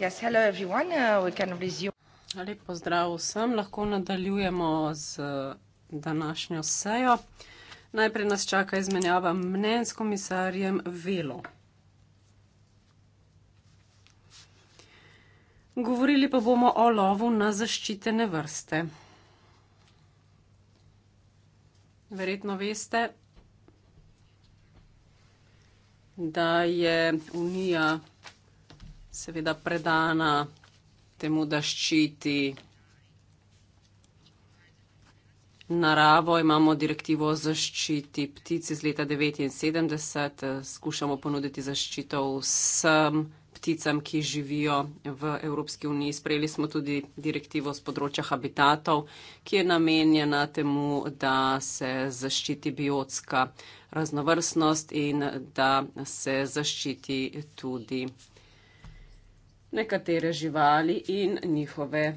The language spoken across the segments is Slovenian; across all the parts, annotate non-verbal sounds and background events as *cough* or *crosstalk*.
Yes, hello everyone. Uh, we can resume. Lep pozdrav vsem, lahko nadaljujemo z uh, današnjo sejo. Najprej nas čaka izmenjava mnen s komisarjem Velo. Govorili pa bomo o lovu na zaščitene vrste. Verjetno veste, da je Unija seveda predana temu, da ščiti naravo. Imamo direktivo o zaščiti ptic iz leta 1979. Skušamo ponuditi zaščito vsem pticam, ki živijo v Evropski uniji. Sprejeli smo tudi direktivo z področja habitatov, ki je namenjena temu, da se zaščiti biotska raznovrstnost in da se zaščiti tudi nekatere živali in njihove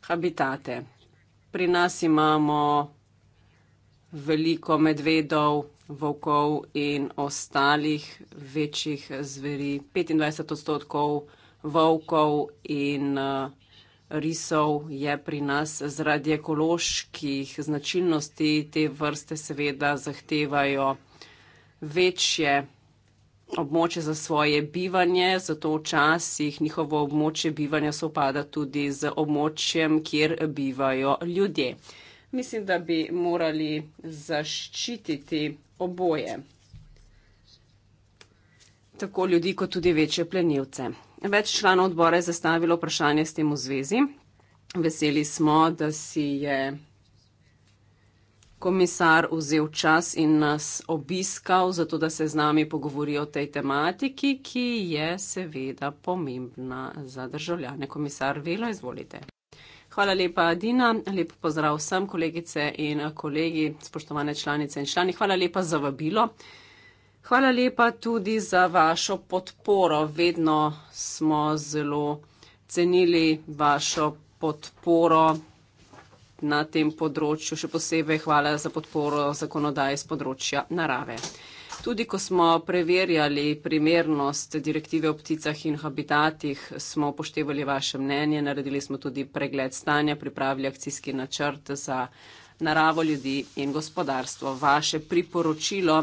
habitate. Pri nas imamo veliko medvedov, volkov in ostalih večjih zveri. 25 odstotkov volkov in eh, risov je pri nas zaradi ekoloških značilnosti. Te vrste seveda zahtevajo vse večje območje za svoje bivanje, zato včasih njihovo območje bivanja sopada tudi z območjem, kjer bivajo ljudje. Mislim, da bi morali zaščititi oboje, tako ljudi, kot tudi večje plenilce. Več članov odbora je zastavilo vprašanje s tem v zvezi. Veseli smo, da si je komisar vzel čas in nas obiskal, zato da se z nami pogovori o tej tematiki, ki je seveda pomembna za državljane. Komisar Vela, izvolite. Hvala lepa, Dina. Lep pozdrav vsem, kolegice in kolegi, spoštovane članice in člani. Hvala lepa za vabilo. Hvala lepa tudi za vašo podporo. Vedno smo zelo cenili vašo podporo na tem področju, še posebej hvala za podporo zakonodaje z področja narave. Tudi ko smo preverjali primernost direktive o pticah in habitatih, smo upoštevali vaše mnenje, naredili smo tudi pregled stanja, pripravili akcijski načrt za naravo ljudi in gospodarstvo. Vaše priporočilo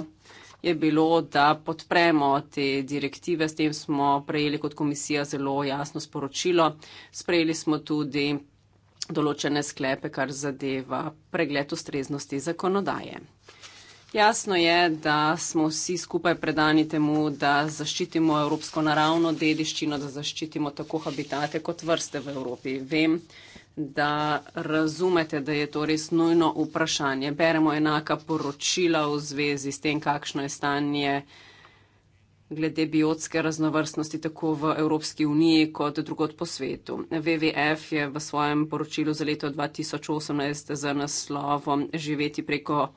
je bilo, da podpremo te direktive. S tem smo prejeli kot komisija zelo jasno sporočilo. Sprejeli smo tudi določene sklepe, kar zadeva pregled ustreznosti zakonodaje. Jasno je, da smo vsi skupaj predani temu, da zaščitimo evropsko naravno dediščino, da zaščitimo tako habitate kot vrste v Evropi. Vem, da razumete, da je to res nujno vprašanje. Beremo enaka poročila v zvezi s tem, kakšno je stanje uh, glede biotske raznovrstnosti tako v Evropski uniji kot drugot po svetu. WWF je v svojem poročilu za leto 2018 z naslovom Živeti preko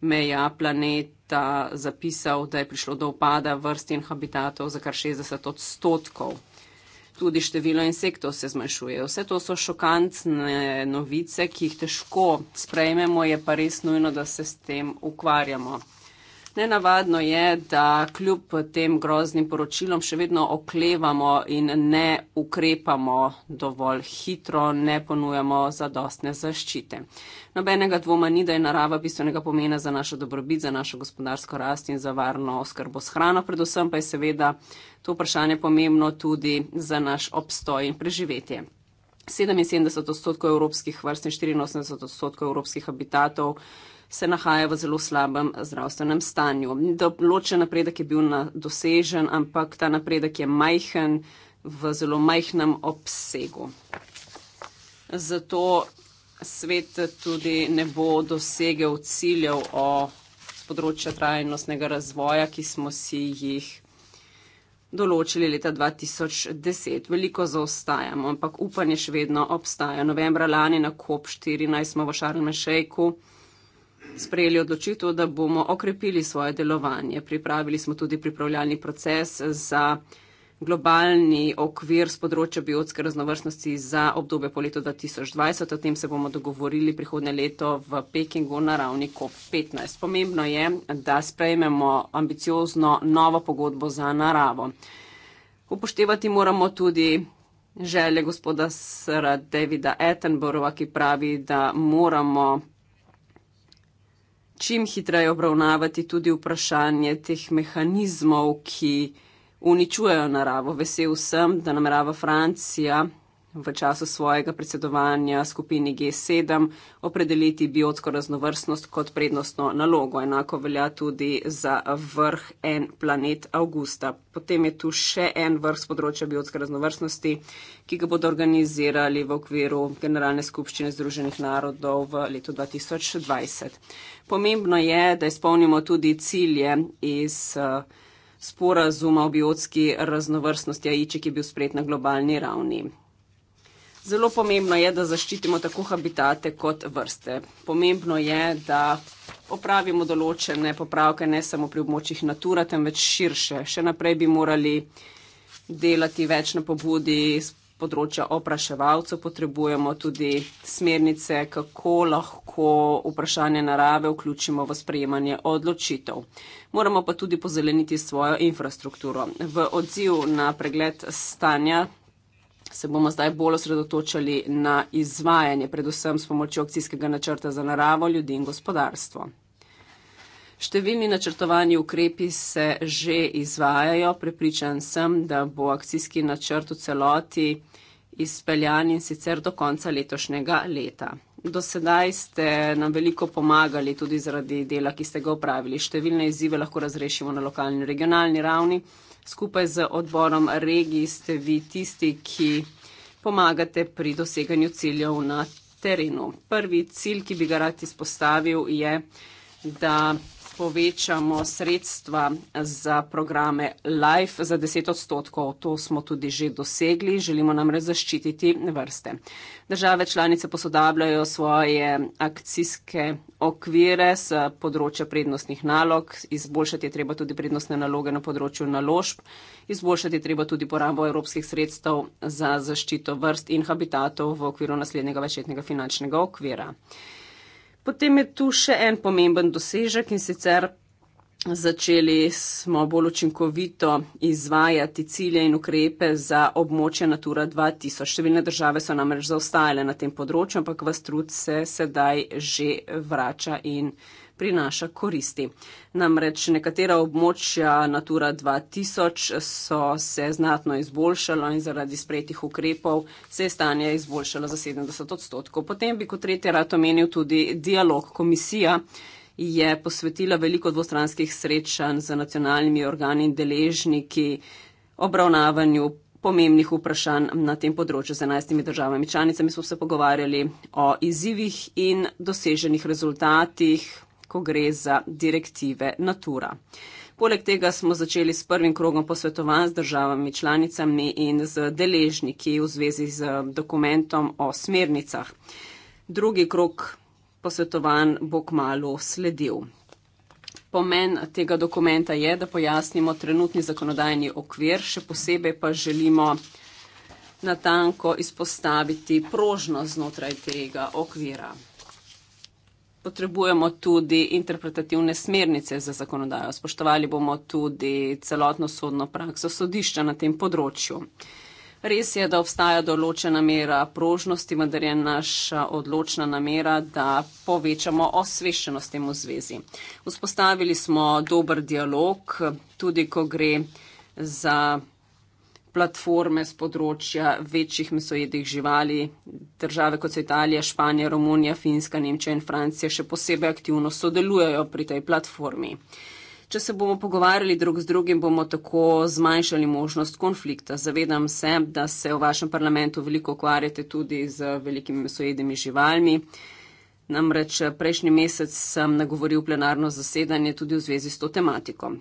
meja planeta zapisal, da je prišlo do upada vrst in habitatov za kar 60 odstotkov. Tudi število insektov se zmanjšuje. Vse to so šokantne novice, ki jih težko sprejmemo, je pa res nujno, da se s tem ukvarjamo. Nenavadno je, da kljub tem groznim poročilom še vedno oklevamo in ne ukrepamo dovolj hitro, ne ponujamo zadostne zaščite. Nobenega dvoma ni, da je narava bistvenega pomena za našo dobrobit, za našo gospodarsko rast in za varno oskrbo s hrano. Predvsem pa je seveda to vprašanje pomembno tudi za naš obstoj in preživetje. 77 odstotkov evropskih vrst in 84 odstotkov evropskih habitatov se nahaja v zelo slabem zdravstvenem stanju. Določen napredek je bil na dosežen, ampak ta napredek je majhen v zelo majhnem obsegu. Zato svet tudi ne bo dosegel ciljev o področja trajnostnega razvoja, ki smo si jih določili leta 2010. Veliko zaostajamo, ampak upanje še vedno obstaja. Novembra lani na COP14 smo v Šarlem Šejku sprejeli odločitev, da bomo okrepili svoje delovanje. Pripravili smo tudi pripravljalni proces za globalni okvir z področja biotske raznovrstnosti za obdobje po letu 2020. O tem se bomo dogovorili prihodne leto v Pekingu na ravni COP15. Pomembno je, da sprejmemo ambiciozno novo pogodbo za naravo. Upoštevati moramo tudi želje gospoda Sra Davida Attenborova, ki pravi, da moramo čim hitreje obravnavati tudi vprašanje teh mehanizmov, ki uničujejo naravo. Vesel sem, da namerava Francija v času svojega predsedovanja skupini G7 opredeliti biotsko raznovrstnost kot prednostno nalogo. Enako velja tudi za vrh en planet avgusta. Potem je tu še en vrh z področja biotske raznovrstnosti, ki ga bodo organizirali v okviru Generalne skupščine Združenih narodov v letu 2020. Pomembno je, da izpolnimo tudi cilje iz eh, sporazuma o biotski raznovrstnosti AIČ, ki je bil sprejet na globalni ravni. Zelo pomembno je, da zaščitimo tako habitate kot vrste. Pomembno je, da opravimo določene popravke ne samo pri območjih natura, temveč širše. Še naprej bi morali delati več na pobudi z področja opraševalcev. Potrebujemo tudi smernice, kako lahko vprašanje narave vključimo v sprejemanje odločitev. Moramo pa tudi pozeleniti svojo infrastrukturo. V odziv na pregled stanja se bomo zdaj bolj osredotočali na izvajanje, predvsem s pomočjo akcijskega načrta za naravo, ljudi in gospodarstvo. Številni načrtovani ukrepi se že izvajajo, prepričan sem, da bo akcijski načrt v celoti izpeljan in sicer do konca letošnjega leta. Do sedaj ste nam veliko pomagali tudi zaradi dela, ki ste ga upravili. Številne izzive lahko razrešimo na lokalni in regionalni ravni skupaj z odborom regij ste vi tisti, ki pomagate pri doseganju ciljev na terenu. Prvi cilj, ki bi ga rad izpostavil, je, da povečamo sredstva za programe LIFE za 10 odstotkov. To smo tudi že dosegli, želimo namreč zaščititi vrste. Države članice posodabljajo svoje akcijske okvire z področja prednostnih nalog, izboljšati je treba tudi prednostne naloge na področju naložb, izboljšati je treba tudi porabo evropskih sredstev za zaščito vrst in habitatov v okviru naslednjega večletnega finančnega okvira. Potem je tu še en pomemben dosežek in sicer začeli smo bolj učinkovito izvajati cilje in ukrepe za območje Natura 2000. Številne države so namreč zaostajale na tem področju, ampak vstrud se sedaj že vrača in vrača prinaša koristi. Namreč nekatera območja Natura 2000 so se znatno izboljšalo in zaradi sprejetih ukrepov se je stanje izboljšalo za 70 odstotkov. Potem bi kot tretje rad omenil tudi dialog komisija je posvetila veliko dvostranskih srečanj z nacionalnimi organi in deležniki obravnavanju pomembnih vprašanj na tem področju z enajstimi državami. Članicami smo se pogovarjali o izzivih in doseženih rezultatih, ko gre za direktive Natura. Poleg tega smo začeli s prvim krogom posvetovanj z državami članicami in z deležniki v zvezi z dokumentom o smernicah. Drugi krok posvetovanj bo k malu sledil. Pomen tega dokumenta je, da pojasnimo trenutni zakonodajni okvir, še posebej pa želimo natanko izpostaviti prožnost znotraj tega okvira potrebujemo tudi interpretativne smernice za zakonodajo. Spoštovali bomo tudi celotno sodno prakso sodišča na tem področju. Res je, da obstaja določena mera prožnosti, vendar je naša odločna namera, da povečamo osveščenost temu zvezi. Vzpostavili smo dober dialog, tudi ko gre za platforme z področja večjih mesojedih živali. Države kot so Italija, Španija, Romunija, Finska, Nemčija in Francija še posebej aktivno sodelujejo pri tej platformi. Če se bomo pogovarjali drug z drugim, bomo tako zmanjšali možnost konflikta. Zavedam se, da se v vašem parlamentu veliko ukvarjate tudi z velikimi mesojedimi živalmi. Namreč prejšnji mesec sem nagovoril plenarno zasedanje tudi v zvezi s to tematiko.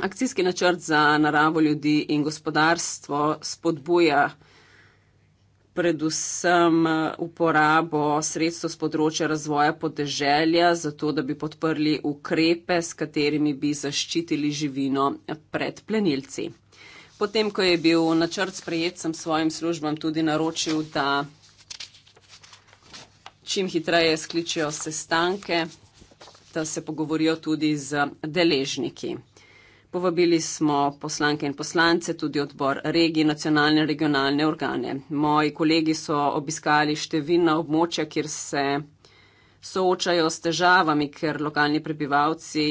Akcijski načrt za naravo ljudi in gospodarstvo spodbuja predvsem uh, uporabo sredstev z področja razvoja podeželja, zato da bi podprli ukrepe, s katerimi bi zaščitili živino pred plenilci. Potem, ko je bil načrt sprejet, sem svojim službam tudi naročil, da čim hitreje skličijo sestanke, da se pogovorijo tudi z deležniki. Povabili smo poslanke in poslance, tudi odbor regij, nacionalne in regionalne organe. Moji kolegi so obiskali številna območja, kjer se soočajo s težavami, ker lokalni prebivalci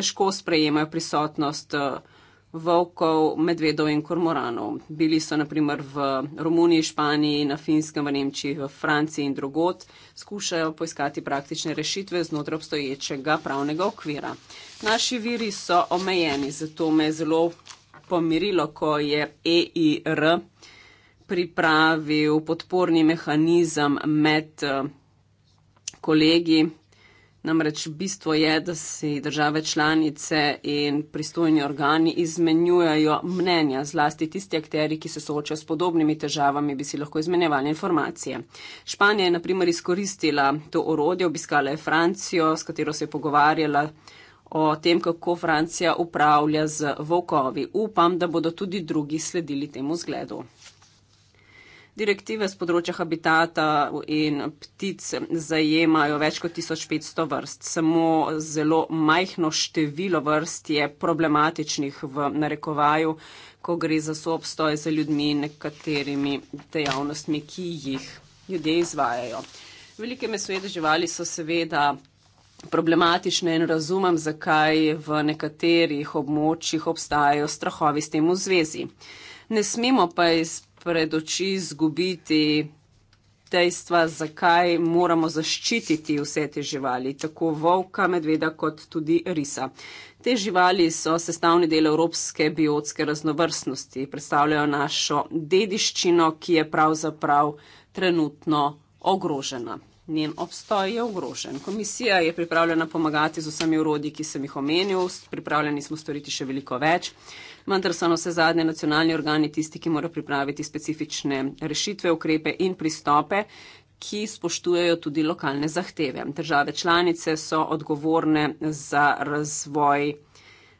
težko sprejemajo prisotnost uh, volkov, medvedov in kormoranov. Bili so naprimer v Romuniji, Španiji, na Finskem, v Nemčiji, v Franciji in drugot, skušajo poiskati praktične rešitve znotraj obstoječega pravnega okvira. Naši viri so omejeni, zato me je zelo pomirilo, ko je EIR pripravil podporni mehanizem med eh, kolegi, Namreč bistvo je, da si države članice in pristojni organi izmenjujajo mnenja, zlasti tisti akteri, ki se soočajo s podobnimi težavami, bi si lahko izmenjevali informacije. Španija je naprimer izkoristila to orodje, obiskala je Francijo, s katero se je pogovarjala o tem, kako Francija upravlja z volkovi. Upam, da bodo tudi drugi sledili temu zgledu. Direktive z področja habitata in ptic zajemajo več kot 1500 vrst. Samo zelo majhno število vrst je problematičnih v narekovaju, ko gre za soobstoj z ljudmi in nekaterimi dejavnostmi, ki jih ljudje izvajajo. Velike mesojede živali so seveda problematične in razumem, zakaj v nekaterih območjih obstajajo strahovi s tem v zvezi. Ne smemo pa iz pred oči zgubiti dejstva, zakaj moramo zaščititi vse te živali, tako volka, medveda kot tudi risa. Te živali so sestavni del evropske biotske raznovrstnosti, predstavljajo našo dediščino, ki je pravzaprav trenutno ogrožena. Njen obstoj je ogrožen. Komisija je pripravljena pomagati z vsemi urodji, ki sem jih omenil, pripravljeni smo storiti še veliko več vendar so na vse zadnje nacionalni organi tisti, ki morajo pripraviti specifične rešitve, ukrepe in pristope, ki spoštujejo tudi lokalne zahteve. Države članice so odgovorne za razvoj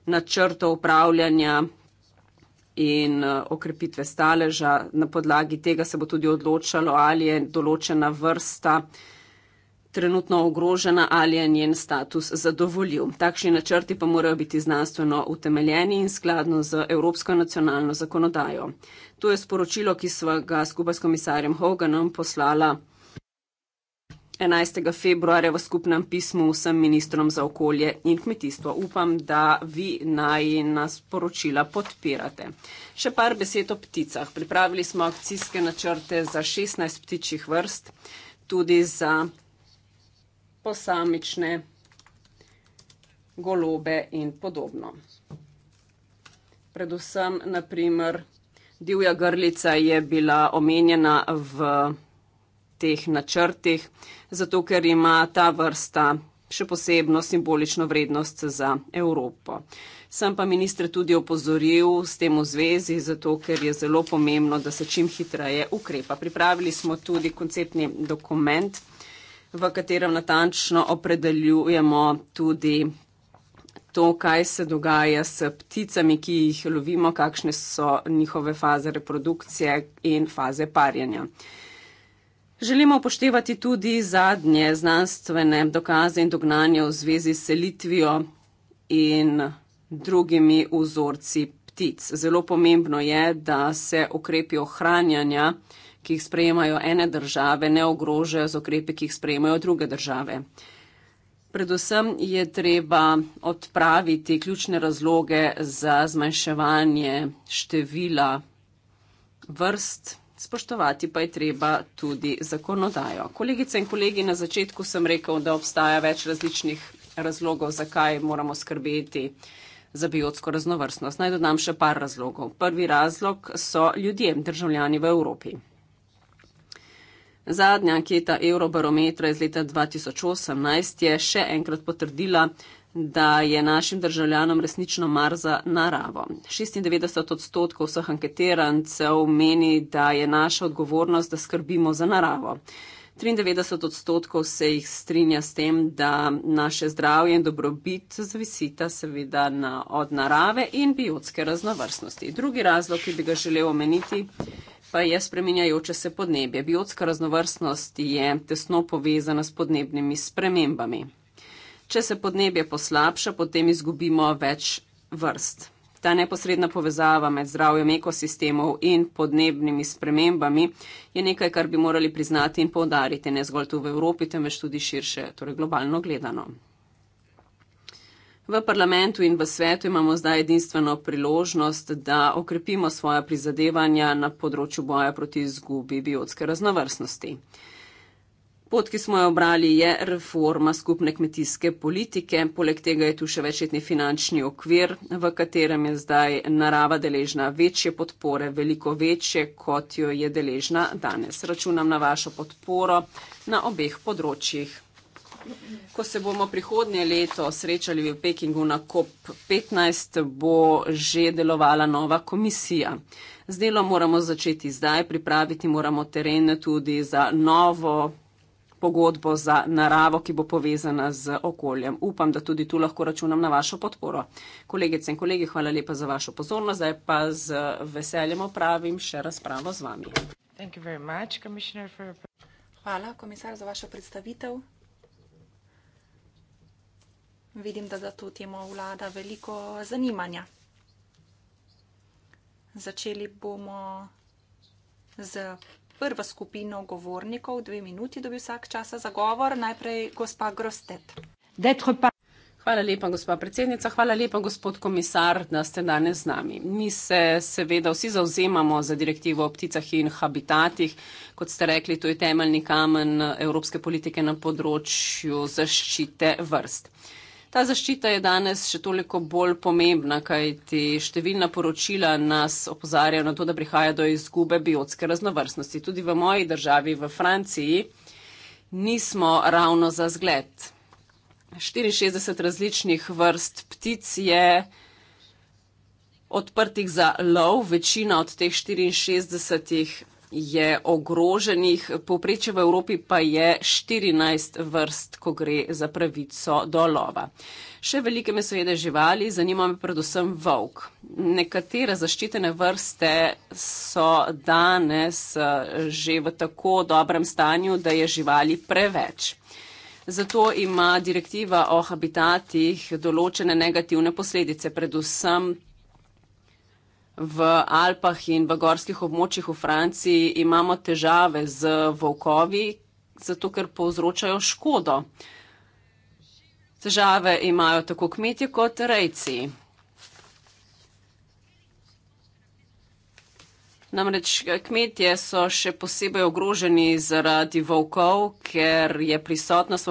načrtov upravljanja in eh, okrepitve staleža. Na podlagi tega se bo tudi odločalo, ali je določena vrsta trenutno ogrožena ali je njen status zadovoljiv. Takšni načrti pa morajo biti znanstveno utemeljeni in skladno z evropsko nacionalno zakonodajo. To je sporočilo, ki smo ga skupaj s komisarjem Hoganom poslala 11. februarja v skupnem pismu vsem ministrom za okolje in kmetijstvo. Upam, da vi naj nas poročila podpirate. Še par besed o pticah. Pripravili smo akcijske načrte za 16 ptičjih vrst, tudi za posamične golobe in podobno. Predvsem, naprimer, divja grlica je bila omenjena v teh načrtih, zato ker ima ta vrsta še posebno simbolično vrednost za Evropo. Sem pa ministr tudi opozoril s tem v zvezi, zato ker je zelo pomembno, da se čim hitreje ukrepa. Pripravili smo tudi konceptni dokument v katerem natančno opredeljujemo tudi to, kaj se dogaja s pticami, ki jih lovimo, kakšne so njihove faze reprodukcije in faze parjenja. Želimo upoštevati tudi zadnje znanstvene dokaze in dognanje v zvezi s selitvijo in drugimi vzorci ptic. Zelo pomembno je, da se ukrepi ohranjanja ki jih sprejemajo ene države, ne ogrožajo z okrepi, ki jih sprejemajo druge države. Predvsem je treba odpraviti ključne razloge za zmanjševanje števila vrst, spoštovati pa je treba tudi zakonodajo. Kolegice in kolegi, na začetku sem rekel, da obstaja več različnih razlogov, zakaj moramo skrbeti za biotsko raznovrstnost. Naj dodam še par razlogov. Prvi razlog so ljudje, državljani v Evropi. Zadnja anketa Eurobarometra iz leta 2018 je še enkrat potrdila, da je našim državljanom resnično mar za naravo. 96 odstotkov vseh anketirancev meni, da je naša odgovornost, da skrbimo za naravo. 93 odstotkov se jih strinja s tem, da naše zdravje in dobrobit zavisita seveda na, od narave in biotske raznovrstnosti. Drugi razlog, ki bi ga želel omeniti, pa je spreminjajoče se podnebje. Biotska raznovrstnost je tesno povezana s podnebnimi spremembami. Če se podnebje poslabša, potem izgubimo več vrst ta neposredna povezava med zdravjem ekosistemov in podnebnimi spremembami je nekaj, kar bi morali priznati in povdariti ne zgolj tu v Evropi, temveč tudi širše, torej globalno gledano. V parlamentu in v svetu imamo zdaj edinstveno priložnost, da okrepimo svoja prizadevanja na področju boja proti izgubi biotske raznovrstnosti. Pot, ki smo jo obrali, je reforma skupne kmetijske politike. Poleg tega je tu še večletni finančni okvir, v katerem je zdaj narava deležna večje podpore, veliko večje, kot jo je deležna danes. Računam na vašo podporo na obeh področjih. Ko se bomo prihodnje leto srečali v Pekingu na COP15, bo že delovala nova komisija. Z delom moramo začeti zdaj, pripraviti moramo teren tudi za novo pogodbo za naravo, ki bo povezana z okoljem. Upam, da tudi tu lahko računam na vašo podporo. Kolegice in kolegi, hvala lepa za vašo pozornost. Zdaj pa z veseljem opravim še razpravo z vami. Much, for... Hvala, komisar, za vašo predstavitev. Vidim, da za to temo vlada veliko zanimanja. Začeli bomo z prvo skupino govornikov, dve minuti dobi vsak časa za govor, najprej gospa Grostet. Hvala lepa, gospa predsednica, hvala lepa, gospod komisar, da ste danes z nami. Mi se seveda vsi zauzemamo za direktivo o pticah in habitatih. Kot ste rekli, to je temeljni kamen evropske politike na področju zaščite vrst ta zaščita je danes še toliko bolj pomembna, kajti številna poročila nas opozarjajo na to, da prihaja do izgube biotske raznovrstnosti. Tudi v moji državi, v Franciji, nismo ravno za zgled. 64 različnih vrst ptic je odprtih za lov, večina od teh 64 je ogroženih, povprečje v Evropi pa je 14 vrst, ko gre za pravico do lova. Še velike me seveda živali, zanima me predvsem volk. Nekatere zaščitene vrste so danes eh, že v tako dobrem stanju, da je živali preveč. Zato ima direktiva o habitatih določene negativne posledice, predvsem v Alpah in v gorskih območjih v Franciji imamo težave z volkovi, zato ker povzročajo škodo. Težave imajo tako kmetje kot rejci. Namreč eh, kmetje so še posebej ogroženi zaradi volkov, ker je prisotnost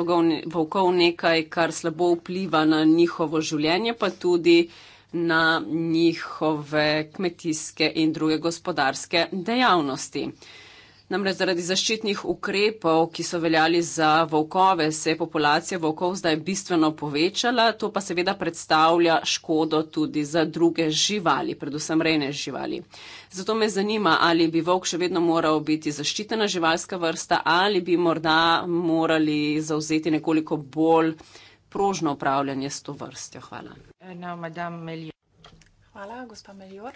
volkov nekaj, kar slabo vpliva na njihovo življenje, pa tudi na njihove kmetijske in druge gospodarske dejavnosti. Namreč zaradi zaščitnih ukrepov, ki so veljali za volkove, se je populacija volkov zdaj bistveno povečala, to pa seveda predstavlja škodo tudi za druge živali, predvsem rejne živali. Zato me zanima, ali bi volk še vedno moral biti zaščitena živalska vrsta ali bi morda morali zauzeti nekoliko bolj prožno upravljanje s to vrstjo. Hvala. Hvala, gospa Melior.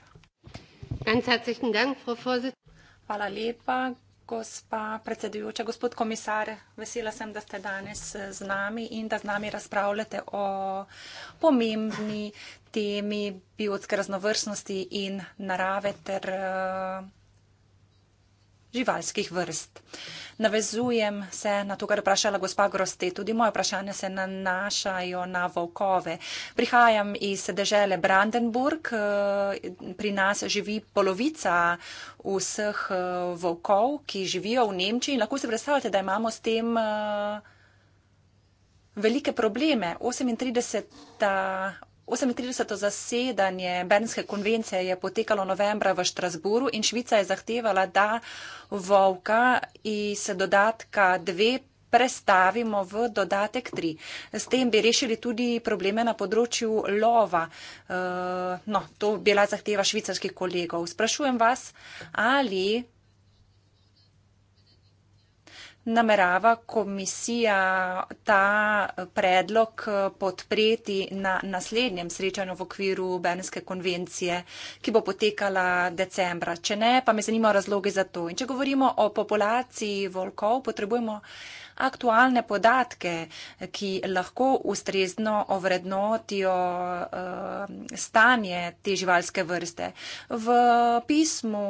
Hvala lepa, gospa predsedujoča. Gospod komisar, vesela sem, da ste danes eh, z nami in da z nami razpravljate o pomembni temi biotske raznovrstnosti in narave ter uh, živalskih vrst. Navezujem se na to, kar je vprašala gospa Groste. Tudi moje vprašanje se nanašajo na volkove. Prihajam iz dežele Brandenburg. Eh, pri nas živi polovica vseh eh, volkov, ki živijo v Nemčiji. Lahko si predstavljate, da imamo s tem eh, velike probleme. 38. 38. zasedanje Bernske konvencije je potekalo novembra v Štrasburu in Švica je zahtevala, da volka iz dodatka 2 prestavimo v dodatek 3. S tem bi rešili tudi probleme na področju lova. Eh, no, to bila zahteva švicarskih kolegov. Sprašujem vas, ali namerava komisija ta predlog podpreti na naslednjem srečanju v okviru Benske konvencije, ki bo potekala decembra. Če ne, pa me zanimajo razloge za to. In če govorimo o populaciji volkov, potrebujemo aktualne podatke, ki lahko ustrezno ovrednotijo uh, stanje te živalske vrste. V pismu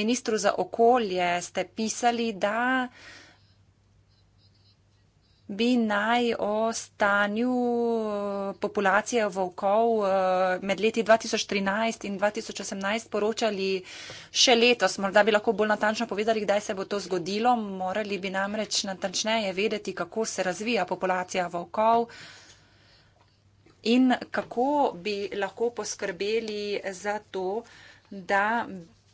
ministru za okolje ste pisali, da uh, bi naj o stanju populacije volkov eh, med leti 2013 in 2018 poročali še letos. Morda bi lahko bolj natančno povedali, kdaj se bo to zgodilo. Morali bi namreč natančneje vedeti, kako se razvija populacija volkov in kako bi lahko poskrbeli za to, da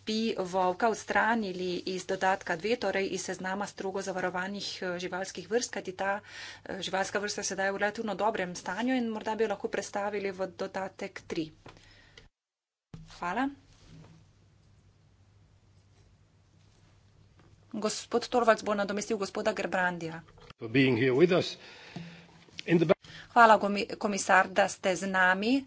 bi volka odstranili iz dodatka dve, torej iz seznama strogo zavarovanih eh, živalskih vrst, kajti ta eh, živalska vrsta sedaj je v relativno dobrem stanju in morda bi jo lahko predstavili v dodatek tri. Hvala. Gospod Torvalds bo nadomestil gospoda Gerbrandija. Hvala, komisar, da ste z nami.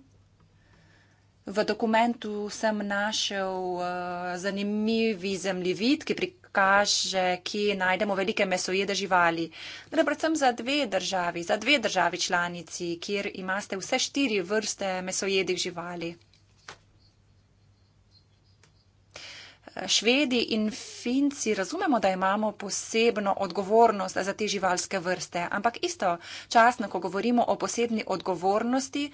V dokumentu sem našel eh, zanimivi zemljevid, ki prikaže, ki najdemo velike mesojede živali. Gre predvsem za dve državi, za dve državi članici, kjer imate vse štiri vrste mesojedih živali. Eh, Švedi in Finci razumemo, da imamo posebno odgovornost za te živalske vrste, ampak isto časno, ko govorimo o posebni odgovornosti,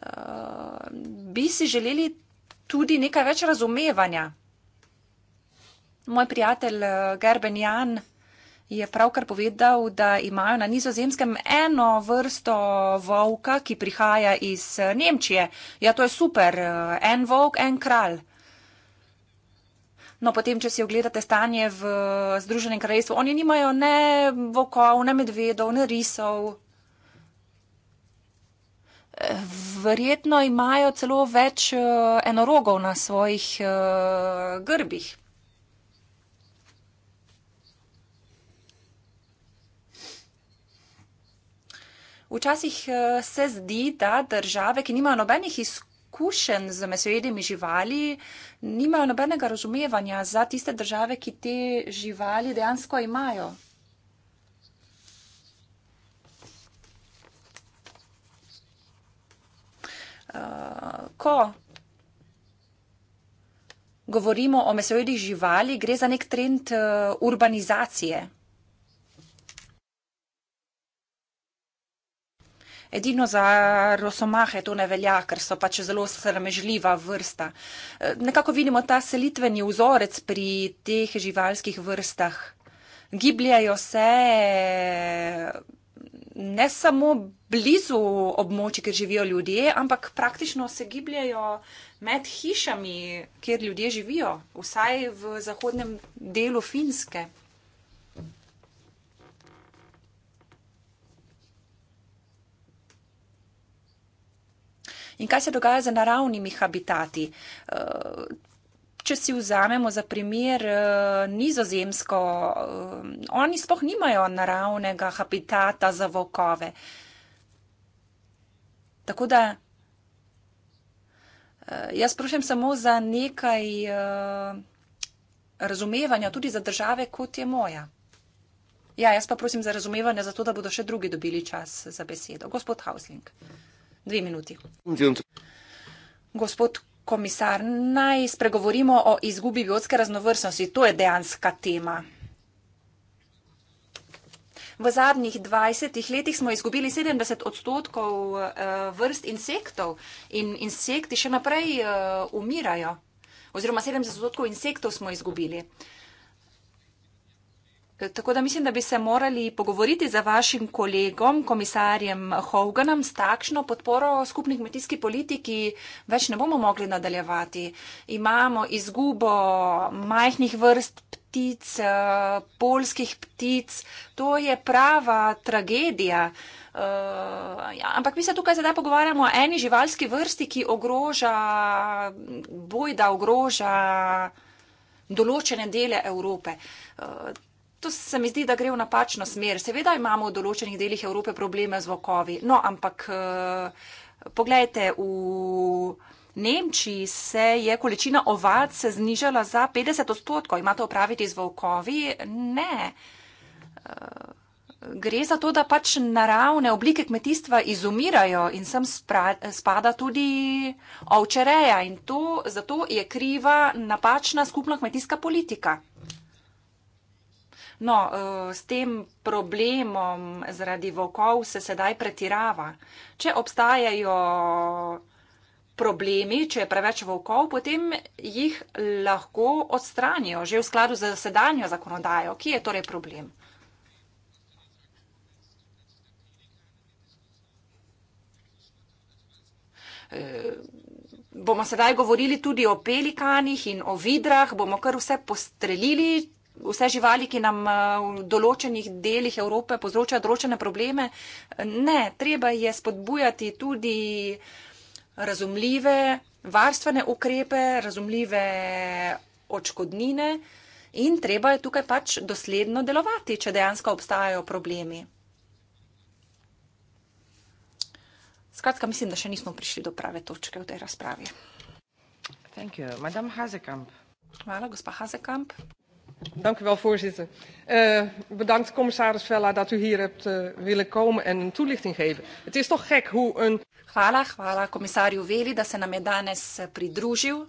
Eh, bi si želeli tudi nekaj več razumevanja. Moj prijatelj eh, Gerben Jan je pravkar povedal, da imajo na nizozemskem eno vrsto volka, ki prihaja iz eh, Nemčije. Ja, to je super. En volk, en kralj. No, potem, če si ogledate stanje v Združenem kraljestvu, oni nimajo ne volkov, ne medvedov, ne risov, verjetno imajo celo več eh, enorogov na svojih eh, grbih. Včasih eh, se zdi, da države, ki nimajo nobenih izkušenj z mesojedimi živali, nimajo nobenega razumevanja za tiste države, ki te živali dejansko imajo. ko govorimo o mesojedih živali, gre za nek trend eh, urbanizacije. Edino za rosomahe to ne velja, ker so pač zelo sramežljiva vrsta. Eh, nekako vidimo ta selitveni vzorec pri teh živalskih vrstah. Gibljajo se ne samo blizu območij, kjer živijo ljudje, ampak praktično se gibljajo med hišami, kjer ljudje živijo, vsaj v zahodnem delu Finske. In kaj se dogaja z naravnimi habitati? Eh, če si vzamemo za primer eh, nizozemsko, eh, oni spoh nimajo naravnega habitata za volkove. Tako da eh, jaz prošljem samo za nekaj razumevanja tudi za države, kot je moja. Ja, jaz pa prosim za razumevanje, zato da bodo še drugi dobili čas za besedo. Gospod Hausling, dve minuti. Gospod komisar, naj spregovorimo o izgubi biotske raznovrstnosti. To je dejanska tema. V zadnjih 20 letih smo izgubili 70 odstotkov eh, vrst insektov in insekti še naprej eh, umirajo. Oziroma 70 odstotkov insektov smo izgubili. Tako da mislim, da bi se morali pogovoriti z vašim kolegom, komisarjem Hoganom, s takšno podporo skupni kmetijski politiki več ne bomo mogli nadaljevati. Imamo izgubo majhnih vrst ptic, eh, polskih ptic, to je prava tragedija. Uh, ja, ampak mi se tukaj zdaj pogovarjamo o eni živalski vrsti, ki ogroža boj, da ogroža določene dele Evrope. Uh, To se mi zdi, da gre v napačno smer. Seveda imamo v določenih delih Evrope probleme z vokovi, no ampak eh, pogledajte, v Nemčiji se je količina ovac znižala za 50 odstotkov. Imate opraviti z vokovi? Ne. Eh, gre za to, da pač naravne oblike kmetijstva izumirajo in sem spra, spada tudi ovčereja in to, zato je kriva napačna skupna kmetijska politika. No, eh, s tem problemom zaradi volkov se sedaj pretirava. Če obstajajo problemi, če je preveč volkov, potem jih lahko odstranijo, že v skladu z sedanjo zakonodajo. Kje je torej problem? Eh, bomo sedaj govorili tudi o pelikanih in o vidrah, bomo kar vse postrelili, vse živali, ki nam eh, v določenih delih Evrope povzročajo določene probleme. Ne, treba je spodbujati tudi razumljive varstvene ukrepe, razumljive očkodnine in treba je tukaj pač dosledno delovati, če dejansko obstajajo problemi. Skratka, mislim, da še nismo prišli do prave točke v tej razpravi. Hvala, gospa Hazekamp voorzitter eh, bedankt commissaris vella dat u hier hebt eh, willen komen en een toelichting geven. het is toch gek hoe een. hvala hvala komisarju veli da se nam je danes eh, pridružil.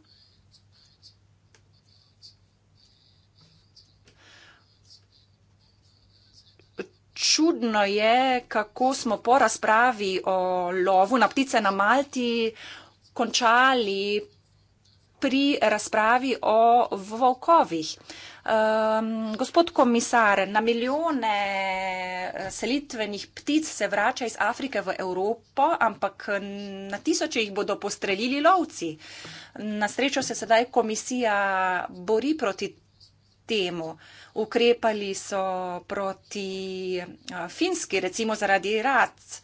Čudno je, kako smo po razpravi o lovu na ptice na Malti končali pri razpravi o volkovih. Uh, Um, gospod komisar, na milijone eh, selitvenih ptic se vrača iz Afrike v Evropo, ampak na tisoče jih bodo postrelili lovci. Na srečo se sedaj komisija bori proti temu. Ukrepali so proti uh, finski, recimo zaradi rac.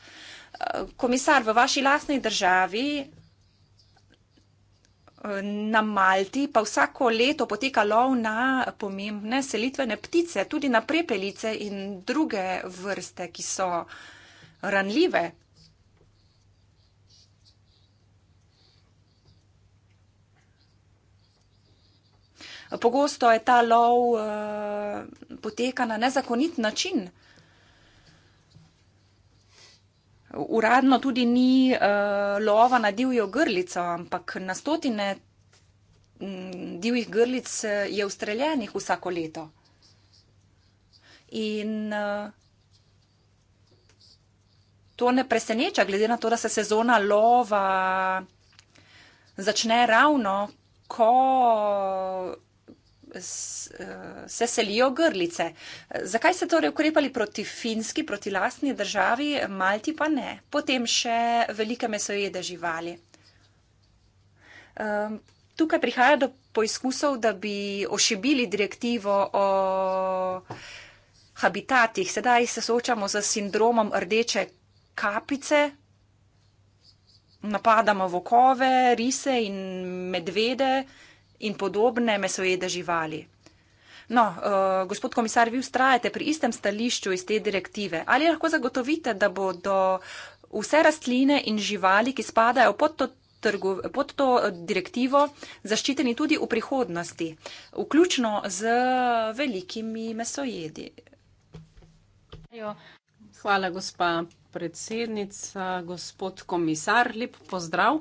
Eh, komisar, v vaši lastni državi na Malti pa vsako leto poteka lov na pomembne selitvene ptice, tudi na prepelice in druge vrste, ki so ranljive. Pogosto je ta lov eh, poteka na nezakonit način. uradno tudi ni uh, lova na divjo grlico, ampak na stotine mm, divjih grlic eh, je ustreljenih vsako leto. In uh, to ne preseneča, glede na to, da se sezona lova začne ravno, ko Eh, se selijo grlice. Zakaj se torej ukrepali proti finski, proti lastni državi, Malti pa ne? Potem še velike mesojede živali. Ehm, tukaj prihaja do poizkusov, da bi ošibili direktivo o habitatih. Sedaj se soočamo z sindromom rdeče kapice. Napadamo vokove, rise in medvede in podobne mesojede živali. No, uh, gospod komisar, vi ustrajate pri istem stališču iz te direktive. Ali lahko zagotovite, da bodo vse rastline in živali, ki spadajo pod to, trgu, pod to eh, direktivo, zaščiteni tudi v prihodnosti, vključno z velikimi mesojedi? Hvala, gospa predsednica, gospod komisar, lep pozdrav.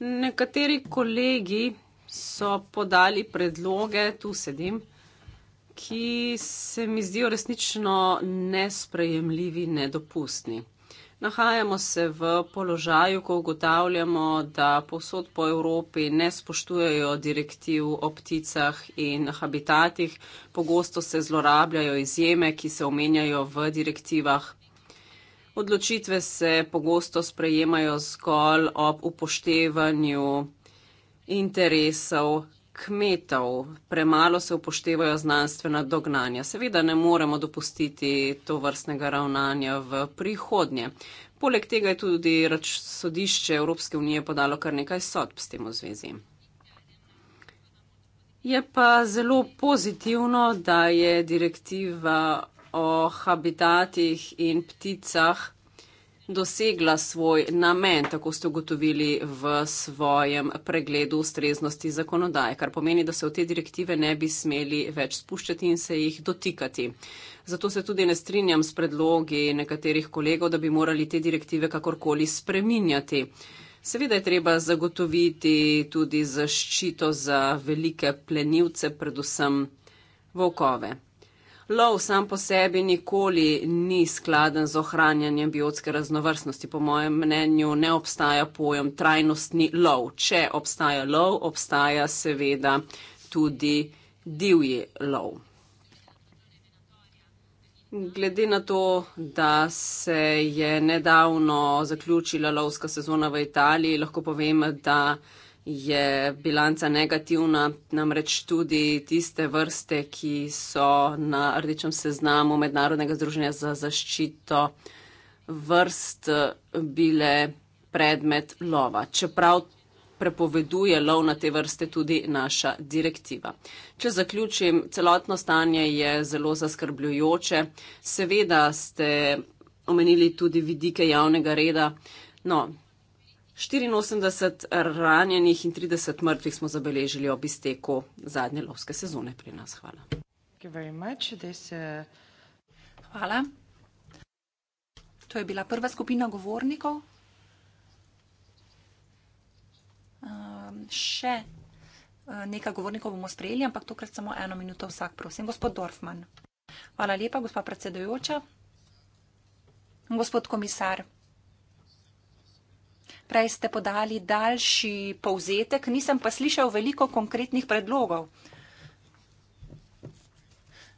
Nekateri kolegi so podali predloge, tu sedim, ki se mi zdijo resnično nesprejemljivi, nedopustni. Nahajamo se v položaju, ko ugotavljamo, da povsod po Evropi ne spoštujejo direktiv o pticah in habitatih, pogosto se zlorabljajo izjeme, ki se omenjajo v direktivah. Odločitve se pogosto sprejemajo zgolj ob upoštevanju interesov kmetov, premalo se upoštevajo znanstvena dognanja. Seveda ne moremo dopustiti to vrstnega ravnanja v prihodnje. Poleg tega je tudi sodišče Evropske unije podalo kar nekaj sodb s tem v zvezi. Je pa zelo pozitivno, da je direktiva o habitatih in pticah dosegla svoj namen, tako ste ugotovili v svojem pregledu ustreznosti zakonodaje, kar pomeni, da se v te direktive ne bi smeli več spuščati in se jih dotikati. Zato se tudi ne strinjam s predlogi nekaterih kolegov, da bi morali te direktive kakorkoli spreminjati. Seveda je treba zagotoviti tudi zaščito za velike plenilce, predvsem volkove. Lov sam po sebi nikoli ni skladen z ohranjanjem biotske raznovrstnosti. Po mojem mnenju ne obstaja pojem trajnostni lov. Če obstaja lov, obstaja seveda tudi divji lov. Glede na to, da se je nedavno zaključila lovska sezona v Italiji, lahko povem, da je bilanca negativna, namreč tudi tiste vrste, ki so na rdečem seznamu Mednarodnega združenja za zaščito vrst bile predmet lova. Čeprav prepoveduje lov na te vrste tudi naša direktiva. Če zaključim, celotno stanje je zelo zaskrbljujoče. Seveda ste omenili tudi vidike javnega reda. No, 84 ranjenih in 30 mrtvih smo zabeležili ob izteku zadnje lovske sezone pri nas. Hvala. Uh, Hvala. To je bila prva skupina govornikov. Um, še uh, nekaj govornikov bomo sprejeli, ampak tokrat samo eno minuto vsak, prosim. Gospod Dorfman. Hvala lepa, gospa predsedujoča. Gospod komisar. Prej ste podali daljši povzetek, nisem pa slišal veliko konkretnih predlogov.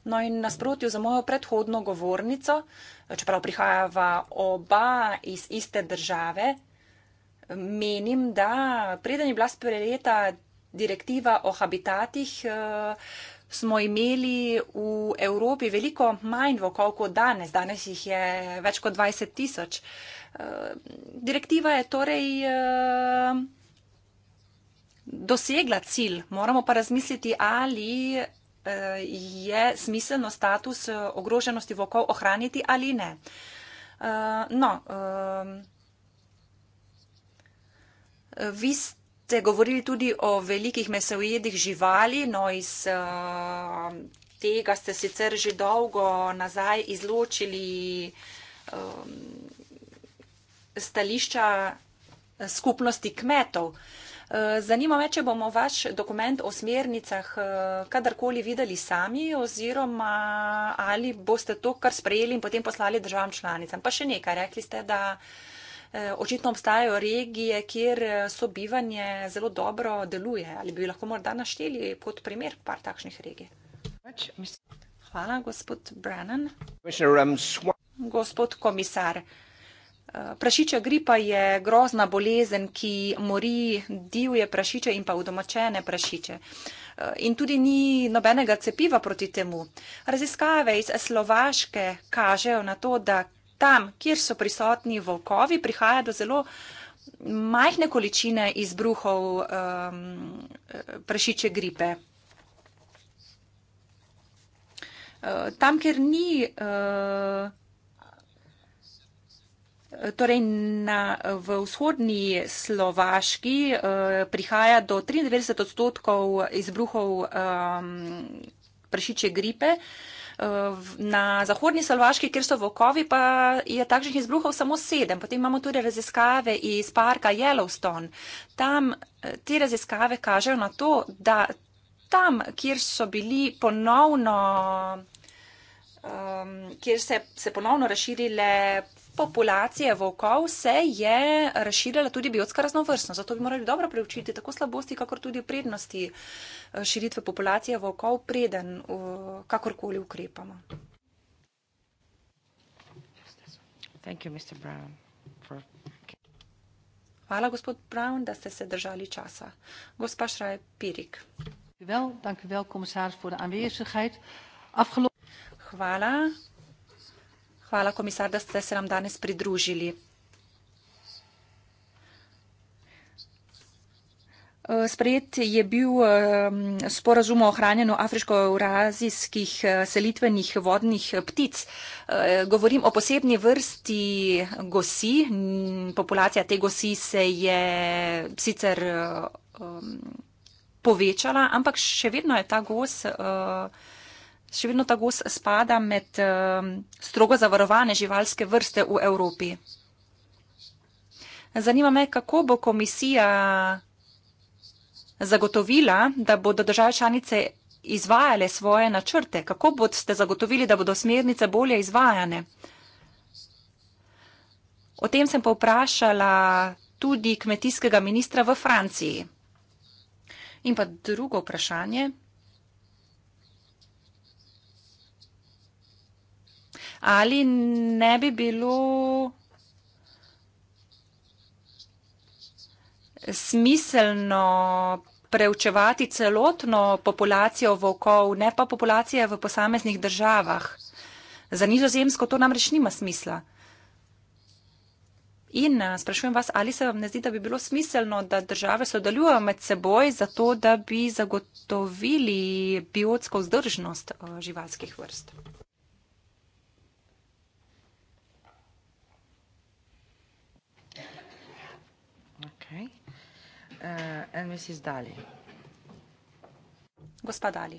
No in nasprotju za mojo predhodno govornico, čeprav prihajava oba iz iste države, menim, da preden je bila sprejeta direktiva o habitatih, eh, smo imeli v Evropi veliko manj vokov kot danes. Danes jih je več kot 20 tisoč direktiva je torej eh, dosegla cilj, moramo pa razmisliti, ali eh, je smiselno status eh, ogroženosti vokov ohraniti ali ne. No, vi ste govorili tudi o velikih mesojedih živali, no iz tega ste sicer že dolgo nazaj izločili stališča eh, skupnosti kmetov. Eh, zanima me, če bomo vaš dokument o smernicah eh, kadarkoli videli sami oziroma ali boste to kar sprejeli in potem poslali državam članicam. Pa še nekaj, rekli ste, da očitno obstajajo regije, kjer sobivanje zelo dobro deluje. Ali bi lahko morda našteli kot primer par takšnih regij? Hvala, gospod Brennan. Um, gospod komisar. Prašičja gripa je grozna bolezen, ki mori divje prašiče in pa udomačene prašiče. In tudi ni nobenega cepiva proti temu. Raziskave iz Slovaške kažejo na to, da tam, kjer so prisotni volkovi, prihaja do zelo majhne količine izbruhov um, prašiče gripe. Uh, tam, kjer ni. Uh, torej na, v vzhodni Slovaški uh, prihaja do 93 odstotkov izbruhov um, prašiče gripe. Eh, na zahodni Salvaški, kjer so vokovi, pa je takšnih izbruhov samo sedem. Potem imamo tudi raziskave iz parka Yellowstone. Tam eh, te raziskave kažejo na to, da tam, kjer so bili ponovno, um, kjer se, se ponovno razširile populacije volkov se je razširila tudi biotska raznovrstnost. Zato bi morali dobro preučiti tako slabosti, kakor tudi prednosti eh, širitve populacije volkov, preden eh, kakorkoli ukrepamo. Thank you, Mr. Brown. Hvala, gospod Brown, da ste se držali časa. Gospa Šraj Pirik. Hvala, komisar, za aanwezigheid. Hvala, Hvala, komisar, da ste se nam danes pridružili. Eh, sprejet je bil sporazum o ohranjanju afriško-eurazijskih eh, selitvenih vodnih ptic. Eh, govorim o posebni vrsti gosi. Populacija te gosi se je sicer povečala, ampak še vedno je ta gos še vedno ta gos spada med um, strogo zavarovane živalske vrste v Evropi. Zanima me, kako bo komisija zagotovila, da bodo države članice izvajale svoje načrte, kako boste zagotovili, da bodo smernice bolje izvajane. O tem sem povprašala tudi kmetijskega ministra v Franciji. In pa drugo vprašanje. ali ne bi bilo smiselno preučevati celotno populacijo volkov, ne pa populacije v posameznih državah. Za nizozemsko to namreč nima smisla. In eh, sprašujem vas, ali se vam ne zdi, da bi bilo smiselno, da države sodelujo med seboj za to, da bi zagotovili biotsko vzdržnost eh, živalskih vrst? Eh, and Mrs. Daly. Gospa Daly.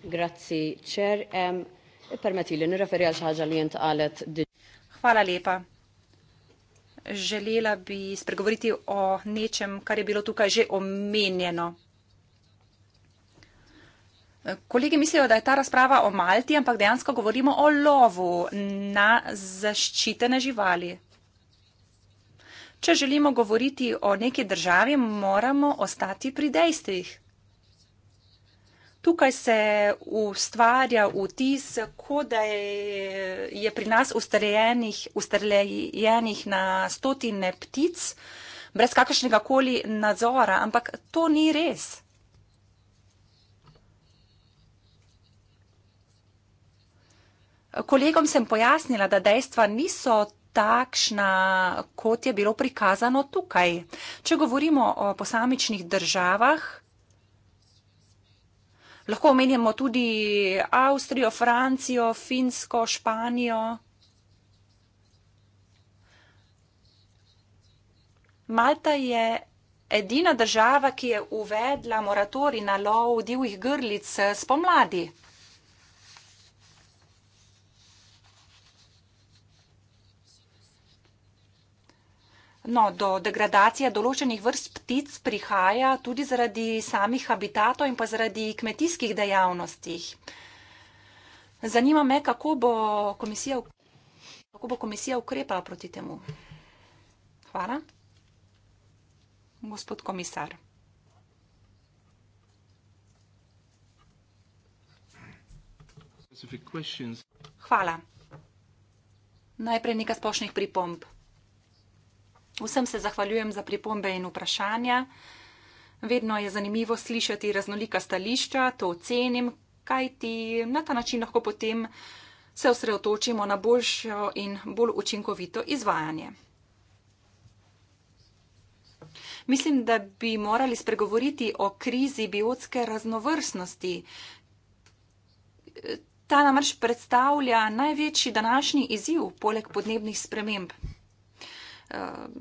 Grazie, chair. Um, permettile, ne referi al chaja lient alet. De... Hvala lepa. Želela bi spregovoriti o nečem, kar je bilo tukaj že omenjeno. Kolegi mislijo, da je ta razprava o Malti, ampak dejansko govorimo o lovu na zaščitene živali če želimo govoriti o neki državi, moramo ostati pri dejstvih. Tukaj se ustvarja vtis, kot da je pri nas ustarejenih, ustarejenih na stotine ptic, brez kakršnega koli nadzora, ampak to ni res. Kolegom sem pojasnila, da dejstva niso takšna, kot je bilo prikazano tukaj. Če govorimo o posamičnih državah, lahko omenjamo tudi Avstrijo, Francijo, Finsko, Španijo. Malta je edina država, ki je uvedla moratori na lov divjih grlic eh, spomladi. No, do degradacije določenih vrst ptic prihaja tudi zaradi samih habitatov in pa zaradi kmetijskih dejavnosti. Zanima me, kako bo komisija, kako bo komisija ukrepala proti temu. Hvala. Gospod komisar. Hvala. Najprej nekaj splošnih pripomb. Vsem se zahvaljujem za pripombe in vprašanja. Vedno je zanimivo slišati raznolika stališča, to cenim, kajti na ta način lahko potem se osredotočimo na boljšo in bolj učinkovito izvajanje. Mislim, da bi morali spregovoriti o krizi biotske raznovrstnosti. Ta namreč predstavlja največji današnji izziv poleg podnebnih sprememb. Ehm,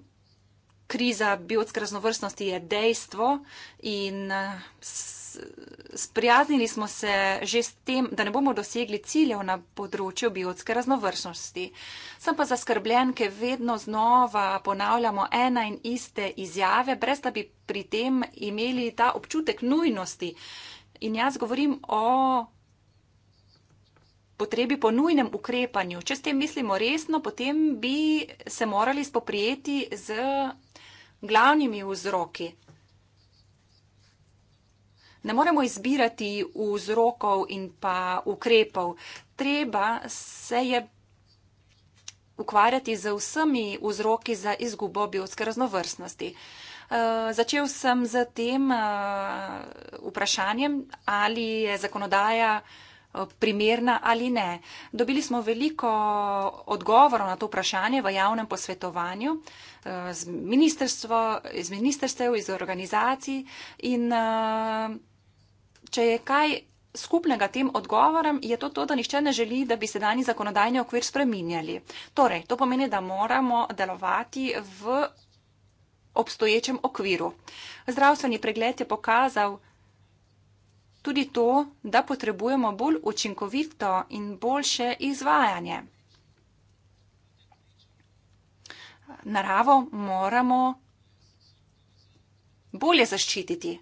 kriza biotske raznovrstnosti je dejstvo in eh, sprijaznili smo se že s tem, da ne bomo dosegli ciljev na področju biotske raznovrstnosti. Sem pa zaskrbljen, ker vedno znova ponavljamo ena in iste izjave, brez da bi pri tem imeli ta občutek nujnosti. In jaz govorim o potrebi po nujnem ukrepanju, če s tem mislimo resno, potem bi se morali spoprijeti z glavnimi vzroki. Ne moremo izbirati vzrokov in pa ukrepov. Treba se je ukvarjati z vsemi vzroki za izgubo biotske raznovrstnosti. Eh, začel sem z tem eh, vprašanjem, ali je zakonodaja uh, Eh, primerna ali ne. Dobili smo veliko odgovorov na to vprašanje v javnem posvetovanju eh, z ministrstvo, iz ministrstev, iz organizacij in eh, če je kaj skupnega tem odgovorem, je to to, da nišče ne želi, da bi sedanji zakonodajni okvir spreminjali. Torej, to pomeni, da moramo delovati v obstoječem okviru. Zdravstveni pregled je pokazal, tudi to, da potrebujemo bolj učinkovito in boljše izvajanje. Naravo moramo bolje zaščititi.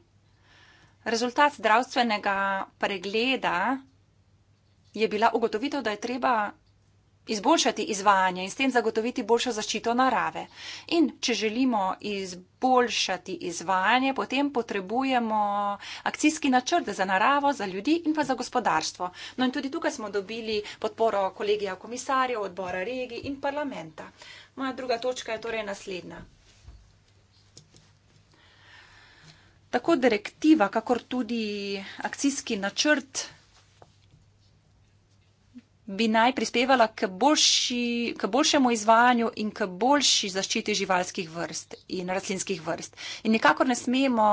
Rezultat zdravstvenega pregleda je bila ugotovitev, da je treba izboljšati izvajanje in s tem zagotoviti boljšo zaščito narave. In če želimo izboljšati izvajanje, potem potrebujemo akcijski načrt za naravo, za ljudi in pa za gospodarstvo. No in tudi tukaj smo dobili podporo kolegija komisarjev, odbora regij in parlamenta. Moja druga točka je torej naslednja. Tako direktiva, kakor tudi akcijski načrt bi naj prispevala k, boljši, k boljšemu izvajanju in k boljši zaščiti živalskih vrst in rastlinskih vrst. In nikakor ne smemo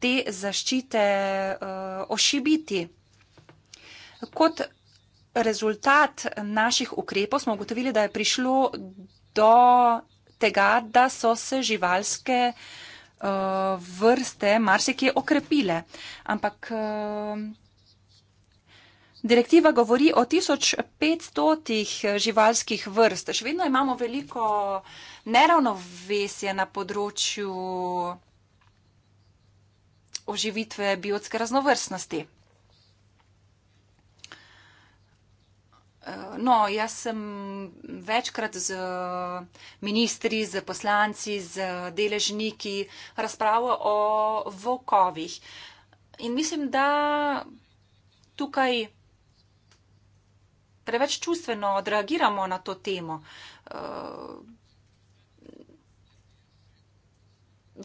te zaščite uh, ošibiti. Kot rezultat naših ukrepov smo ugotovili, da je prišlo do tega, da so se živalske uh, vrste marsikje okrepile. Ampak. Uh, Direktiva govori o 1500 eh, živalskih vrst. Še vedno imamo veliko neravnovesje na področju oživitve biotske raznovrstnosti. Eh, no, jaz sem večkrat z eh, ministri, z poslanci, z deležniki razpravo o vokovih. In mislim, da tukaj preveč čustveno odreagiramo na to temo. Eh,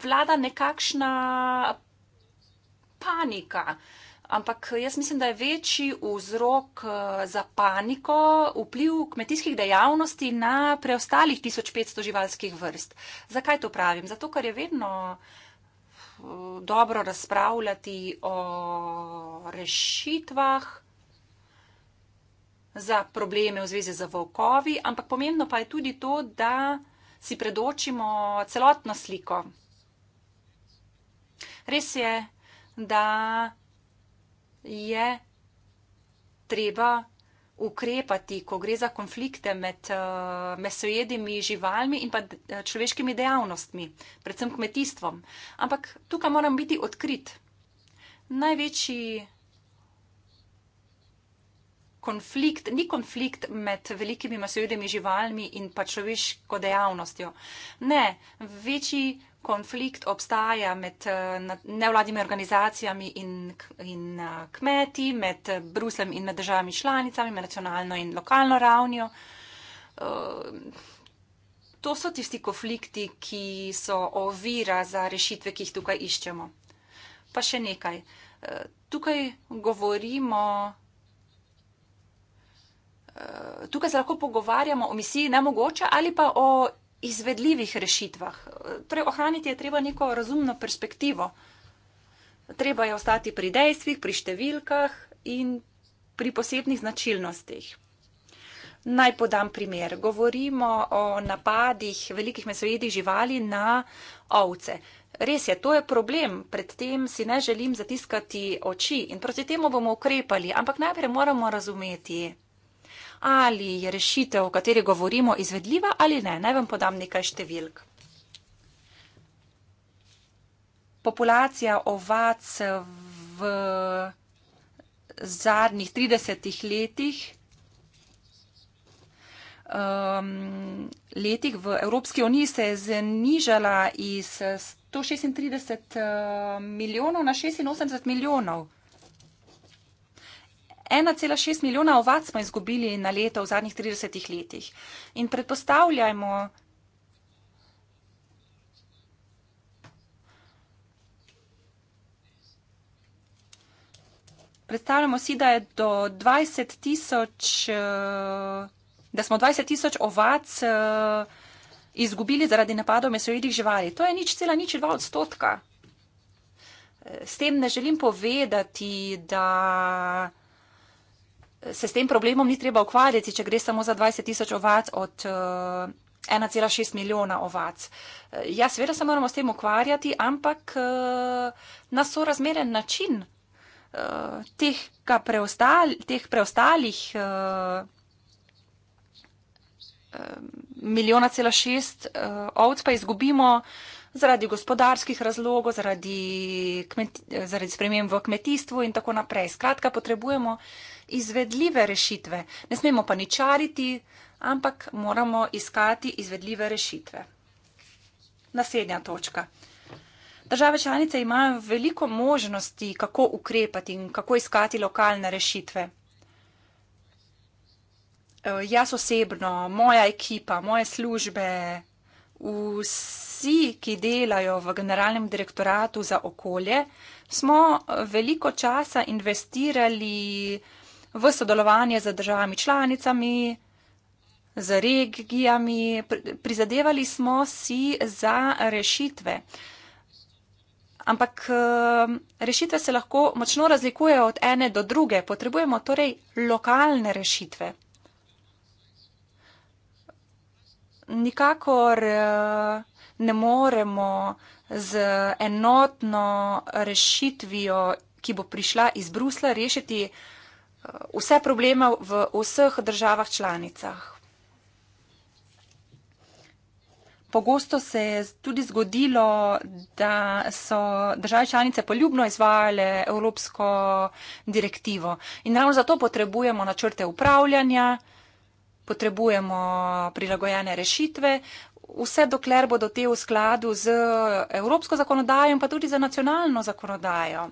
vlada nekakšna panika, ampak jaz mislim, da je večji vzrok eh, za paniko vpliv kmetijskih dejavnosti na preostalih 1500 živalskih vrst. Zakaj to pravim? Zato, ker je vedno eh, dobro razpravljati o rešitvah, za probleme v zvezi z volkovi, ampak pomembno pa je tudi to, da si predočimo celotno sliko. Res je, da je treba ukrepati, ko gre za konflikte med eh, mesojedimi živalmi in pa eh, človeškimi dejavnostmi, predvsem kmetijstvom. Ampak tukaj moram biti odkrit. Največji konflikt, ni konflikt med velikimi masojdimi živalmi in pa človeško dejavnostjo. Ne, večji konflikt obstaja med eh, nevladnimi organizacijami in, in eh, kmeti, med Bruslem in med državami članicami, med nacionalno in lokalno ravnjo. Eh, to so tisti konflikti, ki so ovira za rešitve, ki jih tukaj iščemo. Pa še nekaj. Tukaj govorimo Eh, tukaj se lahko pogovarjamo o misiji nemogoče ali pa o izvedljivih rešitvah. Eh, torej, ohraniti je treba neko razumno perspektivo. Treba je ostati pri dejstvih, pri številkah in pri posebnih značilnostih. Naj podam primer. Govorimo o napadih velikih mesojedih živali na ovce. Res je, to je problem, pred tem si ne želim zatiskati oči in proti temu bomo ukrepali, ampak najprej moramo razumeti, ali je rešitev, o kateri govorimo, izvedljiva ali ne. Naj vam podam nekaj številk. Populacija ovac v zadnjih 30 letih, um, letih v Evropski uniji se je znižala iz 136 uh, milijonov na 86 milijonov. 1,6 milijona ovac smo izgubili na leto v zadnjih 30 letih. In predpostavljajmo, predstavljamo si, da je do 20 tisoč, eh, da smo 20 tisoč ovac eh, izgubili zaradi napadov mesojedih živali. To je nič cela nič dva odstotka. Eh, s tem ne želim povedati, da se s tem problemom ni treba ukvarjati, če gre samo za 20 tisoč ovac od 1,6 eh, milijona ovac. Eh, ja, seveda se moramo s tem ukvarjati, ampak eh, na sorazmeren način teh, preostal, teh preostalih milijona cela šest ovc pa izgubimo zaradi gospodarskih razlogov, zaradi, kmeti, zaradi spremem v kmetijstvu in tako naprej. Skratka, potrebujemo uh, izvedljive rešitve. Ne smemo pa ničariti, ampak moramo iskati izvedljive rešitve. Naslednja točka. Države članice imajo veliko možnosti, kako ukrepati in kako iskati lokalne rešitve. E, jaz osebno, moja ekipa, moje službe, vsi, ki delajo v Generalnem direktoratu za okolje, smo veliko časa investirali v v sodelovanje z državami članicami, z regijami. Prizadevali smo si za rešitve. Ampak eh, rešitve se lahko močno razlikujejo od ene do druge. Potrebujemo torej lokalne rešitve. Nikakor eh, ne moremo z enotno rešitvijo, ki bo prišla iz Brusla, rešiti uh, Eh, vse probleme v vseh državah članicah. Pogosto se je tudi zgodilo, da so države članice poljubno izvajale evropsko direktivo. In ravno zato potrebujemo načrte upravljanja, potrebujemo prilagojene rešitve, vse dokler bodo te v skladu z evropsko zakonodajo in pa tudi za nacionalno zakonodajo.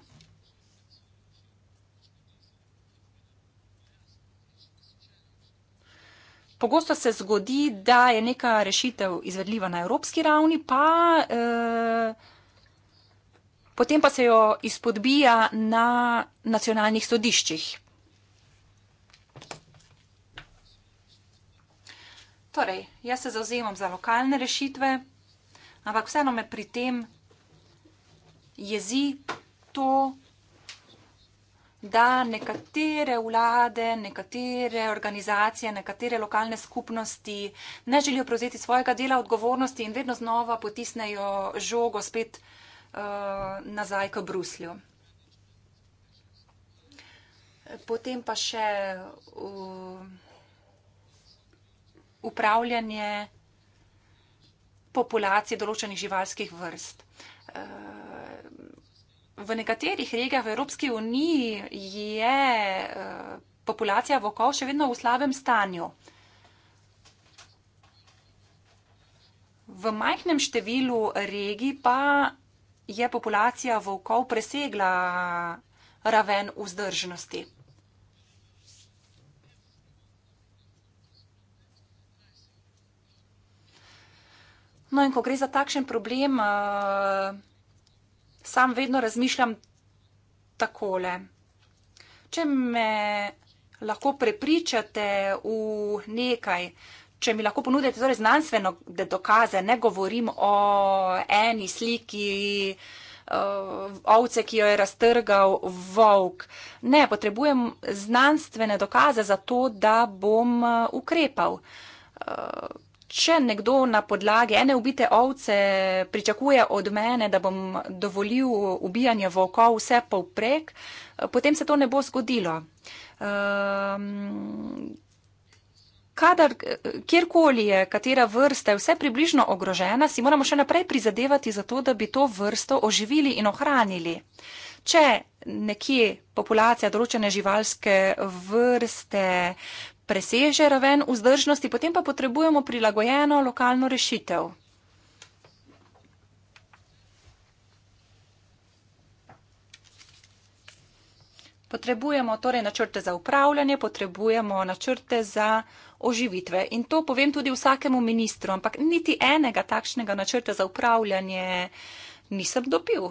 pogosto se zgodi, da je neka rešitev izvedljiva na evropski ravni, pa eh, potem pa se jo izpodbija na nacionalnih sodiščih. Torej, jaz se zauzemam za lokalne rešitve, ampak vseeno me pri tem jezi to, da nekatere vlade, nekatere organizacije, nekatere lokalne skupnosti ne želijo prevzeti svojega dela odgovornosti in vedno znova potisnejo žogo spet uh, nazaj k Bruslju. Potem pa še uh, upravljanje populacije določenih živalskih vrst. Uh, v nekaterih regijah v Evropski uniji je eh, populacija vokov še vedno v slabem stanju. V majhnem številu regij pa je populacija vokov presegla raven vzdržnosti. No in ko gre za takšen problem, eh, sam vedno razmišljam takole. Če me lahko prepričate v nekaj, če mi lahko ponudite torej znanstveno dokaze, ne govorim o eni sliki eh, ovce, ki jo je raztrgal volk. Ne, potrebujem znanstvene dokaze za to, da bom eh, ukrepal. Eh, če nekdo na podlagi ene ubite ovce pričakuje od mene, da bom dovolil ubijanje volkov vse povprek, potem se to ne bo zgodilo. Um, Kadar kjerkoli je katera vrsta vse približno ogrožena, si moramo še naprej prizadevati za to, da bi to vrsto oživili in ohranili. Če nekje populacija določene živalske vrste preseže raven vzdržnosti, potem pa potrebujemo prilagojeno lokalno rešitev. Potrebujemo torej načrte za upravljanje, potrebujemo načrte za oživitve. In to povem tudi vsakemu ministru, ampak niti enega takšnega načrta za upravljanje nisem dobil.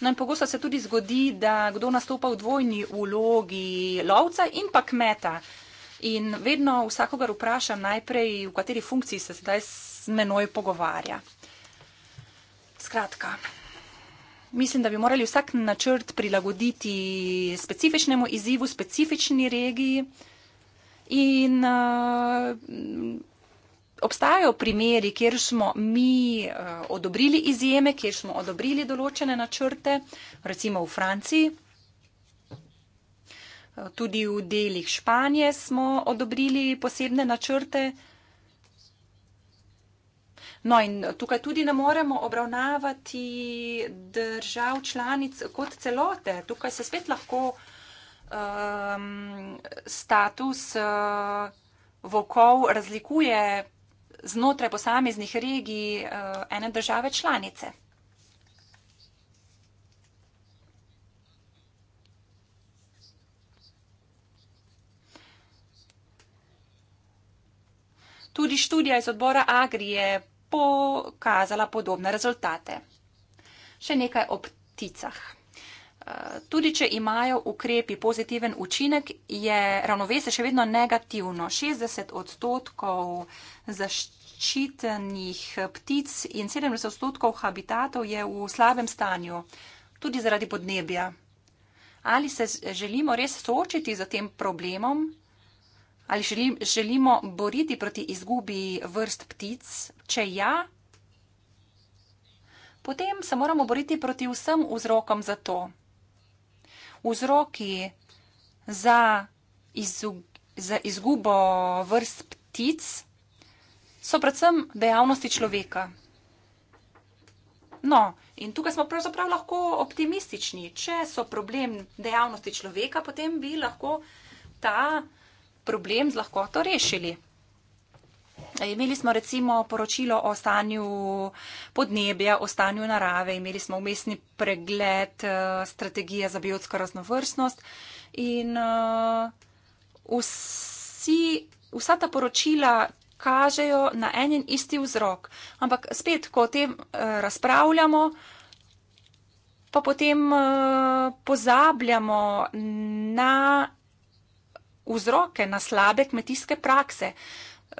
No in pogosto se tudi zgodi, da kdo nastopa v dvojni vlogi lovca in pa kmeta. In vedno vsakogar vprašam najprej, v kateri funkciji se zdaj z menoj pogovarja. Skratka, mislim, da bi morali vsak načrt prilagoditi specifičnemu izzivu, specifični regiji. In uh, obstajajo primeri, kjer smo mi eh, odobrili izjeme, kjer smo odobrili določene načrte, recimo v Franciji. Eh, tudi v delih Španije smo odobrili posebne načrte. No in tukaj tudi ne moremo obravnavati držav članic kot celote. Tukaj se spet lahko um, status uh, eh, vokov razlikuje znotraj posameznih regij eh, ene države članice. Tudi študija iz odbora Agri je pokazala podobne rezultate. Še nekaj o pticah. Tudi če imajo ukrepi pozitiven učinek, je ravnovesje še vedno negativno. 60 odstotkov zaščitenih ptic in 70 odstotkov habitatov je v slabem stanju, tudi zaradi podnebja. Ali se želimo res soočiti z tem problemom? Ali želimo boriti proti izgubi vrst ptic? Če ja, potem se moramo boriti proti vsem vzrokom za to. Vzroki za, izug, za izgubo vrst ptic so predvsem dejavnosti človeka. No, in tukaj smo pravzaprav lahko optimistični. Če so problem dejavnosti človeka, potem bi lahko ta problem z lahkoto rešili. Imeli smo recimo poročilo o stanju podnebja, o stanju narave, imeli smo umestni pregled eh, strategije za biotsko raznovrstnost in eh, vsi, vsa ta poročila kažejo na en in isti vzrok. Ampak spet, ko o tem eh, razpravljamo, pa potem pozabljamo na vzroke, na slabe kmetijske prakse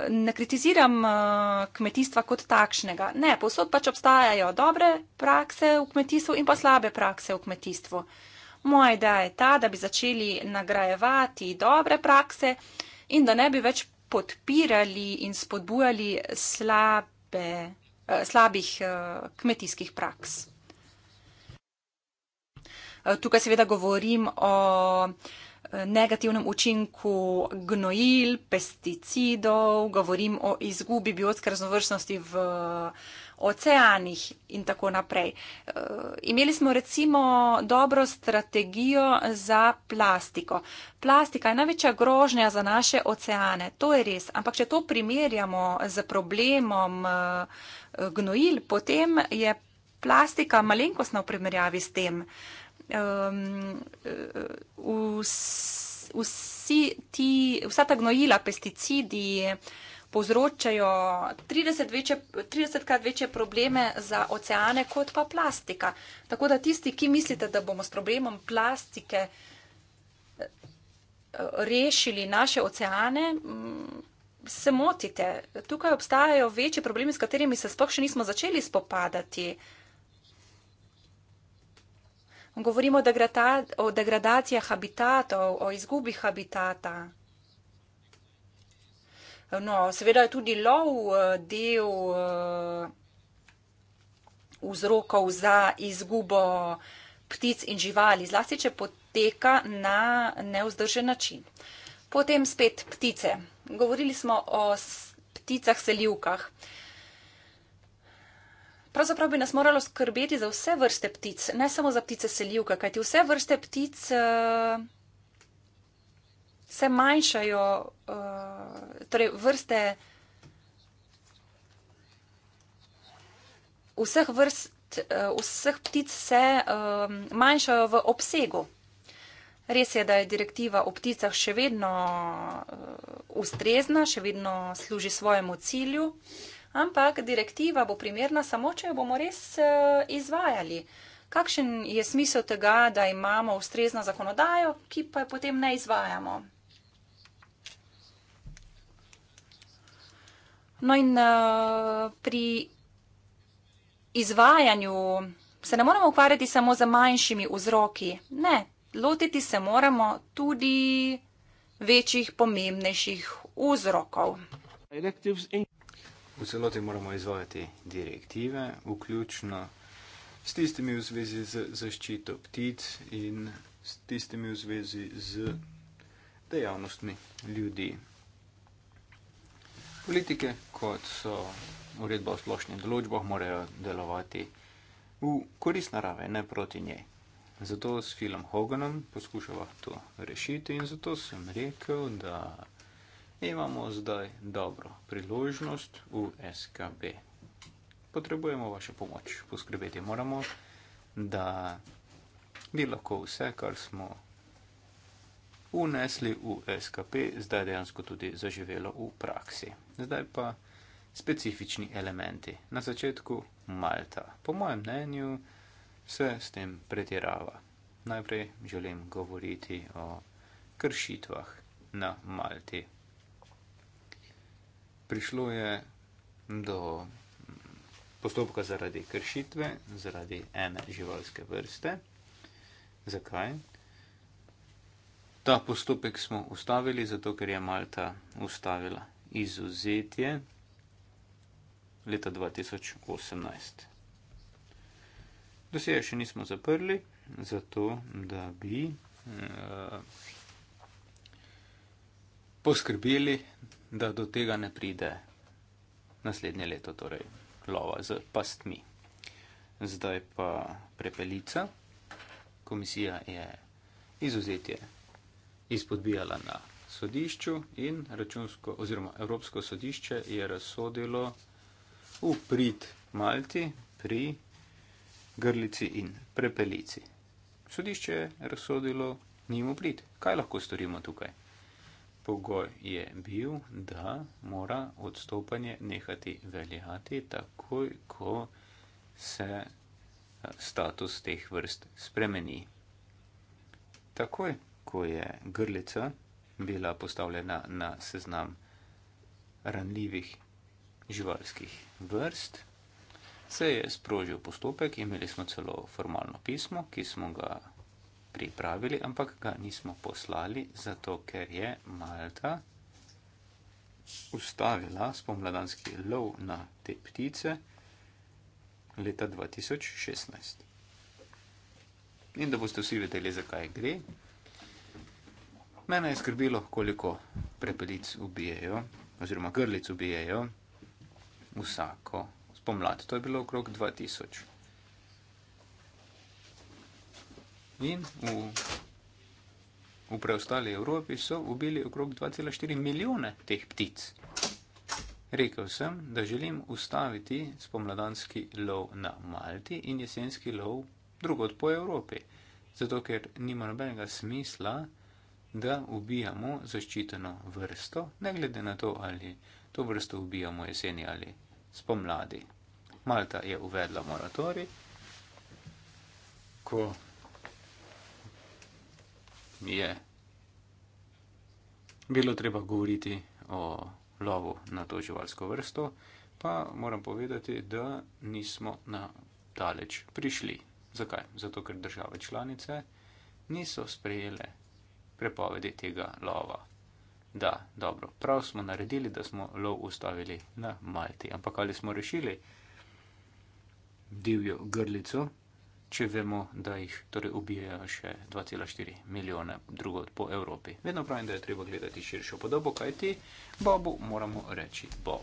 ne kritiziram eh, kmetijstva kot takšnega. Ne, posod pač obstajajo dobre prakse v kmetijstvu in pa slabe prakse v kmetijstvu. Moja ideja je ta, da bi začeli nagrajevati dobre prakse in da ne bi več podpirali in spodbujali slabe, eh, slabih eh, kmetijskih praks. Eh, tukaj seveda govorim o eh, negativnem učinku gnojil, pesticidov, govorim o izgubi biotske raznovrstnosti v oceanih in tako naprej. E, imeli smo recimo dobro strategijo za plastiko. Plastika je največja grožnja za naše oceane, to je res, ampak če to primerjamo z problemom e, gnojil, potem je plastika malenkostna v primerjavi s tem um, vsi ti, vsa ta gnojila, pesticidi povzročajo 30-krat večje, 30 večje probleme za oceane kot pa plastika. Tako da tisti, ki mislite, da bomo s problemom plastike eh, rešili naše oceane, mm, se motite. Tukaj obstajajo večji problemi, s katerimi se sploh še nismo začeli spopadati. Govorimo o, o degradaciji habitatov, o izgubi habitata. No, seveda je tudi lov eh, del eh, vzrokov za izgubo ptic in živali, zlasti če poteka na neuzdržen način. Potem spet ptice. Govorili smo o pticah selivkah. Uh, Pravzaprav bi nas moralo skrbeti za vse vrste ptic, ne samo za ptice selivka, kajti vse vrste ptic uh, se manjšajo, uh, torej vrste vseh vrst, uh, vseh ptic se uh, manjšajo v obsegu. Res je, da je direktiva o pticah še vedno uh, ustrezna, še vedno služi svojemu cilju. Uh, ampak direktiva bo primerna samo, če jo bomo res eh, izvajali. Kakšen je smisel tega, da imamo ustrezno zakonodajo, ki pa jo potem ne izvajamo? No in eh, pri izvajanju se ne moramo ukvarjati samo z manjšimi vzroki. Ne, lotiti se moramo tudi večjih, pomembnejših vzrokov. Elektivs in v celoti moramo izvajati direktive, vključno s tistimi v zvezi z zaščito ptic in s tistimi v zvezi z dejavnostmi ljudi. Politike, kot so uredba o splošnih določbah, morajo delovati v korist narave, ne proti njej. Zato s filmom Hoganom poskušava to rešiti in zato sem rekel, da imamo zdaj dobro priložnost v SKB. Potrebujemo vašo pomoč. Poskrbeti moramo, da bi lahko vse, kar smo unesli v SKP, zdaj dejansko tudi zaživelo v praksi. Zdaj pa specifični elementi. Na začetku Malta. Po mojem mnenju se s tem pretirava. Najprej želim govoriti o kršitvah na Malti prišlo je do postopka zaradi kršitve, zaradi ene živalske vrste. Zakaj? Ta postopek smo ustavili, zato ker je Malta ustavila izuzetje leta 2018. Dosje še nismo zaprli, zato da bi eh, poskrbeli, da do tega ne pride naslednje leto, torej lova z pastmi. Zdaj pa prepelica. Komisija je izuzetje izpodbijala na sodišču in računsko oziroma Evropsko sodišče je razsodilo v prid Malti pri grlici in prepelici. Sodišče je razsodilo njim v prid. Kaj lahko storimo tukaj? pogoj je bil, da mora odstopanje nehati veljati takoj, ko se eh, status teh vrst spremeni. Takoj, ko je grlica bila postavljena na seznam ranljivih živalskih vrst, se je sprožil postopek, imeli smo celo formalno pismo, ki smo ga pripravili, ampak ga nismo poslali, zato ker je Malta ustavila spomladanski lov na te ptice leta 2016. In da boste vsi vedeli, zakaj gre. Mene je skrbilo, koliko prepelic ubijejo, oziroma grlic ubijejo vsako spomlad. To je bilo okrog 2000. In v, v preostali Evropi so ubili okrog 2,4 milijone teh ptic. Rekel sem, da želim ustaviti spomladanski lov na Malti in jesenski lov drugot po Evropi, zato ker nima nobenega smisla, da ubijamo zaščiteno vrsto, ne glede na to, ali to vrsto ubijamo jeseni ali spomladi. Malta je uvedla moratori, ko mi je bilo treba govoriti o lovu na to živalsko vrsto, pa moram povedati, da nismo na daleč prišli. Zakaj? Zato, ker države članice niso sprejele prepovedi tega lova. Da, dobro, prav smo naredili, da smo lov ustavili na Malti, ampak ali smo rešili divjo grlico, če vemo, da jih torej ubijajo še 2,4 milijone drugod po Evropi. Vedno pravim, da je treba gledati širšo podobo, kaj ti Bobu moramo reči Bob.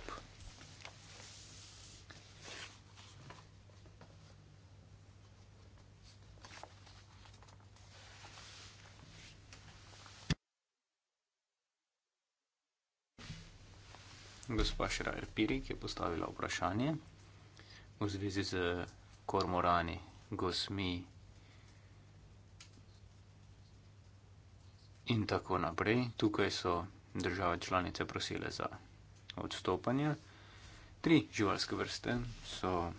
Gospa Šrajer Pirik je postavila vprašanje v zvezi z kormorani gosmi in tako naprej. Tukaj so države članice prosile za odstopanje. Tri živalske vrste so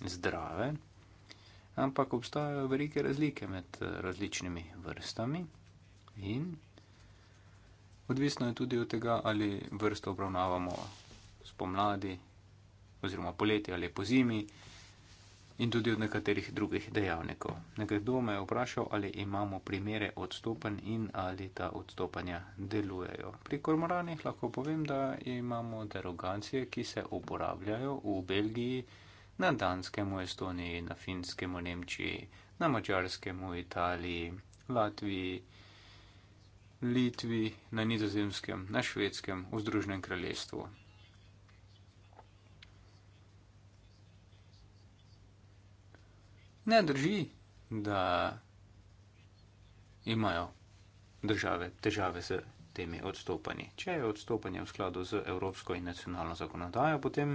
zdrave, ampak obstajajo velike razlike med eh, različnimi vrstami in odvisno je tudi od tega, ali vrsto obravnavamo spomladi oziroma poleti ali pozimi in tudi od nekaterih drugih dejavnikov. Nekdo me je vprašal, ali imamo primere odstopanj in ali ta odstopanja delujejo. Pri kormoranih lahko povem, da imamo derogancije, ki se uporabljajo v Belgiji, na Danskem, v Estoniji, na Finskem, v Nemčiji, na Mačarskem, v Italiji, Latviji. Litvi, na nizozemskem, na švedskem, v Združenem kraljestvu, ne drži, da imajo države težave z temi odstopanji. Če je odstopanje v skladu z evropsko in nacionalno zakonodajo, potem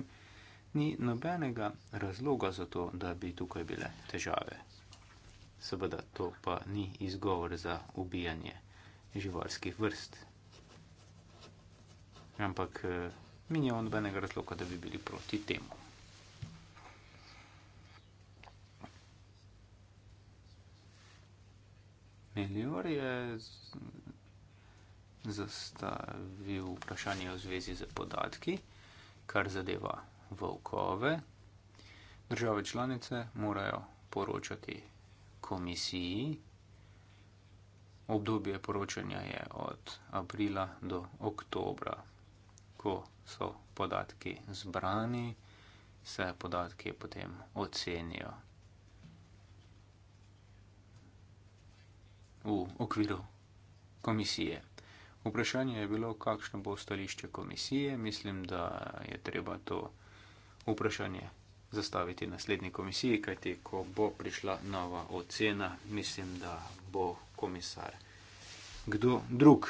ni nobenega razloga za to, da bi tukaj bile težave. Seveda to pa ni izgovor za ubijanje živalskih vrst. Ampak eh, mi nimamo nobenega razloga, da bi bili proti temu. Melior je zastavil vprašanje v zvezi z podatki, kar zadeva volkove. Države članice morajo poročati komisiji. Obdobje poročanja je od aprila do oktobra, ko so podatki zbrani, se podatki potem ocenijo v okviru komisije. Vprašanje je bilo, kakšno bo stališče komisije. Mislim, da je treba to vprašanje zastaviti naslednji komisiji, kajti ko bo prišla nova ocena, mislim, da bo komisar kdo drug.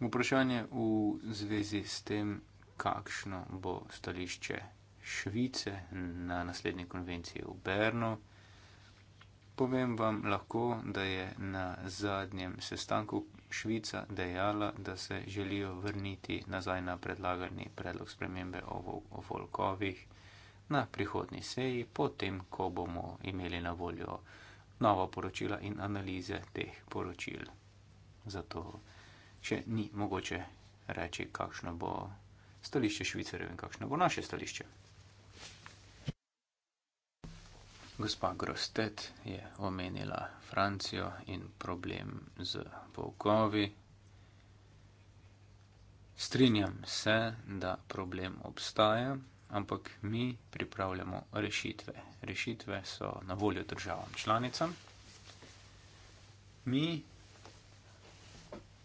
Vprašanje v zvezi s tem, kakšno bo stališče Švice na naslednji konvenciji v Bernu. Povem vam lahko, da je na zadnjem sestanku Švica dejala, da se želijo vrniti nazaj na predlagani predlog spremembe o volkovih na prihodni seji, potem, ko bomo imeli na voljo nova poročila in analize teh poročil. Zato še ni mogoče reči, kakšno bo stališče Švicarjev in kakšno bo naše stališče. Gospa Grostet je omenila Francijo in problem z volkovi. Strinjam se, da problem obstaja, ampak mi pripravljamo rešitve. Rešitve so na voljo državam članicam. Mi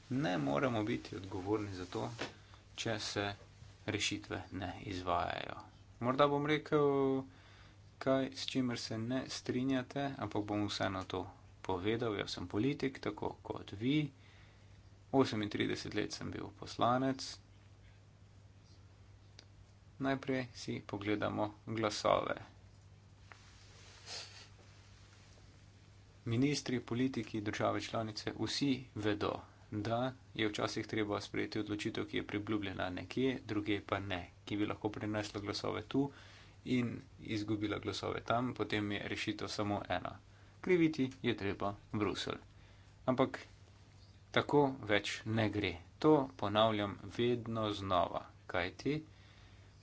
ne moremo biti odgovorni za to, če se rešitve ne izvajajo. Morda bom rekel, da kaj, s čimer se ne strinjate, ampak bom vseeno to povedal. Jaz sem politik, tako kot vi. 38 let sem bil poslanec. Najprej si pogledamo glasove. Ministri, politiki, države članice, vsi vedo, da je včasih treba sprejeti odločitev, ki je pribljubljena nekje, druge pa ne, ki bi lahko prineslo glasove tu, in izgubila glasove tam, potem je rešitev samo ena. Kriviti je treba Bruselj. Ampak tako več ne gre. To ponavljam vedno znova, kajti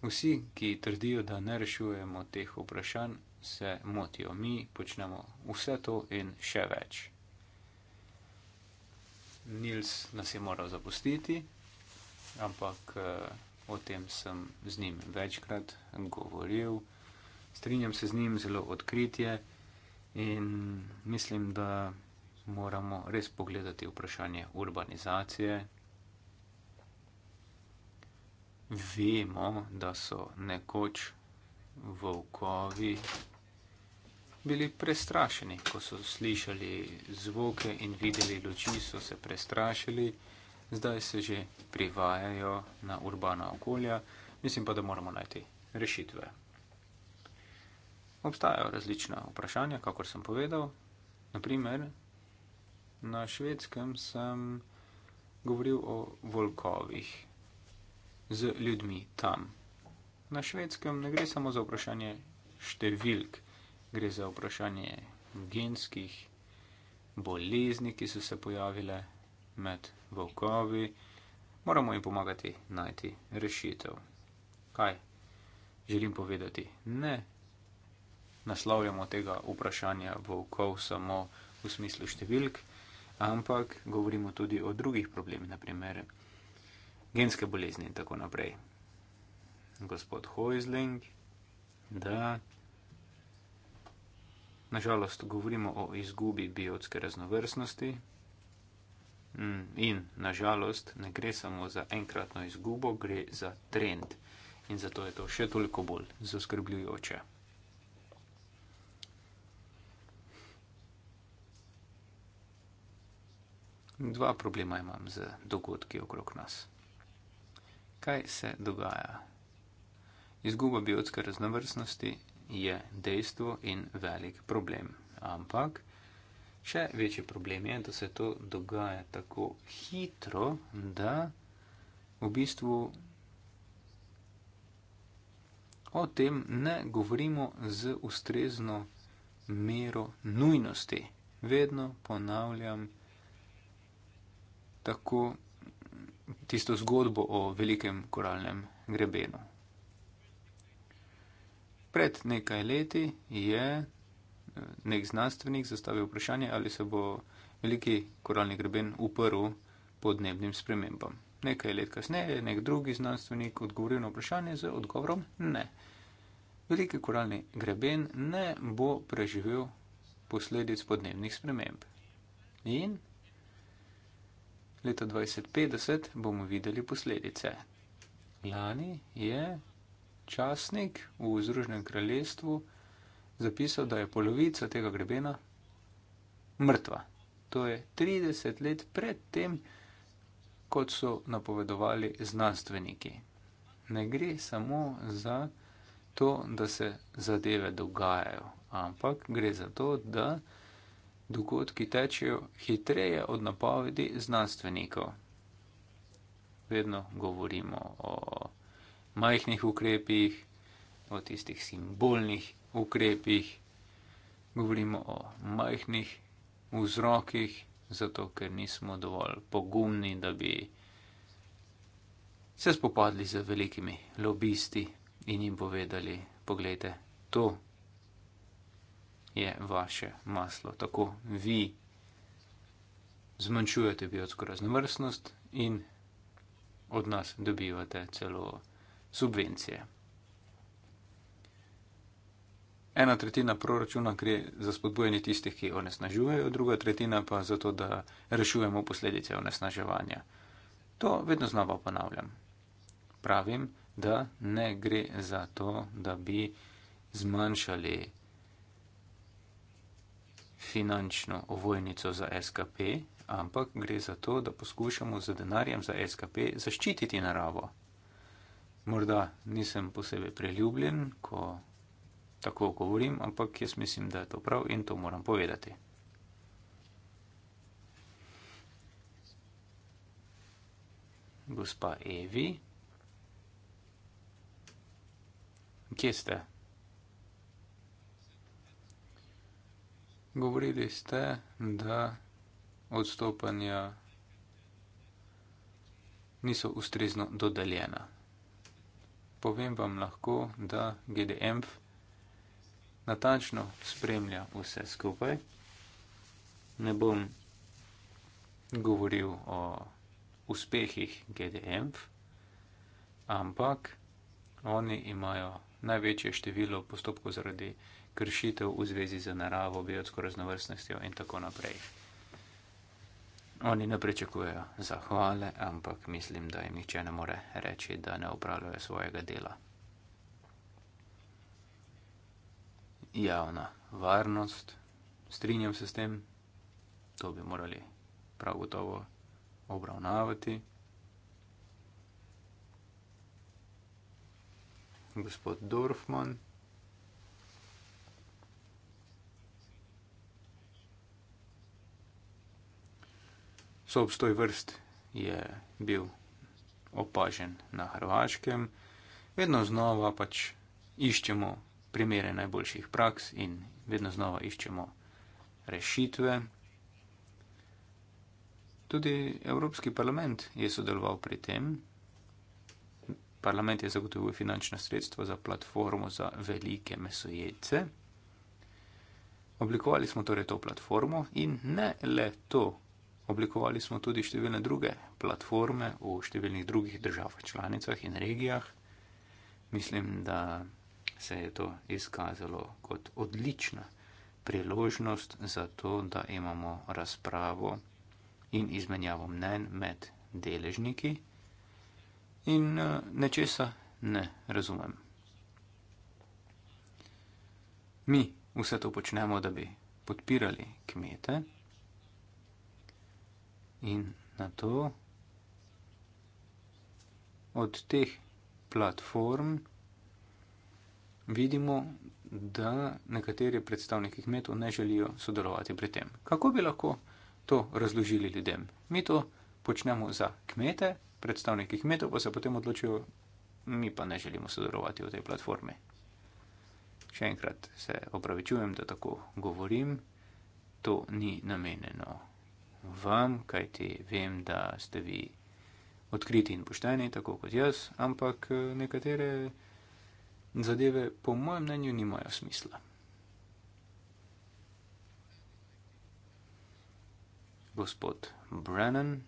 vsi, ki trdijo, da ne rešujemo teh vprašanj, se motijo. Mi počnemo vse to in še več. Nils nas je moral zapustiti, ampak eh, o tem sem z njim večkrat govoril. Strinjam se z njim, zelo odkritje in mislim, da moramo res pogledati vprašanje urbanizacije. Vemo, da so nekoč volkovi bili prestrašeni, ko so slišali zvoke in videli luči, so se prestrašili zdaj se že privajajo na urbana okolja, mislim pa, da moramo najti rešitve. Obstajajo različna vprašanja, kakor sem povedal. Naprimer, na švedskem sem govoril o volkovih z ljudmi tam. Na švedskem ne gre samo za vprašanje številk, gre za vprašanje genskih bolezni, ki so se pojavile med volkovi, moramo jim pomagati najti rešitev. Kaj želim povedati? Ne naslavljamo tega vprašanja volkov samo v smislu številk, ampak govorimo tudi o drugih problemih, naprimer genske bolezni in tako naprej. Gospod Hoizling, da. Nažalost, govorimo o izgubi biotske raznovrstnosti, Mm, in nažalost ne gre samo za enkratno izgubo, gre za trend. In zato je to še toliko bolj zaskrbljujoče. Dva problema imam z dogodki okrog nas. Kaj se dogaja? Izguba biotske raznovrstnosti je dejstvo in velik problem. Ampak Še večji problem je, da se to dogaja tako hitro, da v bistvu o tem ne govorimo z ustrezno mero nujnosti. Vedno ponavljam tako tisto zgodbo o velikem koralnem grebenu. Pred nekaj leti je Eh, nek znanstvenik zastavil vprašanje, ali se bo veliki koralni greben uprl podnebnim spremembam. Nekaj let kasneje je nek drugi znanstvenik odgovoril na vprašanje z odgovorom ne. Veliki koralni greben ne bo preživel posledic podnebnih sprememb. In leta 2050 bomo videli posledice. Lani je časnik v Združenem kraljestvu zapisal, da je polovica tega grebena mrtva. To je 30 let pred tem, kot so napovedovali znanstveniki. Ne gre samo za to, da se zadeve dogajajo, ampak gre za to, da dogodki tečejo hitreje od napovedi znanstvenikov. Vedno govorimo o majhnih ukrepih, o tistih simbolnih ukrepih, govorimo o majhnih vzrokih, zato ker nismo dovolj pogumni, da bi se spopadli z velikimi lobisti in jim povedali: Poglejte, to je vaše maslo. Tako vi zmanjšujete biotsko raznovrstnost in od nas dobivate celo subvencije ena tretjina proračuna gre za spodbujanje tistih, ki onesnažujejo, druga tretjina pa za to, da rešujemo posledice onesnaževanja. To vedno znova ponavljam. Pravim, da ne gre za to, da bi zmanjšali finančno ovojnico za SKP, ampak gre za to, da poskušamo z denarjem za SKP zaščititi naravo. Morda nisem posebej preljubljen, ko tako govorim, ampak jaz mislim, da je to prav in to moram povedati. Gospa Evi, kje ste? Govorili ste, da odstopanja niso ustrezno dodeljena. Povem vam lahko, da GDMF natančno spremlja vse skupaj. Ne bom govoril o uspehih GDM, ampak oni imajo največje število postopkov zaradi kršitev v zvezi z naravo, biotsko raznovrstnostjo in tako naprej. Oni ne pričakujejo zahvale, ampak mislim, da jim nihče ne more reči, da ne upravljajo svojega dela. javna varnost, strinjam se s tem, to bi morali prav gotovo obravnavati. Gospod Dorfman. Sobstoj vrst je bil opažen na Hrvaškem, vedno znova pač iščemo primere najboljših praks in vedno znova iščemo rešitve. Tudi Evropski parlament je sodeloval pri tem. Parlament je zagotovil finančna sredstva za platformo za velike mesojece. Oblikovali smo torej to platformo in ne le to, oblikovali smo tudi številne druge platforme v številnih drugih državah, članicah in regijah. Mislim, da se je to izkazalo kot odlična priložnost za to, da imamo razpravo in izmenjavo mnen med deležniki in eh, nečesa ne razumem. Mi vse to počnemo, da bi podpirali kmete in na to od teh platform vidimo, da nekateri predstavniki kmetov ne želijo sodelovati pri tem. Kako bi lahko to razložili ljudem? Mi to počnemo za kmete, predstavniki kmetov pa se potem odločijo, mi pa ne želimo sodelovati v tej platformi. Še enkrat se opravičujem, da tako govorim. To ni namenjeno vam, kajti vem, da ste vi odkriti in pošteni, tako kot jaz, ampak eh, nekatere zadeve, po mojem mnenju, nimajo smisla. Gospod Brennan,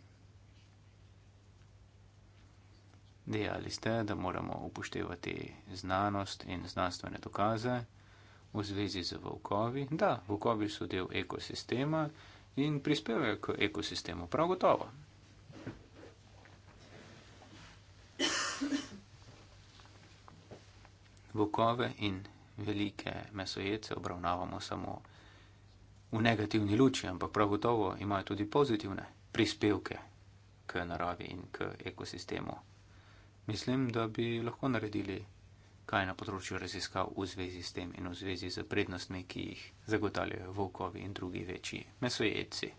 dejali ste, da moramo upoštevati znanost in znanstvene dokaze v zvezi z volkovi. Da, volkovi so del ekosistema in prispevajo k ekosistemu, prav gotovo. Vukove in velike mesojece obravnavamo samo v negativni luči, ampak prav gotovo imajo tudi pozitivne prispevke k naravi in k ekosistemu. Mislim, da bi lahko naredili kaj na področju raziskav v zvezi s tem in v zvezi z prednostmi, ki jih zagotavljajo vukovi in drugi večji mesojeci.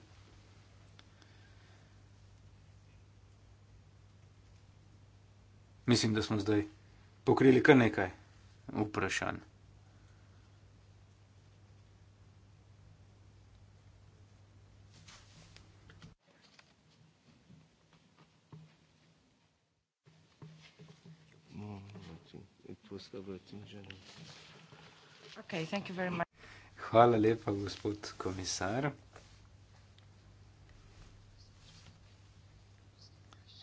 Mislim, da smo zdaj pokrili kar nekaj vprašanj. Hvala lepa, gospod komisar.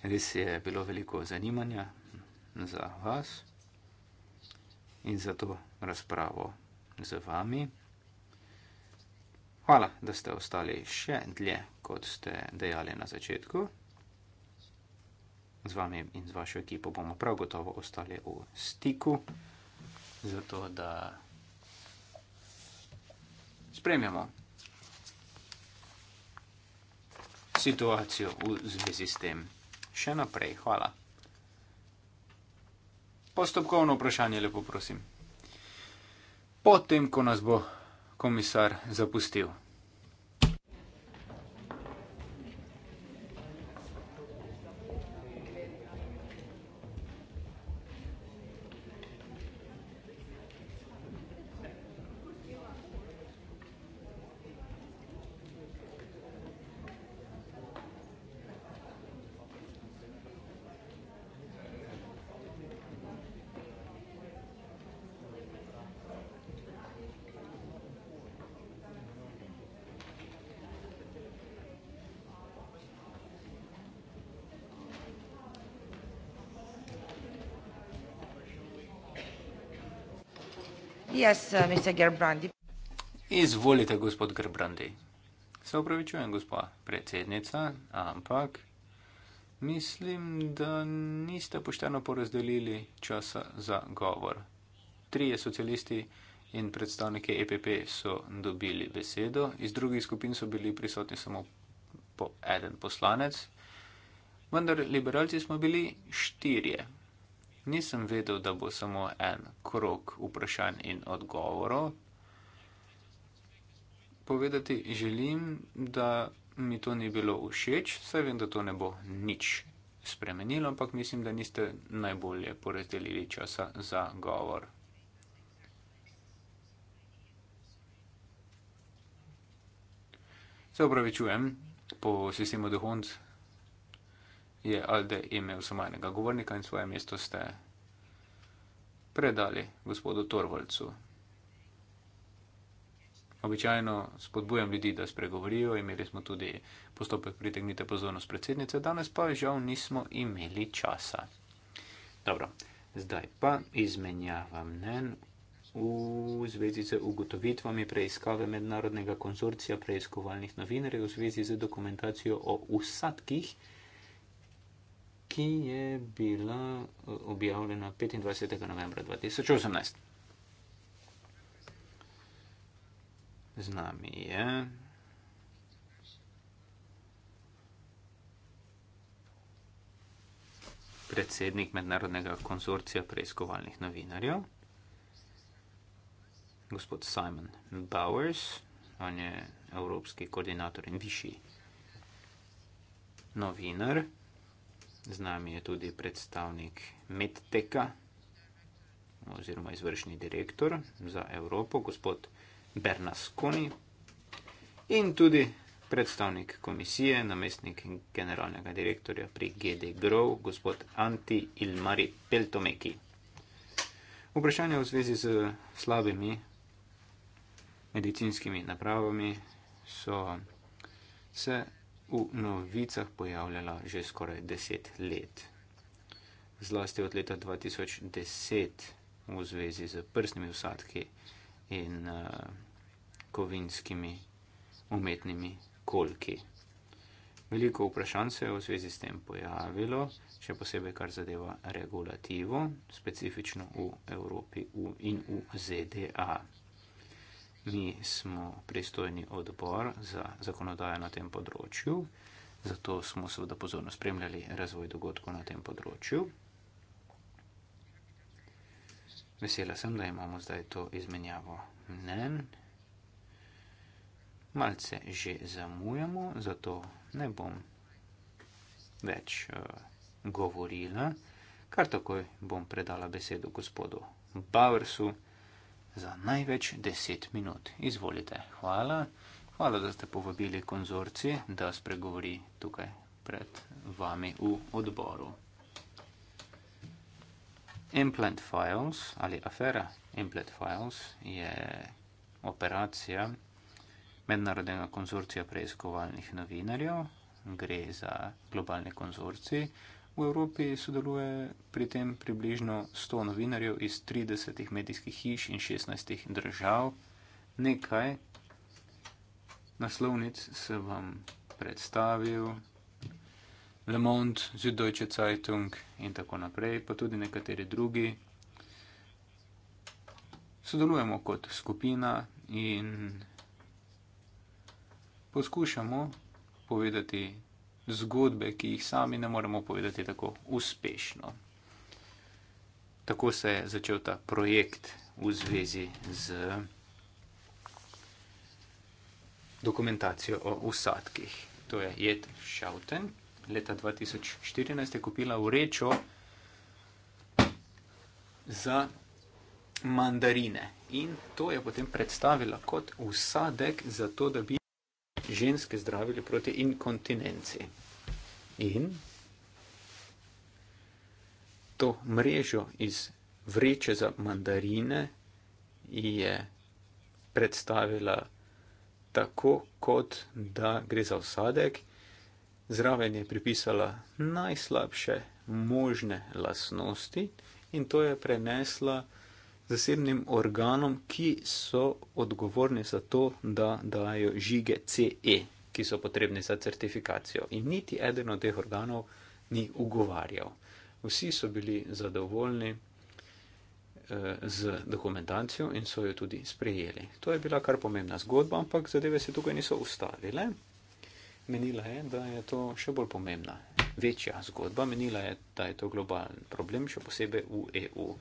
Res je bilo veliko zanimanja za vas in za to razpravo z vami. Hvala, da ste ostali še dlje, kot ste dejali na začetku. Z vami in z vašo ekipo bomo prav gotovo ostali v stiku, zato da spremljamo situacijo v zvezi s tem. Še naprej, hvala. Postopkovno vprašanje, lepo prosim. Potem, ko nas bo komisar zapustil. Yes, uh, Mr. Gerbrandi. Izvolite, gospod Gerbrandi. Se upravičujem, gospa predsednica, ampak mislim, da niste pošteno porazdelili časa za govor. Trije socialisti in predstavniki EPP so dobili besedo, iz drugih skupin so bili prisotni samo po eden poslanec, vendar liberalci smo bili štirje. Nisem vedel, da bo samo en krok vprašanj in odgovorov. Povedati želim, da mi to ni bilo všeč, saj vem, da to ne bo nič spremenilo, ampak mislim, da niste najbolje porazdelili časa za govor. Se opravičujem, po sistemu The Hunt je Alde imel samajnega govornika in svoje mesto ste predali gospodu Torvalcu. Običajno spodbujam ljudi, da spregovorijo, imeli smo tudi postopek pritegnite pozornost predsednice, danes pa žal nismo imeli časa. Dobro, zdaj pa izmenjavam mnen v zvezi z ugotovitvami preiskave mednarodnega konzorcija preiskovalnih novinarjev v zvezi z dokumentacijo o usadkih, ki je bila eh, objavljena 25. novembra 2018. Z nami je predsednik Mednarodnega konzorcija preiskovalnih novinarjev, gospod Simon Bowers, on je evropski koordinator in višji novinar. Z nami je tudi predstavnik Medteka oziroma izvršni direktor za Evropo, gospod Bernasconi in tudi predstavnik komisije, namestnik generalnega direktorja pri GD Grow, gospod Anti Ilmari Peltomeki. Vprašanje v zvezi z slabimi medicinskimi napravami so se v novicah pojavljala že skoraj deset let. Zlasti od leta 2010 v zvezi z prsnimi vsadki in uh, kovinskimi umetnimi kolki. Veliko vprašanj se je v zvezi s tem pojavilo, še posebej kar zadeva regulativo, specifično v Evropi in v ZDA. Mi smo pristojni odbor za zakonodajo na tem področju, zato smo seveda pozorno spremljali razvoj dogodkov na tem področju. Vesela sem, da imamo zdaj to izmenjavo mnen. Malce že zamujamo, zato ne bom več uh, govorila. Kar takoj bom predala besedo gospodu Bauersu za največ 10 minut. Izvolite. Hvala. Hvala, da ste povabili konzorci, da spregovori tukaj pred vami v odboru. Implant Files ali afera Implant Files je operacija mednarodnega konzorcija preiskovalnih novinarjev. Gre za globalni konzorci. V Evropi sodeluje pri tem približno 100 novinarjev iz 30 medijskih hiš in 16 držav. Nekaj naslovnic se vam predstavil, Le Monde, Süddeutsche Zeitung in tako naprej, pa tudi nekateri drugi. Sodelujemo kot skupina in poskušamo povedati zgodbe, ki jih sami ne moremo povedati tako uspešno. Tako se je začel ta projekt v zvezi z dokumentacijo o usadkih. To je Jed Schauten. Leta 2014 je kupila vrečo za mandarine in to je potem predstavila kot usadek za to, da bi ženske zdravili proti inkontinenci. In to mrežo iz vreče za mandarine je predstavila tako, kot da gre za vsadek, zraven je pripisala najslabše možne lasnosti in to je prenesla zasebnim organom, ki so odgovorni za to, da dajo žige CE, ki so potrebni za certifikacijo. In niti eden od teh organov ni ugovarjal. Vsi so bili zadovoljni eh, z dokumentacijo in so jo tudi sprejeli. To je bila kar pomembna zgodba, ampak zadeve se tukaj niso ustavile. Menila je, da je to še bolj pomembna, večja zgodba. Menila je, da je to globalen problem, še posebej v EU.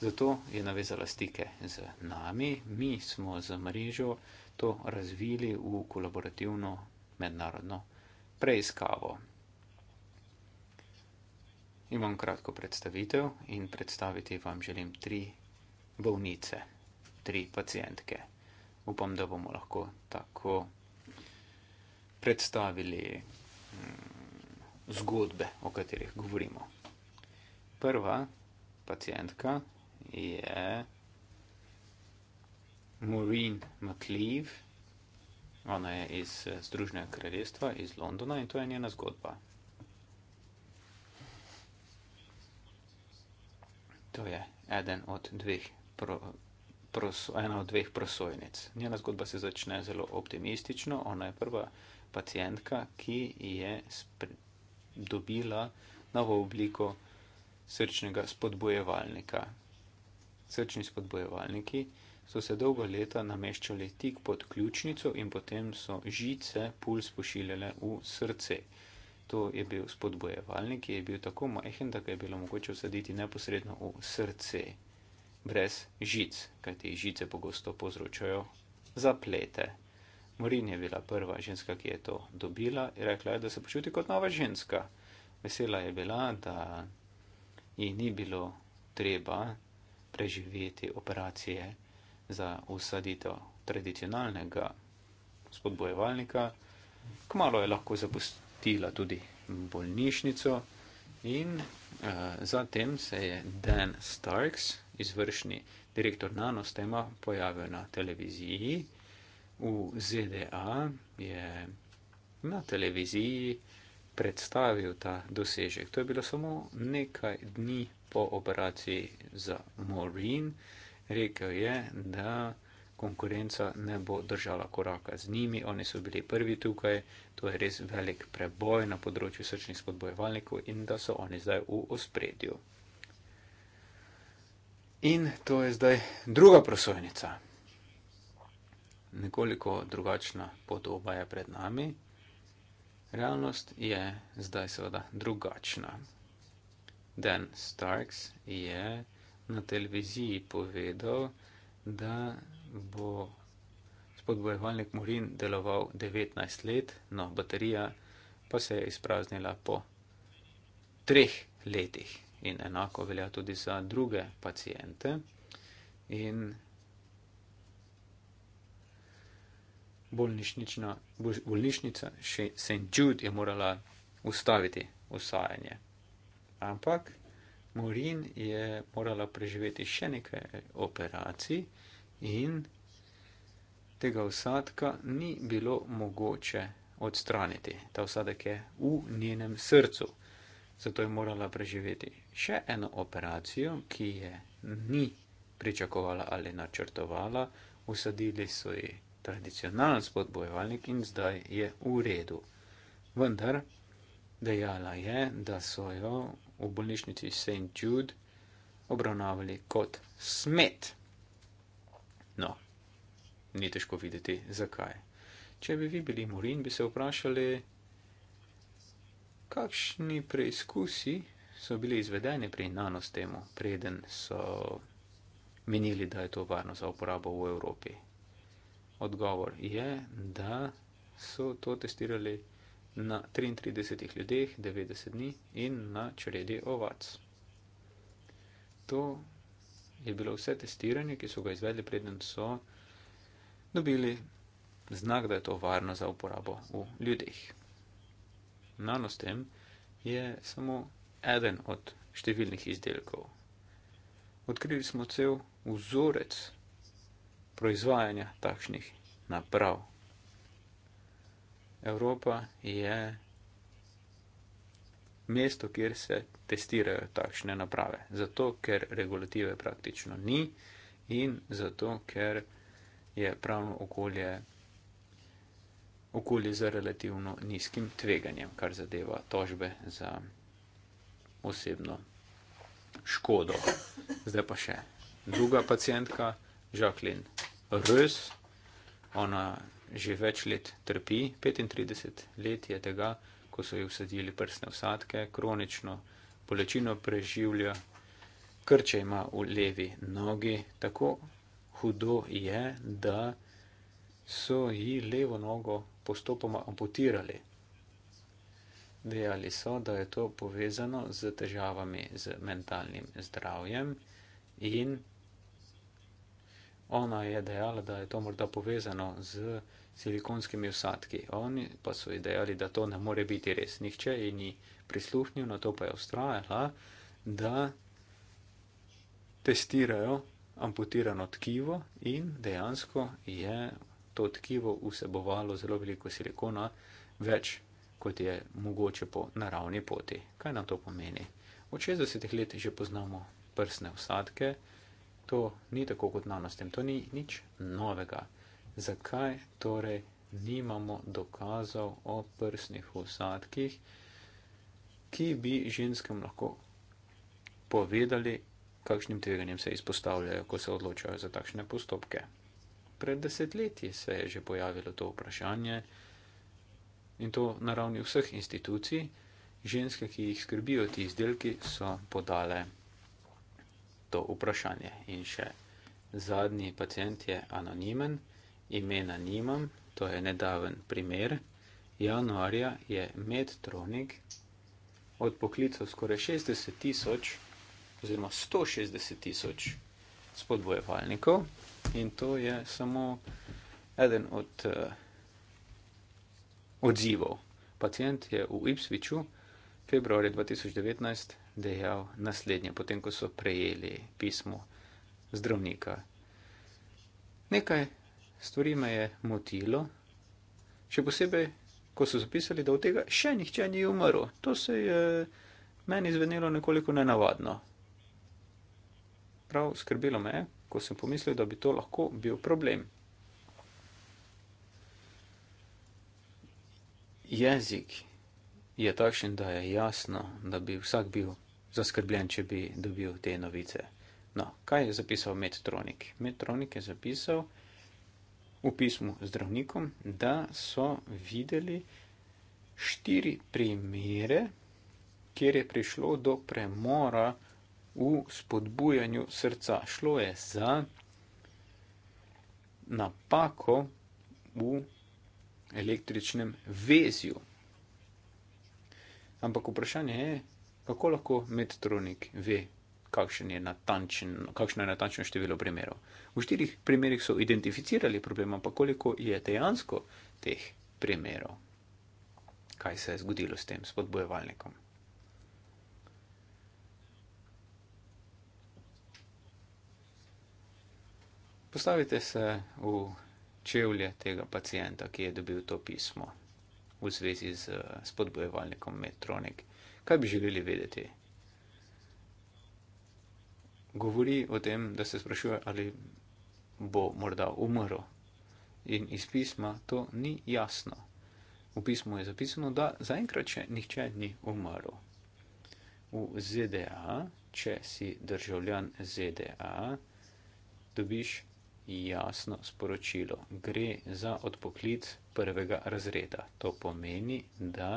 Zato je navezala stike z nami, mi smo z mrežo to razvili v kolaborativno mednarodno preiskavo. Imam kratko predstavitev in predstaviti vam želim tri bolnice, tri pacijentke. Upam, da bomo lahko tako predstavili mm, zgodbe, o katerih govorimo. Prva pacijentka je Maureen McLeave, ona je iz eh, Združenega kraljestva, iz Londona in to je njena zgodba. To je eden od dveh pro, pros, ena od dveh prosojnic. Njena zgodba se začne zelo optimistično, ona je prva pacijentka, ki je spri, dobila novo obliko srčnega spodbojevalnika srčni spodbojevalniki so se dolgo leta nameščali tik pod ključnico in potem so žice puls pošiljale v srce. To je bil spodbojevalnik, ki je bil tako majhen, da ga je bilo mogoče usaditi neposredno v srce, brez žic, kajti žice pogosto povzročajo zaplete. Morin je bila prva ženska, ki je to dobila in rekla je, da se počuti kot nova ženska. Vesela je bila, da ji ni bilo treba preživeti operacije za usaditev tradicionalnega spodbojevalnika. Kmalo je lahko zapustila tudi bolnišnico in uh, zatem se je Dan Starks, izvršni direktor nanostema, pojavil na televiziji. V ZDA je na televiziji uh, predstavil ta dosežek. To je bilo samo nekaj dni po operaciji za Morin. Rekel je, da konkurenca ne bo držala koraka z njimi. Oni so bili prvi tukaj, to je res velik preboj na področju srčnih spodbojevalnikov in da so oni zdaj v ospredju. In to je zdaj druga prosojnica. Nekoliko drugačna podoba je pred nami, Realnost je zdaj seveda drugačna. Dan Starks je na televiziji povedal, da bo spodbojevalnik Morin deloval 19 let, no baterija pa se je izpraznila po treh letih. In enako velja tudi za druge pacijente. In bolnišnična bolnišnica St. Jude je morala ustaviti usajanje. Ampak Morin je morala preživeti še nekaj operacij in tega usadka ni bilo mogoče odstraniti. Ta usadek je v njenem srcu. Zato je morala preživeti še eno operacijo, ki je ni pričakovala ali načrtovala. Usadili so ji tradicionalen spodbojevalnik in zdaj je v redu. Vendar dejala je, da so jo v bolnišnici St. Jude obravnavali kot smet. No, ni težko videti, zakaj. Če bi vi bili Morin, bi se vprašali, kakšni preizkusi so bili izvedeni pri nanostemu, preden so menili, da je to varno za uporabo v Evropi odgovor je, da so to testirali na 33 ljudeh 90 dni in na čredi ovac. To je bilo vse testiranje, ki so ga izvedli, preden so dobili znak, da je to varno za uporabo v ljudeh. Nano s tem je samo eden od številnih izdelkov. Odkrili smo cel vzorec proizvajanja takšnih naprav. Evropa je mesto, kjer se testirajo takšne naprave. Zato, ker regulative praktično ni in zato, ker je pravno okolje, okolje za relativno nizkim tveganjem, kar zadeva tožbe za osebno škodo. Zdaj pa še druga pacijentka. Jacqueline Reus. Ona že več let trpi, 35 let je tega, ko so ji usadili prsne vsadke, kronično bolečino preživlja, krče ima v levi nogi, tako hudo je, da so ji levo nogo postopoma amputirali. Dejali so, da je to povezano z težavami z mentalnim zdravjem in Ona je dejala, da je to morda povezano z silikonskimi usadki. Oni pa so ji dejali, da to ne more biti res. Nihče ji ni prisluhnil, na to pa je ustrajala, da testirajo amputirano tkivo in dejansko je to tkivo vsebovalo zelo veliko silikona, več kot je mogoče po naravni poti. Kaj nam to pomeni? Od 60 let že poznamo prsne usadke to ni tako kot nanostem, to ni nič novega. Zakaj torej nimamo dokazov o prsnih vsadkih, ki bi ženskem lahko povedali, kakšnim tveganjem se izpostavljajo, ko se odločajo za takšne postopke? Pred desetletji se je že pojavilo to vprašanje in to na ravni vseh institucij. Ženske, ki jih skrbijo ti izdelki, so podale to vprašanje. In še zadnji pacijent je anonimen, imena nimam, to je nedaven primer. Januarja je Medtronik odpoklical skoraj 60 tisoč oziroma 160 tisoč spodbojevalnikov in to je samo eden od uh, odzivov. Pacijent je v Ipsviču februarja 2019 dejal naslednje, potem ko so prejeli pismo zdravnika. Nekaj stvari me je motilo, še posebej, ko so zapisali, da od tega še nihče ni umrl. To se je meni zvenelo nekoliko nenavadno. Prav skrbilo me je, ko sem pomislil, da bi to lahko bil problem. Jezik je takšen, da je jasno, da bi vsak bil zaskrbljen, če bi dobil te novice. No, kaj je zapisal Metronik? Metronik je zapisal v pismu zdravnikom, da so videli štiri primere, kjer je prišlo do premora v spodbujanju srca. Šlo je za napako v električnem vezju. Ampak vprašanje je, kako lahko medtronik ve, kakšen je natančen, kakšno je natančno število primerov. V štirih primerih so identificirali problem, pa koliko je dejansko teh primerov, kaj se je zgodilo s tem spodbojevalnikom. Postavite se v čevlje tega pacijenta, ki je dobil to pismo v zvezi z spodbojevalnikom Metronik. Kaj bi želeli vedeti? Govori o tem, da se sprašuje, ali bo morda umrl. In iz pisma to ni jasno. V pismu je zapisano, da zaenkrat še nihče ni umrl. V ZDA, če si državljan ZDA, dobiš jasno sporočilo. Gre za odpoklic prvega razreda. To pomeni, da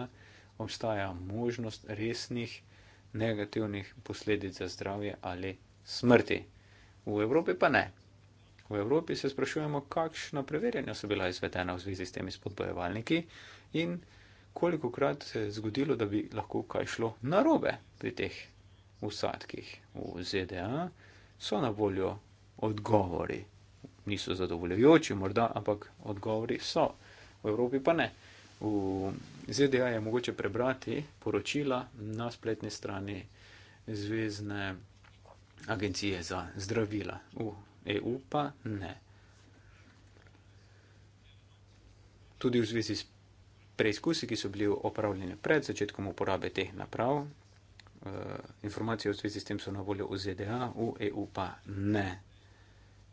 obstaja možnost resnih negativnih posledic za zdravje ali smrti. V Evropi pa ne. V Evropi se sprašujemo, kakšna preverjanja so bila izvedena v zvezi s temi spodbojevalniki in koliko krat se je zgodilo, da bi lahko kaj šlo narobe pri teh usadkih. V ZDA so na voljo odgovori. Niso zadovoljujoči morda, ampak odgovori so. V Evropi pa ne. V ZDA je mogoče prebrati poročila na spletni strani Zvezne agencije za zdravila. V EU pa ne. Tudi v zvezi s preizkusi, ki so bili opravljeni pred začetkom uporabe teh naprav, eh, informacije v zvezi s tem so na voljo v ZDA, v EU pa ne.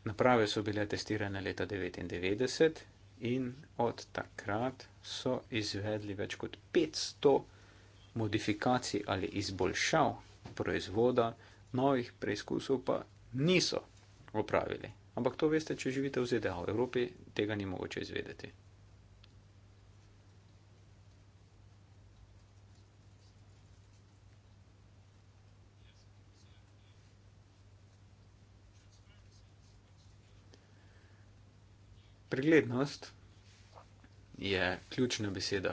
Naprave so bile testirane leta 1999 in od takrat so izvedli več kot 500 modifikacij ali izboljšav proizvoda, novih preizkusov pa niso opravili. Ampak to veste, če živite v ZDA, v Evropi tega ni mogoče izvedeti. preglednost je ključna beseda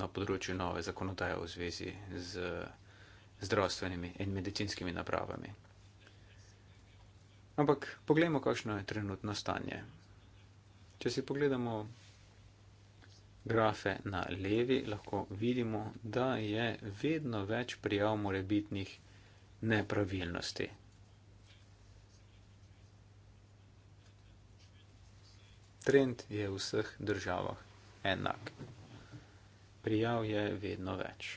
na področju nove zakonodaje v zvezi z zdravstvenimi in medicinskimi napravami. Ampak pogledajmo, kakšno je trenutno stanje. Če si pogledamo grafe na levi, lahko vidimo, da je vedno več prijav morebitnih nepravilnosti Trend je v vseh državah enak. Prijav je vedno več.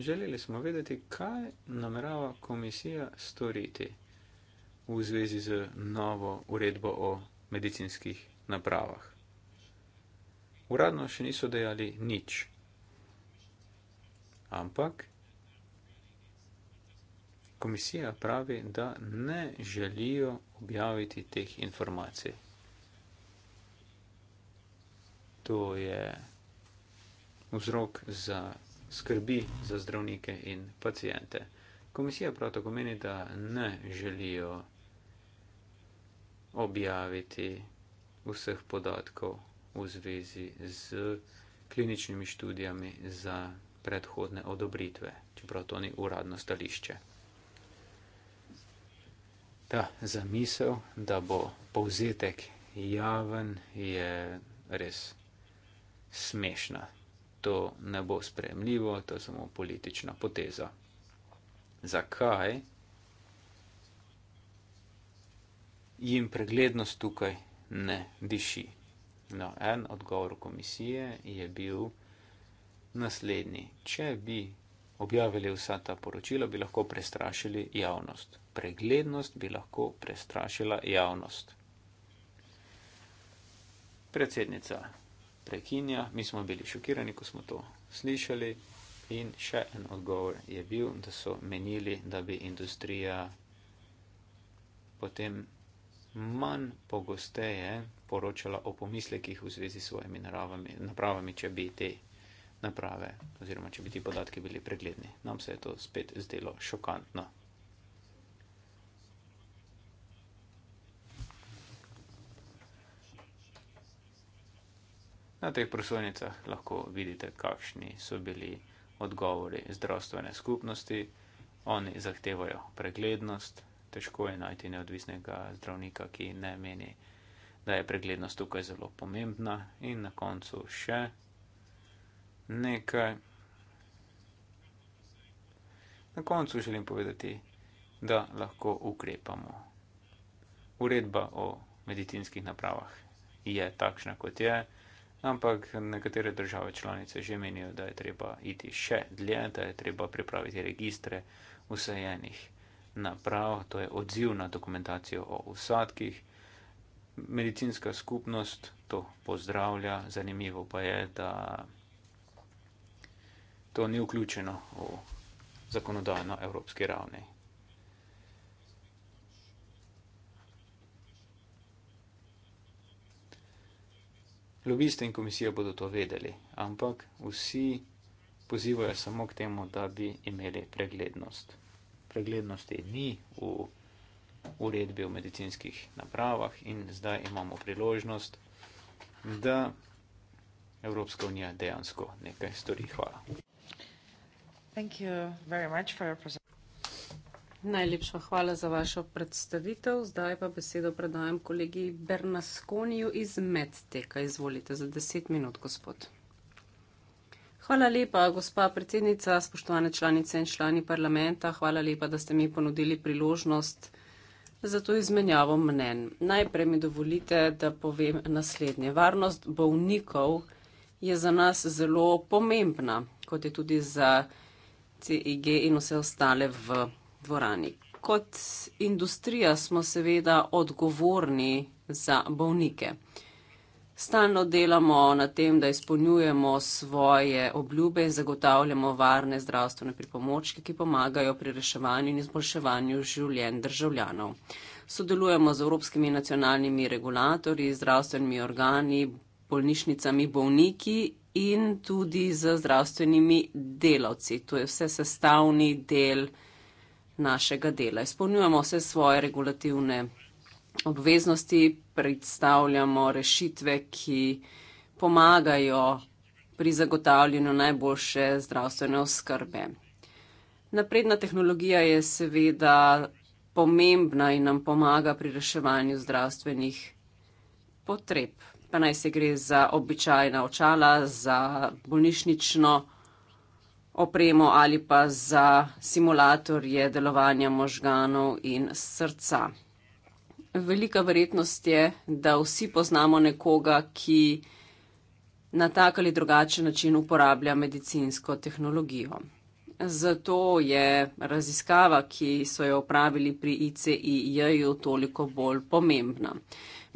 Želeli smo vedeti, kaj namerava komisija storiti v zvezi z novo uredbo o medicinskih napravah. Uradno še niso dejali nič, ampak komisija pravi, da ne želijo objaviti teh informacij. To je vzrok za skrbi za zdravnike in pacijente. Komisija prav tako meni, da ne želijo objaviti vseh podatkov v zvezi z kliničnimi študijami za predhodne odobritve, čeprav to ni uradno stališče ta zamisel, da bo povzetek javen, je res smešna. To ne bo spremljivo, to je samo politična poteza. Zakaj jim preglednost tukaj ne diši? No, en odgovor komisije je bil naslednji. Če bi objavili vsa ta poročila, bi lahko prestrašili javnost. Preglednost bi lahko prestrašila javnost. Predsednica prekinja, mi smo bili šokirani, ko smo to slišali in še en odgovor je bil, da so menili, da bi industrija potem manj pogosteje poročala o pomislekih v zvezi s svojimi naravami, napravami, če bi te naprave, oziroma če bi ti podatki bili pregledni. Nam se je to spet zdelo šokantno. Na teh prosojnicah lahko vidite, kakšni so bili odgovori zdravstvene skupnosti. Oni zahtevajo preglednost, težko je najti neodvisnega zdravnika, ki ne meni, da je preglednost tukaj zelo pomembna. In na koncu še nekaj. Na koncu želim povedati, da lahko ukrepamo. Uredba o medicinskih napravah je takšna, kot je, ampak nekatere države članice že menijo, da je treba iti še dlje, da je treba pripraviti registre usajenih naprav, to je odziv na dokumentacijo o usadkih. Medicinska skupnost to pozdravlja, zanimivo pa je, da to ni vključeno v zakonodajno evropski ravni. Lobisti in komisija bodo to vedeli, ampak vsi pozivajo samo k temu, da bi imeli preglednost. Preglednosti ni v uredbi o medicinskih napravah in zdaj imamo priložnost, da Evropska unija dejansko nekaj stori. Hvala. Najlepša hvala za vašo predstavitev. Zdaj pa besedo predajam kolegi Bernasconiju iz Medteka. Izvolite za deset minut, gospod. Hvala lepa, gospa predsednica, spoštovane članice in člani parlamenta. Hvala lepa, da ste mi ponudili priložnost za to izmenjavo mnen. Najprej mi dovolite, da povem naslednje. Varnost bolnikov je za nas zelo pomembna, kot je tudi za. CIG in vse ostale v dvorani. Kot industrija smo seveda odgovorni za bolnike. Stalno delamo na tem, da izpolnjujemo svoje obljube in zagotavljamo varne zdravstvene pripomočke, ki pomagajo pri reševanju in izboljševanju življenj državljanov. Sodelujemo z evropskimi nacionalnimi regulatorji, zdravstvenimi organi, bolnišnicami, bolniki in tudi z zdravstvenimi delavci. To je vse sestavni del našega dela. Izpolnjujemo vse svoje regulativne obveznosti, predstavljamo rešitve, ki pomagajo pri zagotavljanju najboljše zdravstvene oskrbe. Napredna tehnologija je seveda pomembna in nam pomaga pri reševanju zdravstvenih potreb pa naj se gre za običajna očala, za bolnišnično opremo ali pa za simulatorje delovanja možganov in srca. Velika verjetnost je, da vsi poznamo nekoga, ki na tak ali drugačen način uporablja medicinsko tehnologijo. Zato je raziskava, ki so jo opravili pri ICIJ-ju, toliko bolj pomembna.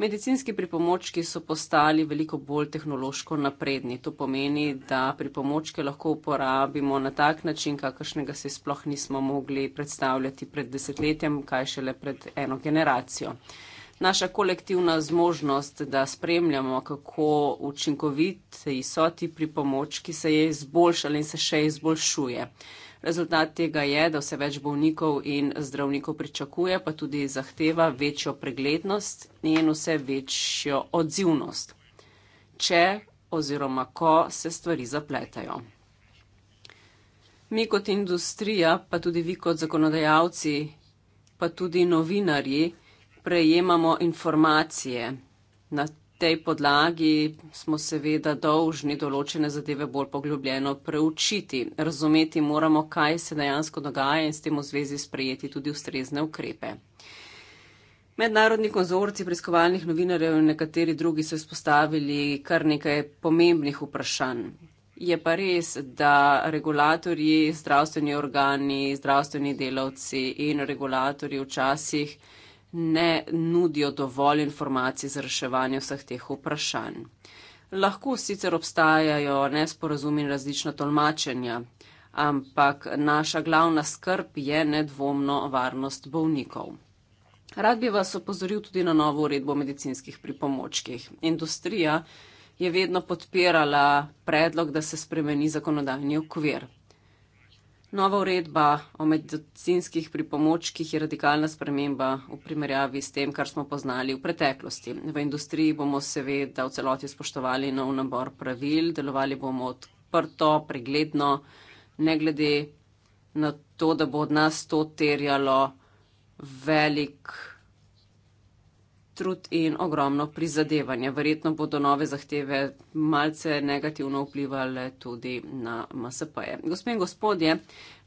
Medicinski pripomočki so postali veliko bolj tehnološko napredni. To pomeni, da pripomočke lahko uporabimo na tak način, kakršnega se sploh nismo mogli predstavljati pred desetletjem, kaj šele pred eno generacijo. Naša kolektivna zmožnost, da spremljamo, kako učinkoviti so ti pripomočki, se je izboljšala in se še izboljšuje. Rezultat tega je, da vse več bolnikov in zdravnikov pričakuje, pa tudi zahteva večjo preglednost in vse večjo odzivnost, če oziroma ko se stvari zapletajo. Mi kot industrija, pa tudi vi kot zakonodajalci, pa tudi novinarji prejemamo informacije na tej podlagi smo seveda dolžni določene zadeve bolj poglobljeno preučiti. Razumeti moramo, kaj se dejansko dogaja in s tem v zvezi sprejeti tudi ustrezne ukrepe. Mednarodni konzorci preiskovalnih novinarjev in nekateri drugi so izpostavili kar nekaj pomembnih vprašanj. Je pa res, da regulatorji, zdravstveni organi, zdravstveni delavci in regulatorji včasih ne nudijo dovolj informacij za reševanje vseh teh vprašanj. Lahko sicer obstajajo nesporazumi in različna tolmačenja, ampak naša glavna skrb je nedvomno varnost bolnikov. Rad bi vas opozoril tudi na novo uredbo o medicinskih pripomočkih. Industrija je vedno podpirala predlog, da se spremeni zakonodajni okvir. Nova uredba o medicinskih pripomočkih je radikalna sprememba v primerjavi s tem, kar smo poznali v preteklosti. V industriji bomo seveda v celoti spoštovali nov nabor pravil, delovali bomo odprto, pregledno, ne glede na to, da bo od nas to terjalo velik trud in ogromno prizadevanje. Verjetno bodo nove zahteve malce negativno vplivali tudi na MSP-je. Gospe in gospodje,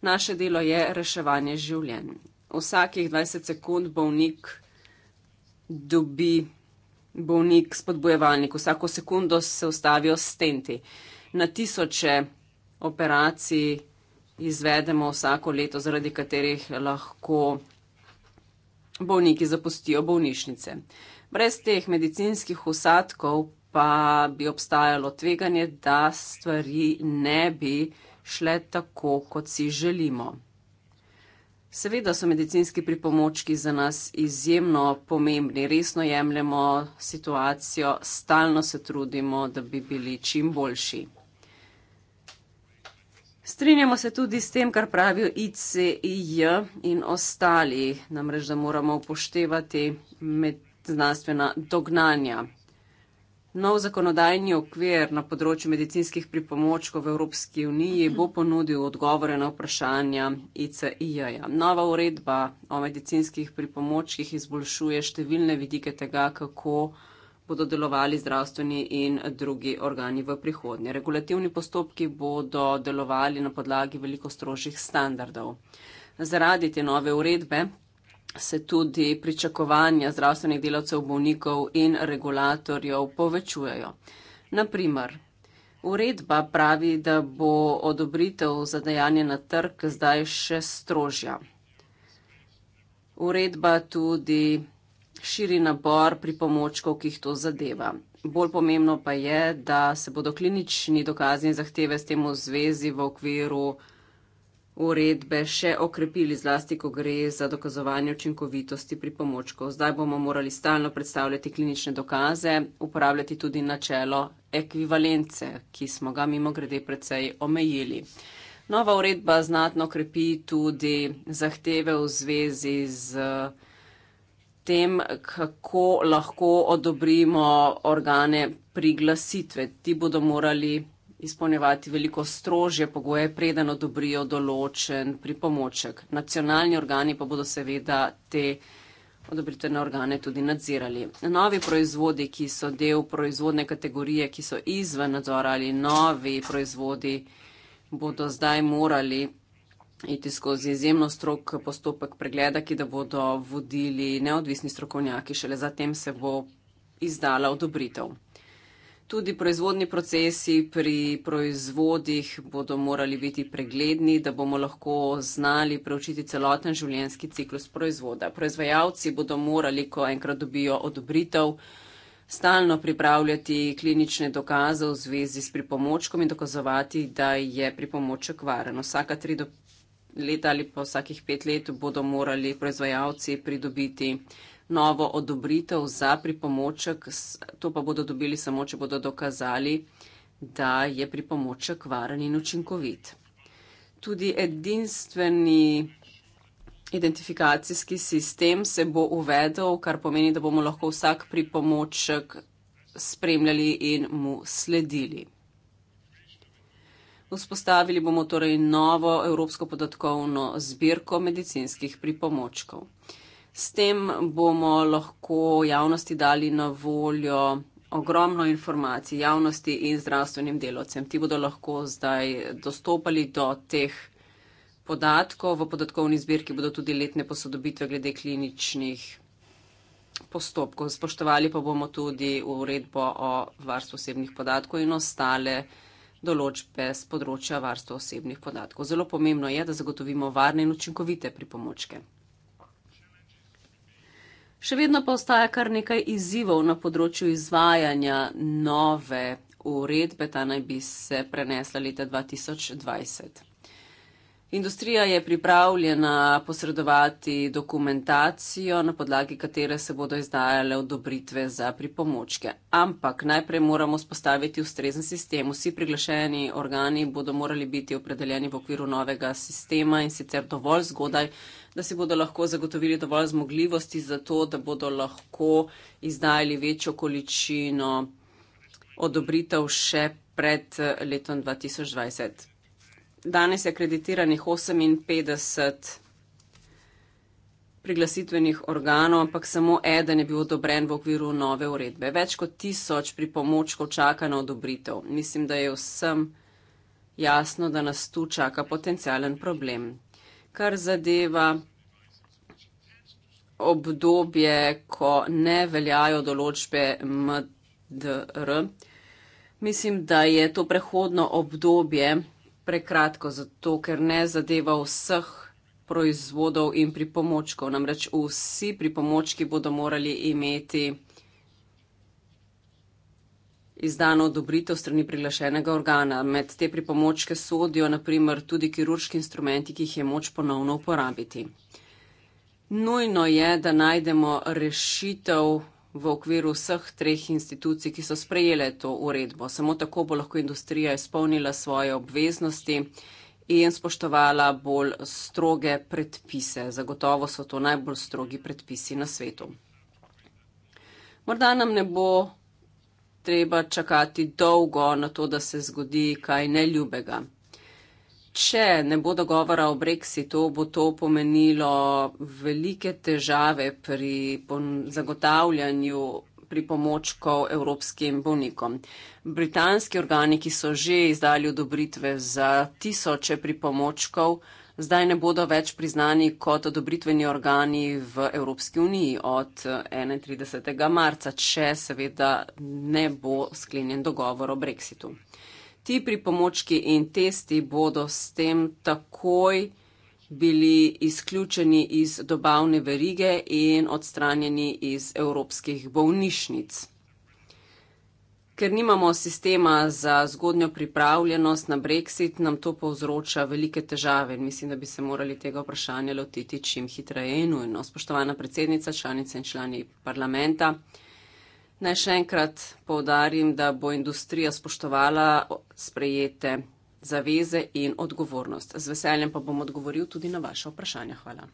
naše delo je reševanje življenj. Vsakih 20 sekund bolnik dobi bolnik spodbojevalnik. Vsako sekundo se ustavijo stenti. Na tisoče operacij izvedemo vsako leto, zaradi katerih lahko bolniki zapustijo bolnišnice. Brez teh medicinskih usadkov pa bi obstajalo tveganje, da stvari ne bi šle tako, kot si želimo. Seveda so medicinski pripomočki za nas izjemno pomembni, resno jemljemo situacijo, stalno se trudimo, da bi bili čim boljši. Strinjamo se tudi s tem, kar pravijo ICIJ in ostali, namreč, da moramo upoštevati znanstvena dognanja. Nov zakonodajni okvir na področju medicinskih pripomočkov v Evropski uniji bo ponudil odgovore na vprašanja ICIJ. -ja. Nova uredba o medicinskih pripomočkih izboljšuje številne vidike tega, kako bodo delovali zdravstveni in drugi organi v prihodnje. Regulativni postopki bodo delovali na podlagi veliko strožjih standardov. Zaradi te nove uredbe se tudi pričakovanja zdravstvenih delavcev, bolnikov in regulatorjev povečujejo. Naprimer, uredba pravi, da bo odobritev za dejanje na trg zdaj še strožja. Uredba tudi širi nabor pripomočkov, ki jih to zadeva. Bolj pomembno pa je, da se bodo klinični dokazni zahteve s tem v zvezi v okviru uredbe še okrepili, zlasti, ko gre za dokazovanje učinkovitosti pripomočkov. Zdaj bomo morali stalno predstavljati klinične dokaze, uporabljati tudi načelo ekvivalence, ki smo ga mimo grede precej omejili. Nova uredba znatno okrepi tudi zahteve v zvezi z tem, kako lahko odobrimo organe priglasitve. Ti bodo morali izpolnjevati veliko strožje pogoje, preden odobrijo določen pripomoček. Nacionalni organi pa bodo seveda te odobritene organe tudi nadzirali. Novi proizvodi, ki so del proizvodne kategorije, ki so izven nadzora ali novi proizvodi, bodo zdaj morali iti skozi izjemno strok postopek pregleda, ki da bodo vodili neodvisni strokovnjaki, šele zatem se bo izdala odobritev. Tudi proizvodni procesi pri proizvodih bodo morali biti pregledni, da bomo lahko znali preučiti celoten življenjski ciklus proizvoda. Proizvajalci bodo morali, ko enkrat dobijo odobritev, stalno pripravljati klinične dokaze v zvezi s pripomočkom in dokazovati, da je pripomoček varen. Vsaka tri do leta ali pa vsakih pet let bodo morali proizvajalci pridobiti novo odobritev za pripomoček. To pa bodo dobili samo, če bodo dokazali, da je pripomoček varen in učinkovit. Tudi edinstveni identifikacijski sistem se bo uvedel, kar pomeni, da bomo lahko vsak pripomoček spremljali in mu sledili. Vzpostavili bomo torej novo evropsko podatkovno zbirko medicinskih pripomočkov. S tem bomo lahko javnosti dali na voljo ogromno informacij javnosti in zdravstvenim delovcem. Ti bodo lahko zdaj dostopali do teh podatkov. V podatkovni zbirki bodo tudi letne posodobitve glede kliničnih postopkov. Spoštovali pa bomo tudi uredbo o varstvu osebnih podatkov in ostale določbe z področja varstva osebnih podatkov. Zelo pomembno je, da zagotovimo varne in učinkovite pripomočke. Še vedno pa ostaja kar nekaj izzivov na področju izvajanja nove uredbe, ta naj bi se prenesla leta 2020. Industrija je pripravljena posredovati dokumentacijo, na podlagi katere se bodo izdajale odobritve za pripomočke. Ampak najprej moramo spostaviti ustrezen sistem. Vsi priglašeni organi bodo morali biti opredeljeni v okviru novega sistema in sicer dovolj zgodaj, da si bodo lahko zagotovili dovolj zmogljivosti za to, da bodo lahko izdajali večjo količino odobritev še pred letom 2020 danes je kreditiranih 58 priglasitvenih organov, ampak samo eden je bil odobren v okviru nove uredbe. Več kot tisoč pripomočkov čaka na odobritev. Mislim, da je vsem jasno, da nas tu čaka potencijalen problem. Kar zadeva obdobje, ko ne veljajo določbe MDR, mislim, da je to prehodno obdobje, prekratko, zato ker ne zadeva vseh proizvodov in pripomočkov. Namreč vsi pripomočki bodo morali imeti izdano odobritev strani priglašenega organa. Med te pripomočke sodijo naprimer tudi kirurški instrumenti, ki jih je moč ponovno uporabiti. Nujno je, da najdemo rešitev v okviru vseh treh institucij, ki so sprejele to uredbo. Samo tako bo lahko industrija izpolnila svoje obveznosti in spoštovala bolj stroge predpise. Zagotovo so to najbolj strogi predpisi na svetu. Morda nam ne bo treba čakati dolgo na to, da se zgodi kaj neljubega če ne bo dogovora o brexitu, bo to pomenilo velike težave pri zagotavljanju pripomočkov evropskim bolnikom. Britanski organi, ki so že izdali odobritve za tisoče pripomočkov, zdaj ne bodo več priznani kot odobritveni organi v Evropski uniji od 31. marca, če seveda ne bo sklenjen dogovor o brexitu ti pripomočki in testi bodo s tem takoj bili izključeni iz dobavne verige in odstranjeni iz evropskih bolnišnic. Ker nimamo sistema za zgodnjo pripravljenost na brexit, nam to povzroča velike težave in mislim, da bi se morali tega vprašanja lotiti čim hitreje in nujno. Spoštovana predsednica, članice in člani parlamenta, Naj še enkrat povdarim, da bo industrija spoštovala sprejete zaveze in odgovornost. Z veseljem pa bom odgovoril tudi na vaše vprašanje. Hvala.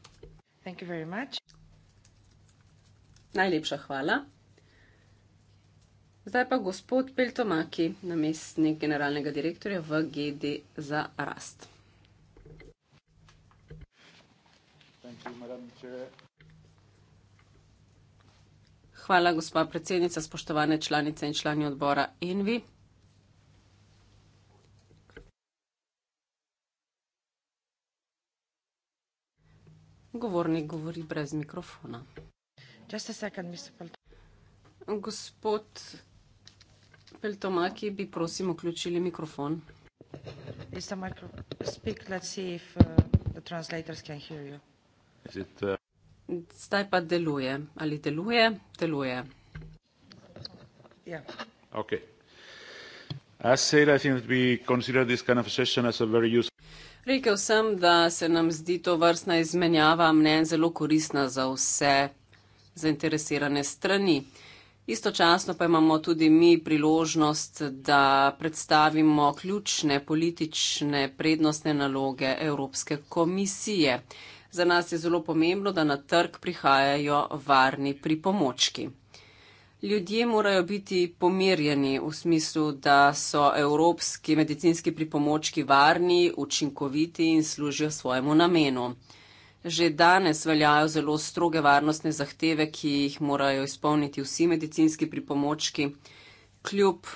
Najlepša hvala. Zdaj pa gospod Peltomaki, namestnik generalnega direktorja v GD za rast. Hvala, gospa predsednica, spoštovane članice in člani odbora in vi. Govornik govori brez mikrofona. Just a second, Mr. Gospod Peltomaki, bi prosim vključili mikrofon. Is the micro speak, let's see if uh, the translators can hear you. Is it, uh... Zdaj pa deluje. Ali deluje? Deluje. Rekel sem, da se nam zdi to vrstna izmenjava mnen zelo koristna za vse zainteresirane strani. Istočasno pa imamo tudi mi priložnost, da predstavimo ključne politične prednostne naloge Evropske komisije. Za nas je zelo pomembno, da na trg prihajajo varni pripomočki. Ljudje morajo biti pomirjeni v smislu, da so evropski medicinski pripomočki varni, učinkoviti in služijo svojemu namenu. Že danes veljajo zelo stroge varnostne zahteve, ki jih morajo izpolniti vsi medicinski pripomočki. Kljub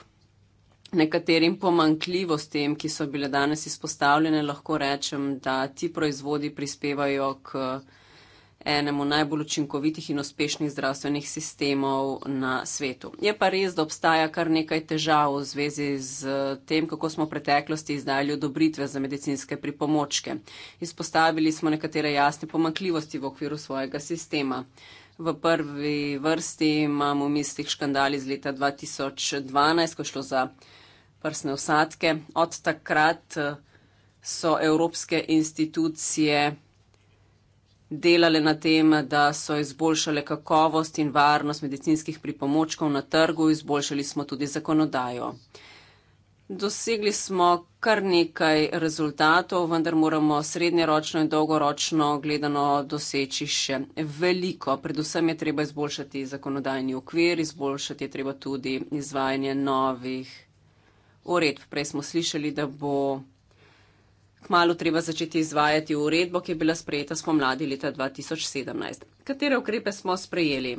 nekaterim pomankljivostem, ki so bile danes izpostavljene, lahko rečem, da ti proizvodi prispevajo k enemu najbolj učinkovitih in uspešnih zdravstvenih sistemov na svetu. Je pa res, da obstaja kar nekaj težav v zvezi z tem, kako smo v preteklosti izdajali odobritve za medicinske pripomočke. Izpostavili smo nekatere jasne pomankljivosti v okviru svojega sistema. V prvi vrsti imamo v mislih škandal iz leta 2012, ko šlo za prsne osadke. Od takrat eh, so evropske institucije delale na tem, da so izboljšale kakovost in varnost medicinskih pripomočkov na trgu, izboljšali smo tudi zakonodajo. Dosegli smo kar nekaj rezultatov, vendar moramo srednjeročno in dolgoročno gledano doseči še veliko. Predvsem je treba izboljšati zakonodajni okvir, izboljšati je treba tudi izvajanje novih uredb. Prej smo slišali, da bo kmalo treba začeti izvajati uredbo, ki je bila sprejeta spomladi leta 2017. Katere ukrepe smo sprejeli?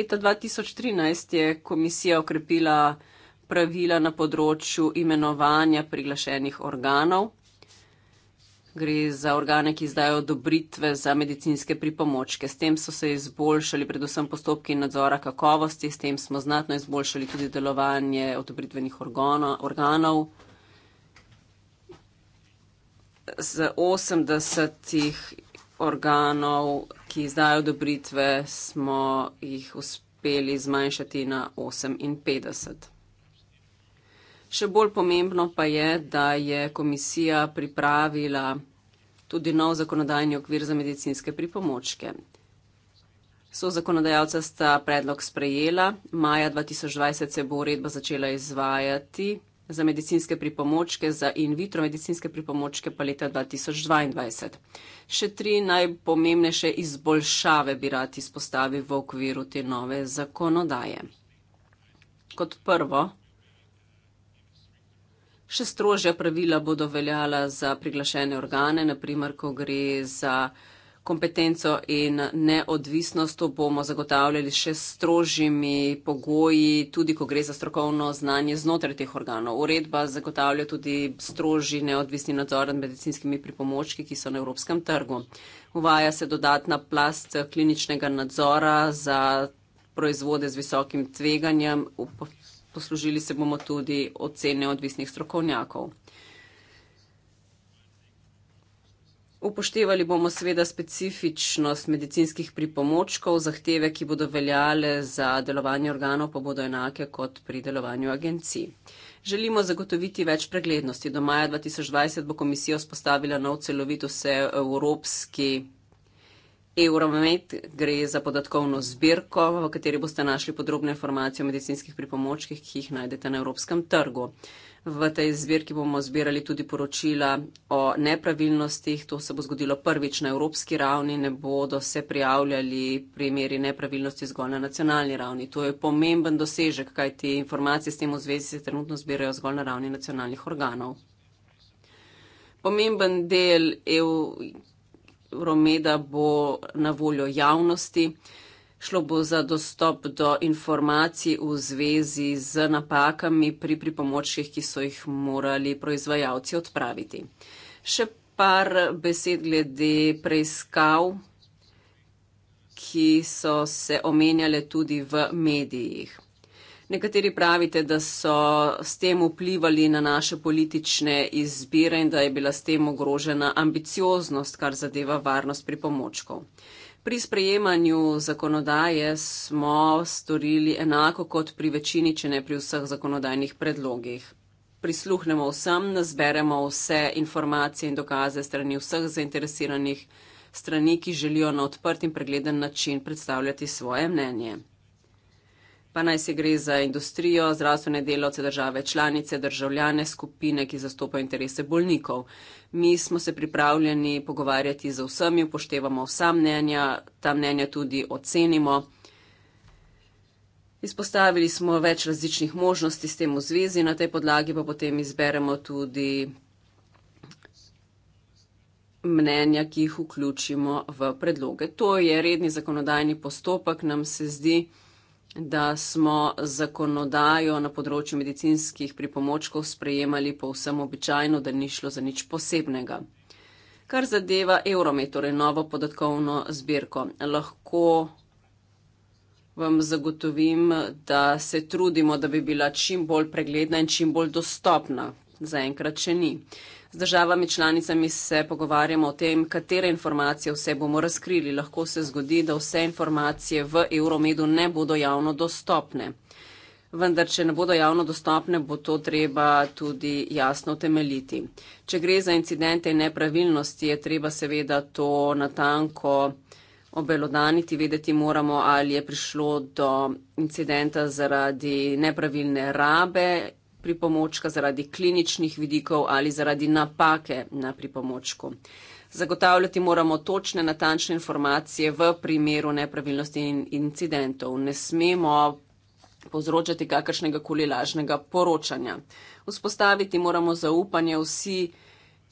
Leta 2013 je komisija okrepila pravila na področju imenovanja priglašenih organov. Gre za organe, ki izdajo odobritve za medicinske pripomočke. S tem so se izboljšali predvsem postopki nadzora kakovosti, s tem smo znatno izboljšali tudi delovanje odobritvenih organov. Z 80 organov, ki izdajo odobritve, smo jih uspeli zmanjšati na 58. Še bolj pomembno pa je, da je komisija pripravila tudi nov zakonodajni okvir za medicinske pripomočke. So zakonodajalca sta predlog sprejela, maja 2020 se bo uredba začela izvajati za medicinske pripomočke, za in vitro medicinske pripomočke pa leta 2022. Še tri najpomembnejše izboljšave bi rad izpostavil v okviru te nove zakonodaje. Kot prvo, Še strožja pravila bodo veljala za priglašene organe, naprimer, ko gre za kompetenco in neodvisnost, to bomo zagotavljali še strožjimi pogoji, tudi ko gre za strokovno znanje znotraj teh organov. Uredba zagotavlja tudi strožji neodvisni nadzor nad medicinskimi pripomočki, ki so na evropskem trgu. Uvaja se dodatna plast kliničnega nadzora za proizvode z visokim tveganjem poslužili se bomo tudi ocene odvisnih strokovnjakov. Upoštevali bomo seveda specifičnost medicinskih pripomočkov, zahteve, ki bodo veljale za delovanje organov, pa bodo enake kot pri delovanju agencij. Želimo zagotoviti več preglednosti. Do maja 2020 bo komisija vzpostavila nov celovit vseevropski Euromed gre za podatkovno zbirko, v kateri boste našli podrobne informacije o medicinskih pripomočkih, ki jih najdete na evropskem trgu. V tej zbirki bomo zbirali tudi poročila o nepravilnostih. To se bo zgodilo prvič na evropski ravni, ne bodo se prijavljali primeri nepravilnosti zgolj na nacionalni ravni. To je pomemben dosežek, kaj ti informacije s tem v zvezi se trenutno zbirajo zgolj na ravni nacionalnih organov. Pomemben del EU Romeda bo na voljo javnosti. Šlo bo za dostop do informacij v zvezi z napakami pri pripomočkih, ki so jih morali proizvajalci odpraviti. Še par besed glede preiskav, ki so se omenjale tudi v medijih. Nekateri pravite, da so s tem vplivali na naše politične izbire in da je bila s tem ogrožena ambicioznost, kar zadeva varnost pri pomočkov. Pri sprejemanju zakonodaje smo storili enako kot pri večini, če ne pri vseh zakonodajnih predlogih. Prisluhnemo vsem, nazberemo vse informacije in dokaze strani vseh zainteresiranih strani, ki želijo na odprt in pregleden način predstavljati svoje mnenje pa naj se gre za industrijo, zdravstvene delavce, države članice, državljane, skupine, ki zastopajo interese bolnikov. Mi smo se pripravljeni pogovarjati z vsemi, upoštevamo vsa mnenja, ta mnenja tudi ocenimo. Izpostavili smo več različnih možnosti s tem v zvezi, na tej podlagi pa potem izberemo tudi mnenja, ki jih vključimo v predloge. To je redni zakonodajni postopek, nam se zdi, da da smo zakonodajo na področju medicinskih pripomočkov sprejemali povsem običajno, da ni šlo za nič posebnega. Kar zadeva Euromet, torej novo podatkovno zbirko, lahko vam zagotovim, da se trudimo, da bi bila čim bolj pregledna in čim bolj dostopna. Zaenkrat še ni. Z državami članicami se pogovarjamo o tem, katere informacije vse bomo razkrili. Lahko se zgodi, da vse informacije v Euromedu ne bodo javno dostopne. Vendar, če ne bodo javno dostopne, bo to treba tudi jasno temeljiti. Če gre za incidente in nepravilnosti, je treba seveda to natanko obelodaniti. Vedeti moramo, ali je prišlo do incidenta zaradi nepravilne rabe pripomočka zaradi kliničnih vidikov ali zaradi napake na pripomočku. Zagotavljati moramo točne, natančne informacije v primeru nepravilnosti in incidentov. Ne smemo povzročati kakršnega koli lažnega poročanja. Vzpostaviti moramo zaupanje vsi,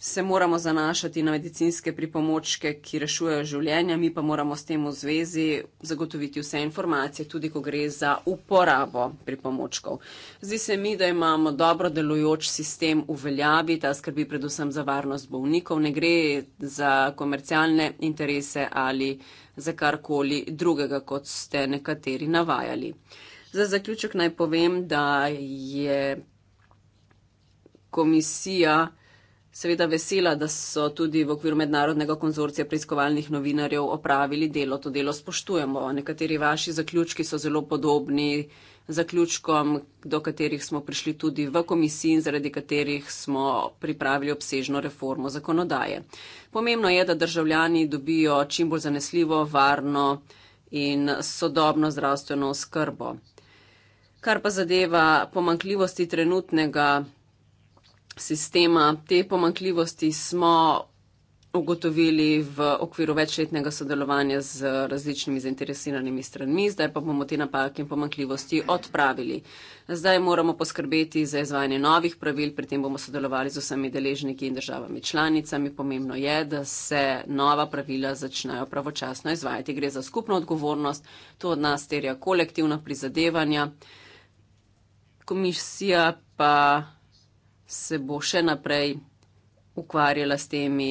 se moramo zanašati na medicinske pripomočke, ki rešujejo življenja, mi pa moramo s tem v zvezi zagotoviti vse informacije, tudi ko gre za uporabo pripomočkov. Zdi se mi, da imamo dobro delujoč sistem uveljavi, ta skrbi predvsem za varnost bovnikov, ne gre za komercialne interese ali za karkoli drugega, kot ste nekateri navajali. Za zaključek naj povem, da je komisija seveda vesela, da so tudi v okviru mednarodnega konzorcija preiskovalnih novinarjev opravili delo. To delo spoštujemo. Nekateri vaši zaključki so zelo podobni zaključkom, do katerih smo prišli tudi v komisiji in zaradi katerih smo pripravili obsežno reformo zakonodaje. Pomembno je, da državljani dobijo čim bolj zanesljivo, varno in sodobno zdravstveno oskrbo. Kar pa zadeva pomankljivosti trenutnega sistema. Te pomankljivosti smo ugotovili v okviru večletnega sodelovanja z različnimi zainteresiranimi stranmi, zdaj pa bomo te napake in pomankljivosti odpravili. Zdaj moramo poskrbeti za izvajanje novih pravil, pri tem bomo sodelovali z vsemi deležniki in državami članicami. Pomembno je, da se nova pravila začnejo pravočasno izvajati. Gre za skupno odgovornost, to od nas terja kolektivna prizadevanja. Komisija pa se bo še naprej ukvarjala s temi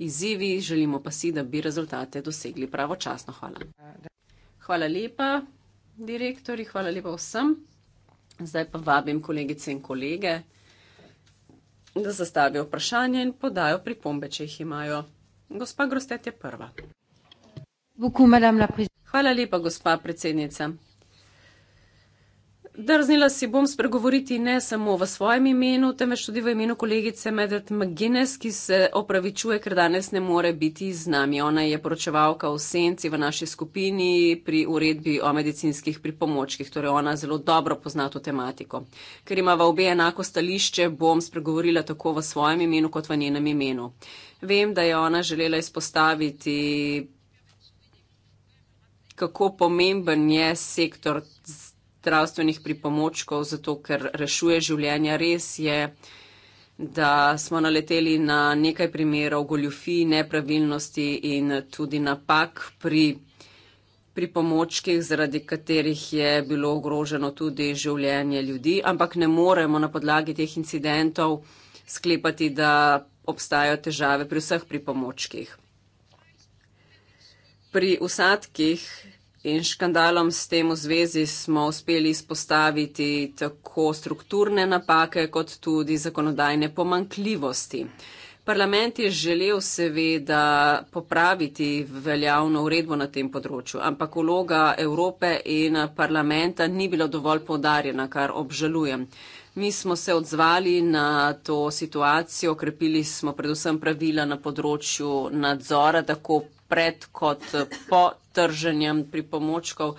izzivi, želimo pa si, da bi rezultate dosegli pravočasno. Hvala. Hvala lepa, direktori, hvala lepa vsem. Zdaj pa vabim kolegice in kolege, da zastavijo vprašanje in podajo pripombe, če jih imajo. Gospa Grostet je prva. Hvala lepa, gospa predsednica drznila si bom spregovoriti ne samo v svojem imenu, temveč tudi v imenu kolegice Medved McGuinness, ki se opravičuje, ker danes ne more biti z nami. Ona je poročevalka v senci v naši skupini pri uredbi o medicinskih pripomočkih, torej ona zelo dobro pozna to tematiko. Ker ima v obe enako stališče, bom spregovorila tako v svojem imenu kot v njenem imenu. Vem, da je ona želela izpostaviti kako pomemben je sektor zdravstvenih pripomočkov, zato ker rešuje življenja. Res je, da smo naleteli na nekaj primerov goljufij, nepravilnosti in tudi napak pri pripomočkih, zaradi katerih je bilo ogroženo tudi življenje ljudi, ampak ne moremo na podlagi teh incidentov sklepati, da obstajajo težave pri vseh pripomočkih. Pri usadkih in škandalom s tem v zvezi smo uspeli izpostaviti tako strukturne napake, kot tudi zakonodajne pomankljivosti. Parlament je želel seveda popraviti veljavno uredbo na tem področju, ampak vloga Evrope in parlamenta ni bila dovolj podarjena, kar obžalujem. Mi smo se odzvali na to situacijo, okrepili smo predvsem pravila na področju nadzora, tako pred kot po trženjem pripomočkov.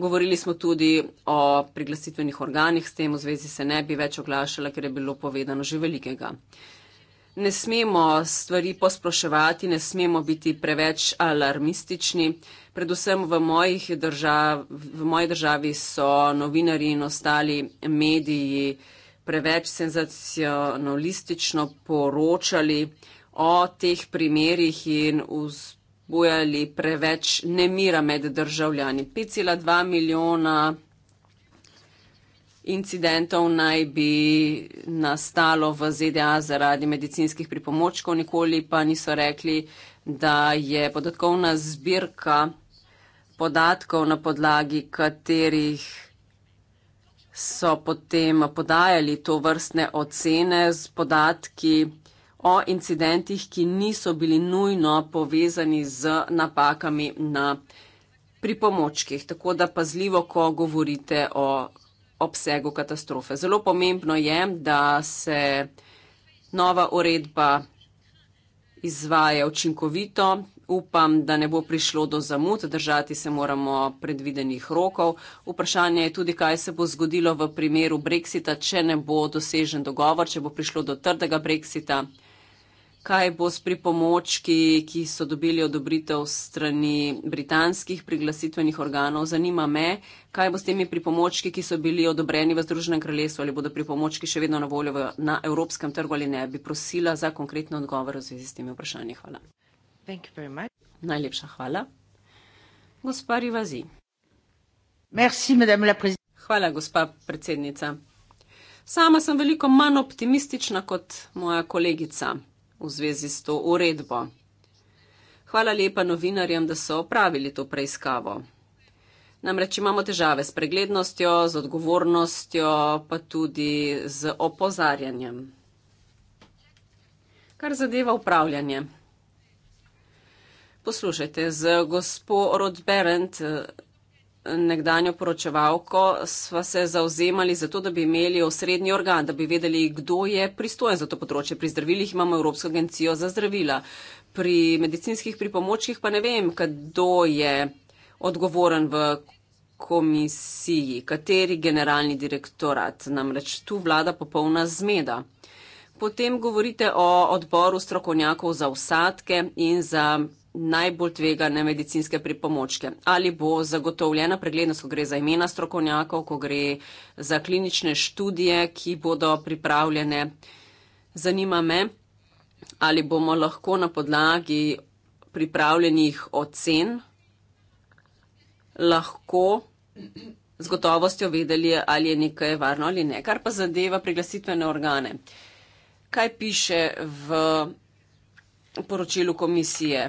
Govorili smo tudi o priglasitvenih organih, s tem v zvezi se ne bi več oglašala, ker je bilo povedano že velikega. Ne smemo stvari posploševati, ne smemo biti preveč alarmistični. Predvsem v, držav, v moji državi so novinari in ostali mediji preveč senzacionalistično poročali o teh primerih in vzpostavljali bujali preveč nemira med državljani. 5,2 milijona incidentov naj bi nastalo v ZDA zaradi medicinskih pripomočkov, nikoli pa niso rekli, da je podatkovna zbirka podatkov, na podlagi katerih so potem podajali to vrstne ocene z podatki o incidentih, ki niso bili nujno povezani z napakami na pripomočkih. Tako da pazljivo, ko govorite o obsegu katastrofe. Zelo pomembno je, da se nova uredba izvaja učinkovito. Upam, da ne bo prišlo do zamud, držati se moramo predvidenih rokov. Vprašanje je tudi, kaj se bo zgodilo v primeru Brexita, če ne bo dosežen dogovor, če bo prišlo do trdega Brexita kaj bo s pripomočki, ki so dobili odobritev strani britanskih priglasitvenih organov. Zanima me, kaj bo s temi pripomočki, ki so bili odobreni v Združenem kraljestvu, ali bodo pripomočki še vedno na voljo na evropskem trgu ali ne. Bi prosila za konkretno odgovor v zvezi s temi vprašanji. Hvala. Najlepša hvala. Gospa Rivazi. Merci, hvala, gospa predsednica. Sama sem veliko manj optimistična kot moja kolegica v zvezi s to uredbo. Hvala lepa novinarjem, da so opravili to preiskavo. Namreč imamo težave s preglednostjo, z odgovornostjo, pa tudi z opozarjanjem. Kar zadeva upravljanje. Poslušajte, z gospo Rod Berendt nekdanjo poročevalko sva se zauzemali za to, da bi imeli osrednji organ, da bi vedeli, kdo je pristojen za to področje. Pri zdravilih imamo Evropsko agencijo za zdravila, pri medicinskih pripomočkih pa ne vem, kdo je odgovoren v komisiji, kateri generalni direktorat. Namreč tu vlada popolna zmeda. Potem govorite o odboru strokovnjakov za usadke in za najbolj tvegane medicinske pripomočke. Ali bo zagotovljena preglednost, ko gre za imena strokovnjakov, ko gre za klinične študije, ki bodo pripravljene. Zanima me, ali bomo lahko na podlagi pripravljenih ocen lahko z gotovostjo vedeli, ali je nekaj varno ali ne. Kar pa zadeva priglasitvene organe. Kaj piše v poročilu komisije?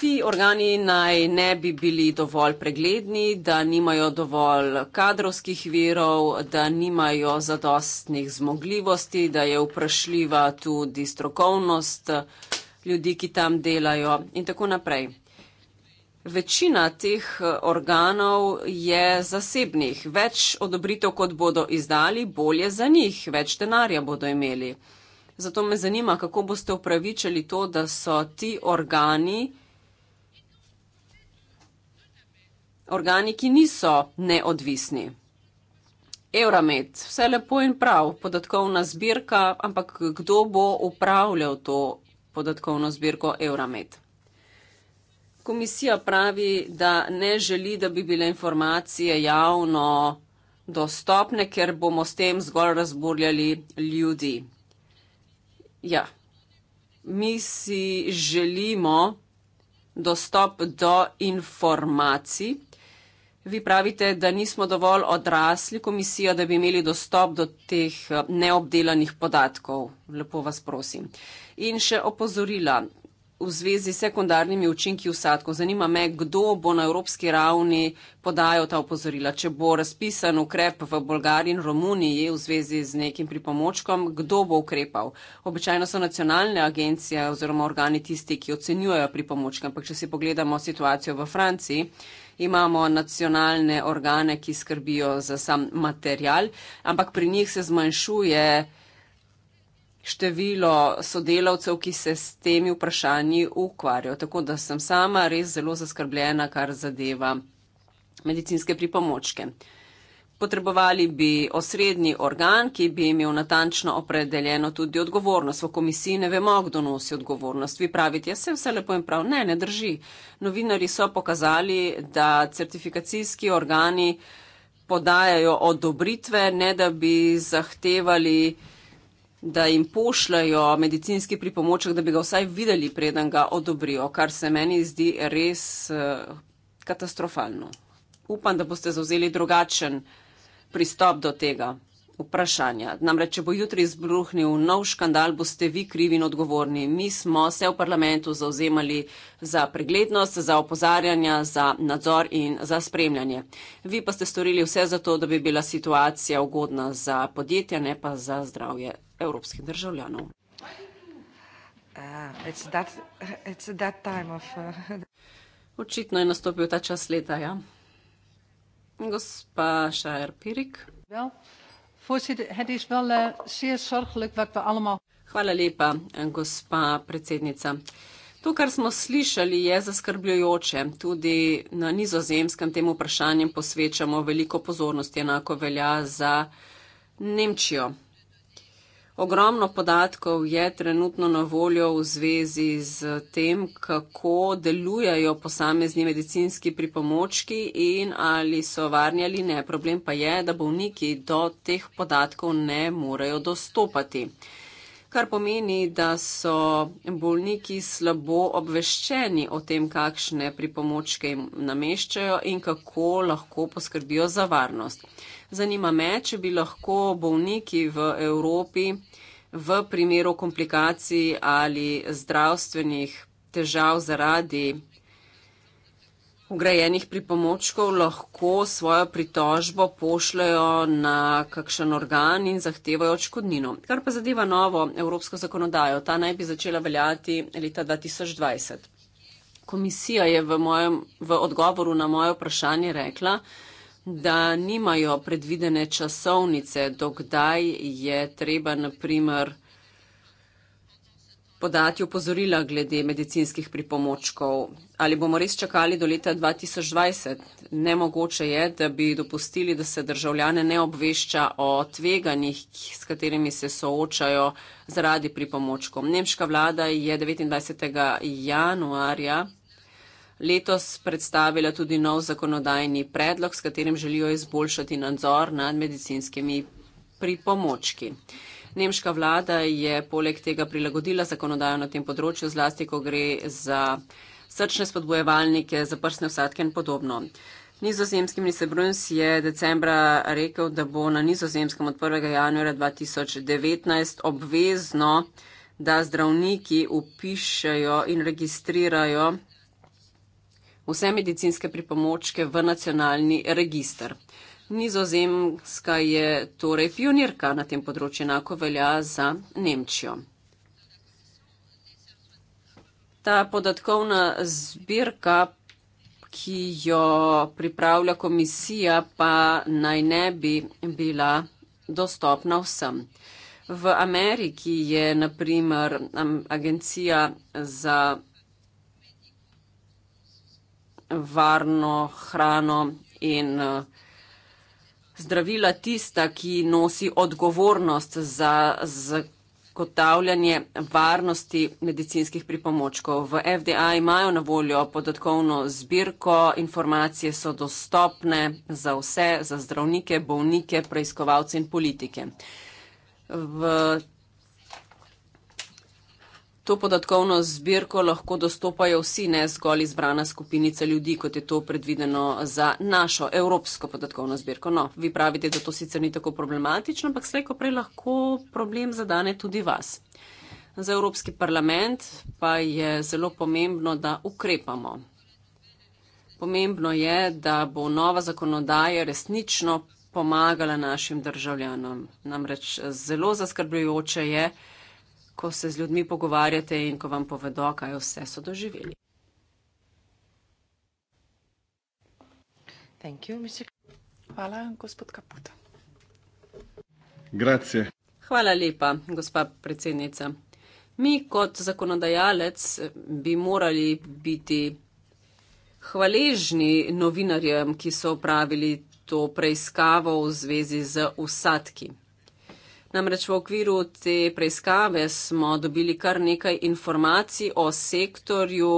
Ti organi naj ne bi bili dovolj pregledni, da nimajo dovolj kadrovskih virov, da nimajo zadostnih zmogljivosti, da je vprašljiva tudi strokovnost ljudi, ki tam delajo in tako naprej. Večina teh eh, organov je zasebnih. Več odobritev, kot bodo izdali, bolje za njih, več denarja bodo imeli. Zato me zanima, kako boste upravičili to, da so ti organi, organi, ki niso neodvisni. Euromed, vse lepo in prav, podatkovna zbirka, ampak kdo bo upravljal to podatkovno zbirko Euromed? Komisija pravi, da ne želi, da bi bile informacije javno dostopne, ker bomo s tem zgolj razburjali ljudi. Ja, mi si želimo dostop do informacij, Vi pravite, da nismo dovolj odrasli komisija, da bi imeli dostop do teh eh, neobdelanih podatkov. Lepo vas prosim. In še opozorila v zvezi s sekundarnimi učinki usadkov. Zanima me, kdo bo na evropski ravni podajal ta opozorila. Če bo razpisan ukrep v Bolgariji in Romuniji v zvezi z nekim pripomočkom, kdo bo ukrepal? Običajno so nacionalne agencije oziroma organi tisti, ki ocenjujejo pripomočke. Ampak če si pogledamo situacijo v Franciji, imamo nacionalne organe, ki skrbijo za sam material, ampak pri njih se zmanjšuje število sodelavcev, ki se s temi vprašanji ukvarjajo. Tako da sem sama res zelo zaskrbljena, kar zadeva medicinske pripomočke. Potrebovali bi osrednji organ, ki bi imel natančno opredeljeno tudi odgovornost. V komisiji ne vemo, kdo nosi odgovornost. Vi pravite, jaz se vse lepo in prav. Ne, ne drži. Novinari so pokazali, da certifikacijski organi podajajo odobritve, ne da bi zahtevali, da jim pošljajo medicinski pripomoček, da bi ga vsaj videli, preden ga odobrijo, kar se meni zdi res eh, katastrofalno. Upam, da boste zauzeli drugačen pristop do tega vprašanja. Namreč, če bo jutri izbruhnil nov škandal, boste vi krivi in odgovorni. Mi smo se v parlamentu zauzemali za preglednost, za opozarjanja, za nadzor in za spremljanje. Vi pa ste storili vse za to, da bi bila situacija ugodna za podjetja, ne pa za zdravje evropskih državljanov. Uh, it's that, it's that of, uh... *laughs* Očitno je nastopil ta čas leta, ja. Gospa Šajer Pirik. Wel. Voorzitter, het is wel uh, zeer zorgelijk wat we allemaal. Hvala lepa, eh, gospa predsednica. To, kar smo slišali, je zaskrbljujoče. Tudi na nizozemskem tem vprašanjem posvečamo veliko pozornosti, enako velja za Nemčijo. Ogromno podatkov je trenutno na voljo v zvezi z tem, kako delujejo posamezni medicinski pripomočki in ali so varni ali ne. Problem pa je, da bolniki do teh podatkov ne morejo dostopati. Kar pomeni, da so bolniki slabo obveščeni o tem, kakšne pripomočke jim nameščajo in kako lahko poskrbijo za varnost. Zanima me, če bi lahko bolniki v Evropi v primeru komplikacij ali zdravstvenih težav zaradi ugrajenih pripomočkov lahko svojo pritožbo pošljajo na kakšen organ in zahtevajo odškodnino. Kar pa zadeva novo evropsko zakonodajo, ta naj bi začela veljati leta 2020. Komisija je v, mojem, v odgovoru na moje vprašanje rekla, da nimajo predvidene časovnice, dokdaj je treba naprimer podati opozorila glede medicinskih pripomočkov. Ali bomo res čakali do leta 2020? Nemogoče je, da bi dopustili, da se državljane ne obvešča o tveganjih, s katerimi se soočajo zaradi pripomočkov. Nemška vlada je 29. januarja letos predstavila tudi nov zakonodajni predlog, s katerim želijo izboljšati nadzor nad medicinskimi pripomočki. Nemška vlada je poleg tega prilagodila zakonodajo na tem področju, zlasti ko gre za srčne spodbojevalnike, za prsne vsadke in podobno. Nizozemski minister Bruns je decembra rekel, da bo na nizozemskem od 1. januarja 2019 obvezno, da zdravniki upišajo in registrirajo vse medicinske pripomočke v nacionalni registr. Nizozemska je torej pionirka na tem področju, enako velja za Nemčijo. Ta podatkovna zbirka, ki jo pripravlja komisija, pa naj ne bi bila dostopna vsem. V Ameriki je naprimer agencija za varno hrano in eh, zdravila tista, ki nosi odgovornost za zagotavljanje varnosti medicinskih pripomočkov. V FDA imajo na voljo podatkovno zbirko, informacije so dostopne za vse, za zdravnike, bolnike, preiskovalce in politike. V to podatkovno zbirko lahko dostopajo vsi, ne zgolj izbrana skupinica ljudi, kot je to predvideno za našo evropsko podatkovno zbirko. No, vi pravite, da to sicer ni tako problematično, ampak slejko prej lahko problem zadane tudi vas. Za Evropski parlament pa je zelo pomembno, da ukrepamo. Pomembno je, da bo nova zakonodaja resnično pomagala našim državljanom. Namreč zelo zaskrbljujoče je, ko se z ljudmi pogovarjate in ko vam povedo, kaj vse so doživeli. You, Hvala, gospod Kaputa. Grazie. Hvala lepa, gospa predsednica. Mi kot zakonodajalec bi morali biti hvaležni novinarjem, ki so opravili to preiskavo v zvezi z usadki. Namreč v okviru te preiskave smo dobili kar nekaj informacij o sektorju,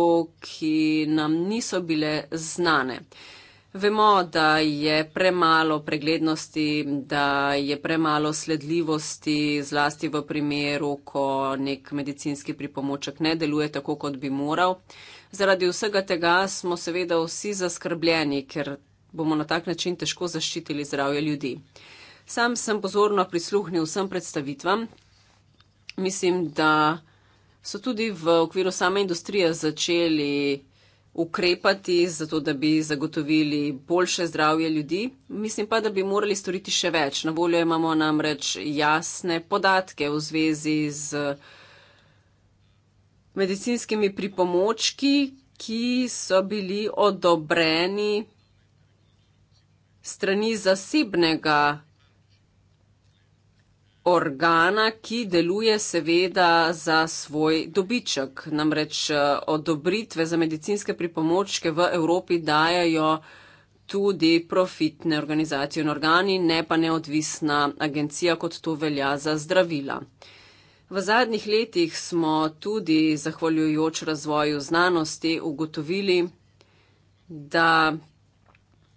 ki nam niso bile znane. Vemo, da je premalo preglednosti, da je premalo sledljivosti, zlasti v primeru, ko nek medicinski pripomoček ne deluje tako, kot bi moral. Zaradi vsega tega smo seveda vsi zaskrbljeni, ker bomo na tak način težko zaščitili zdravje ljudi. Sam sem pozorno prisluhnil vsem predstavitvam. Mislim, da so tudi v okviru same industrije začeli ukrepati, zato da bi zagotovili boljše zdravje ljudi. Mislim pa, da bi morali storiti še več. Na voljo imamo namreč jasne podatke v zvezi z medicinskimi pripomočki, ki so bili odobreni strani zasebnega organa, ki deluje seveda za svoj dobiček. Namreč eh, odobritve za medicinske pripomočke v Evropi dajajo tudi profitne organizacije in organi, ne pa neodvisna agencija, kot to velja za zdravila. V zadnjih letih smo tudi, zahvaljujoč razvoju znanosti, ugotovili, da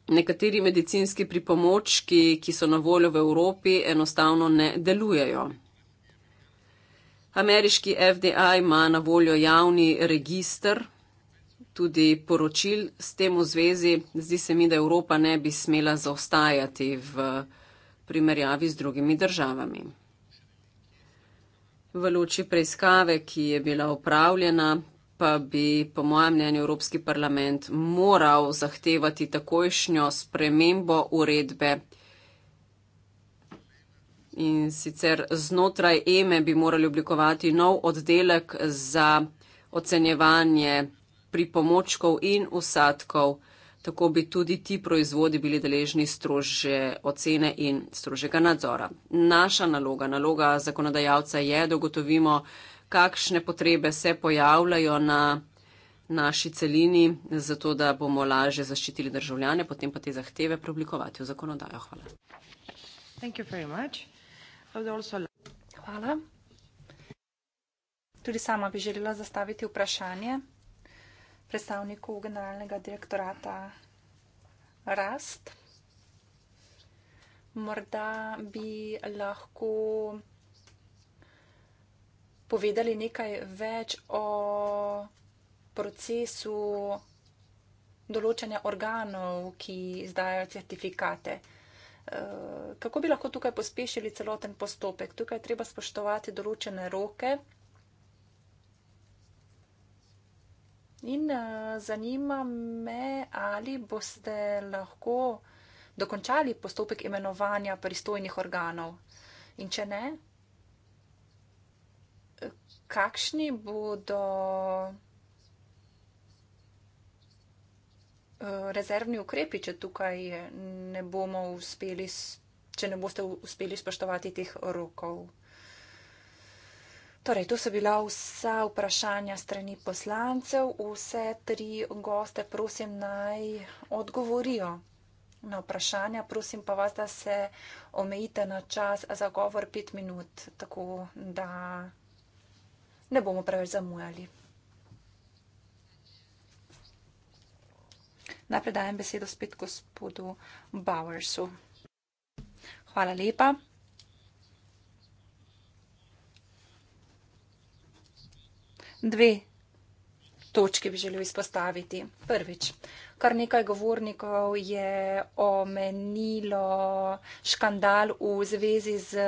nekateri medicinski pripomočki, ki so na voljo v Evropi, enostavno ne delujejo. Ameriški FDA ima na voljo javni registr, tudi poročil s tem v zvezi. Zdi se mi, da Evropa ne bi smela zaostajati v primerjavi z drugimi državami. V luči preiskave, ki je bila upravljena, pa bi, po mojem mnenju, Evropski parlament moral zahtevati takojšnjo spremembo uredbe. In sicer znotraj EME e bi morali oblikovati nov oddelek za ocenjevanje pripomočkov in usadkov, tako bi tudi ti proizvodi bili deležni strože ocene in strožega nadzora. Naša naloga, naloga zakonodajalca je, da ugotovimo, kakšne potrebe se pojavljajo na naši celini, zato da bomo lažje zaščitili državljane, potem pa te zahteve preoblikovati v zakonodajo. Hvala. Hvala. Tudi sama bi želela zastaviti vprašanje predstavniku generalnega direktorata Rast. Morda bi lahko povedali nekaj več o procesu določanja organov, ki izdajajo certifikate. Eh, kako bi lahko tukaj pospešili celoten postopek? Tukaj je treba spoštovati določene roke. In eh, zanima me, ali boste lahko dokončali postopek imenovanja pristojnih organov. In če ne, kakšni bodo eh, rezervni ukrepi, če tukaj ne bomo uspeli, če ne boste uspeli spoštovati teh rokov. Torej, to so bila vsa vprašanja strani poslancev. Vse tri goste prosim naj odgovorijo na vprašanja. Prosim pa vas, da se omejite na čas za govor pet minut, tako da ne bomo preveč zamujali. Najprej dajem besedo spet gospodu Bowersu. Hvala lepa. Dve točke bi želel izpostaviti. Prvič, kar nekaj govornikov je omenilo škandal v zvezi z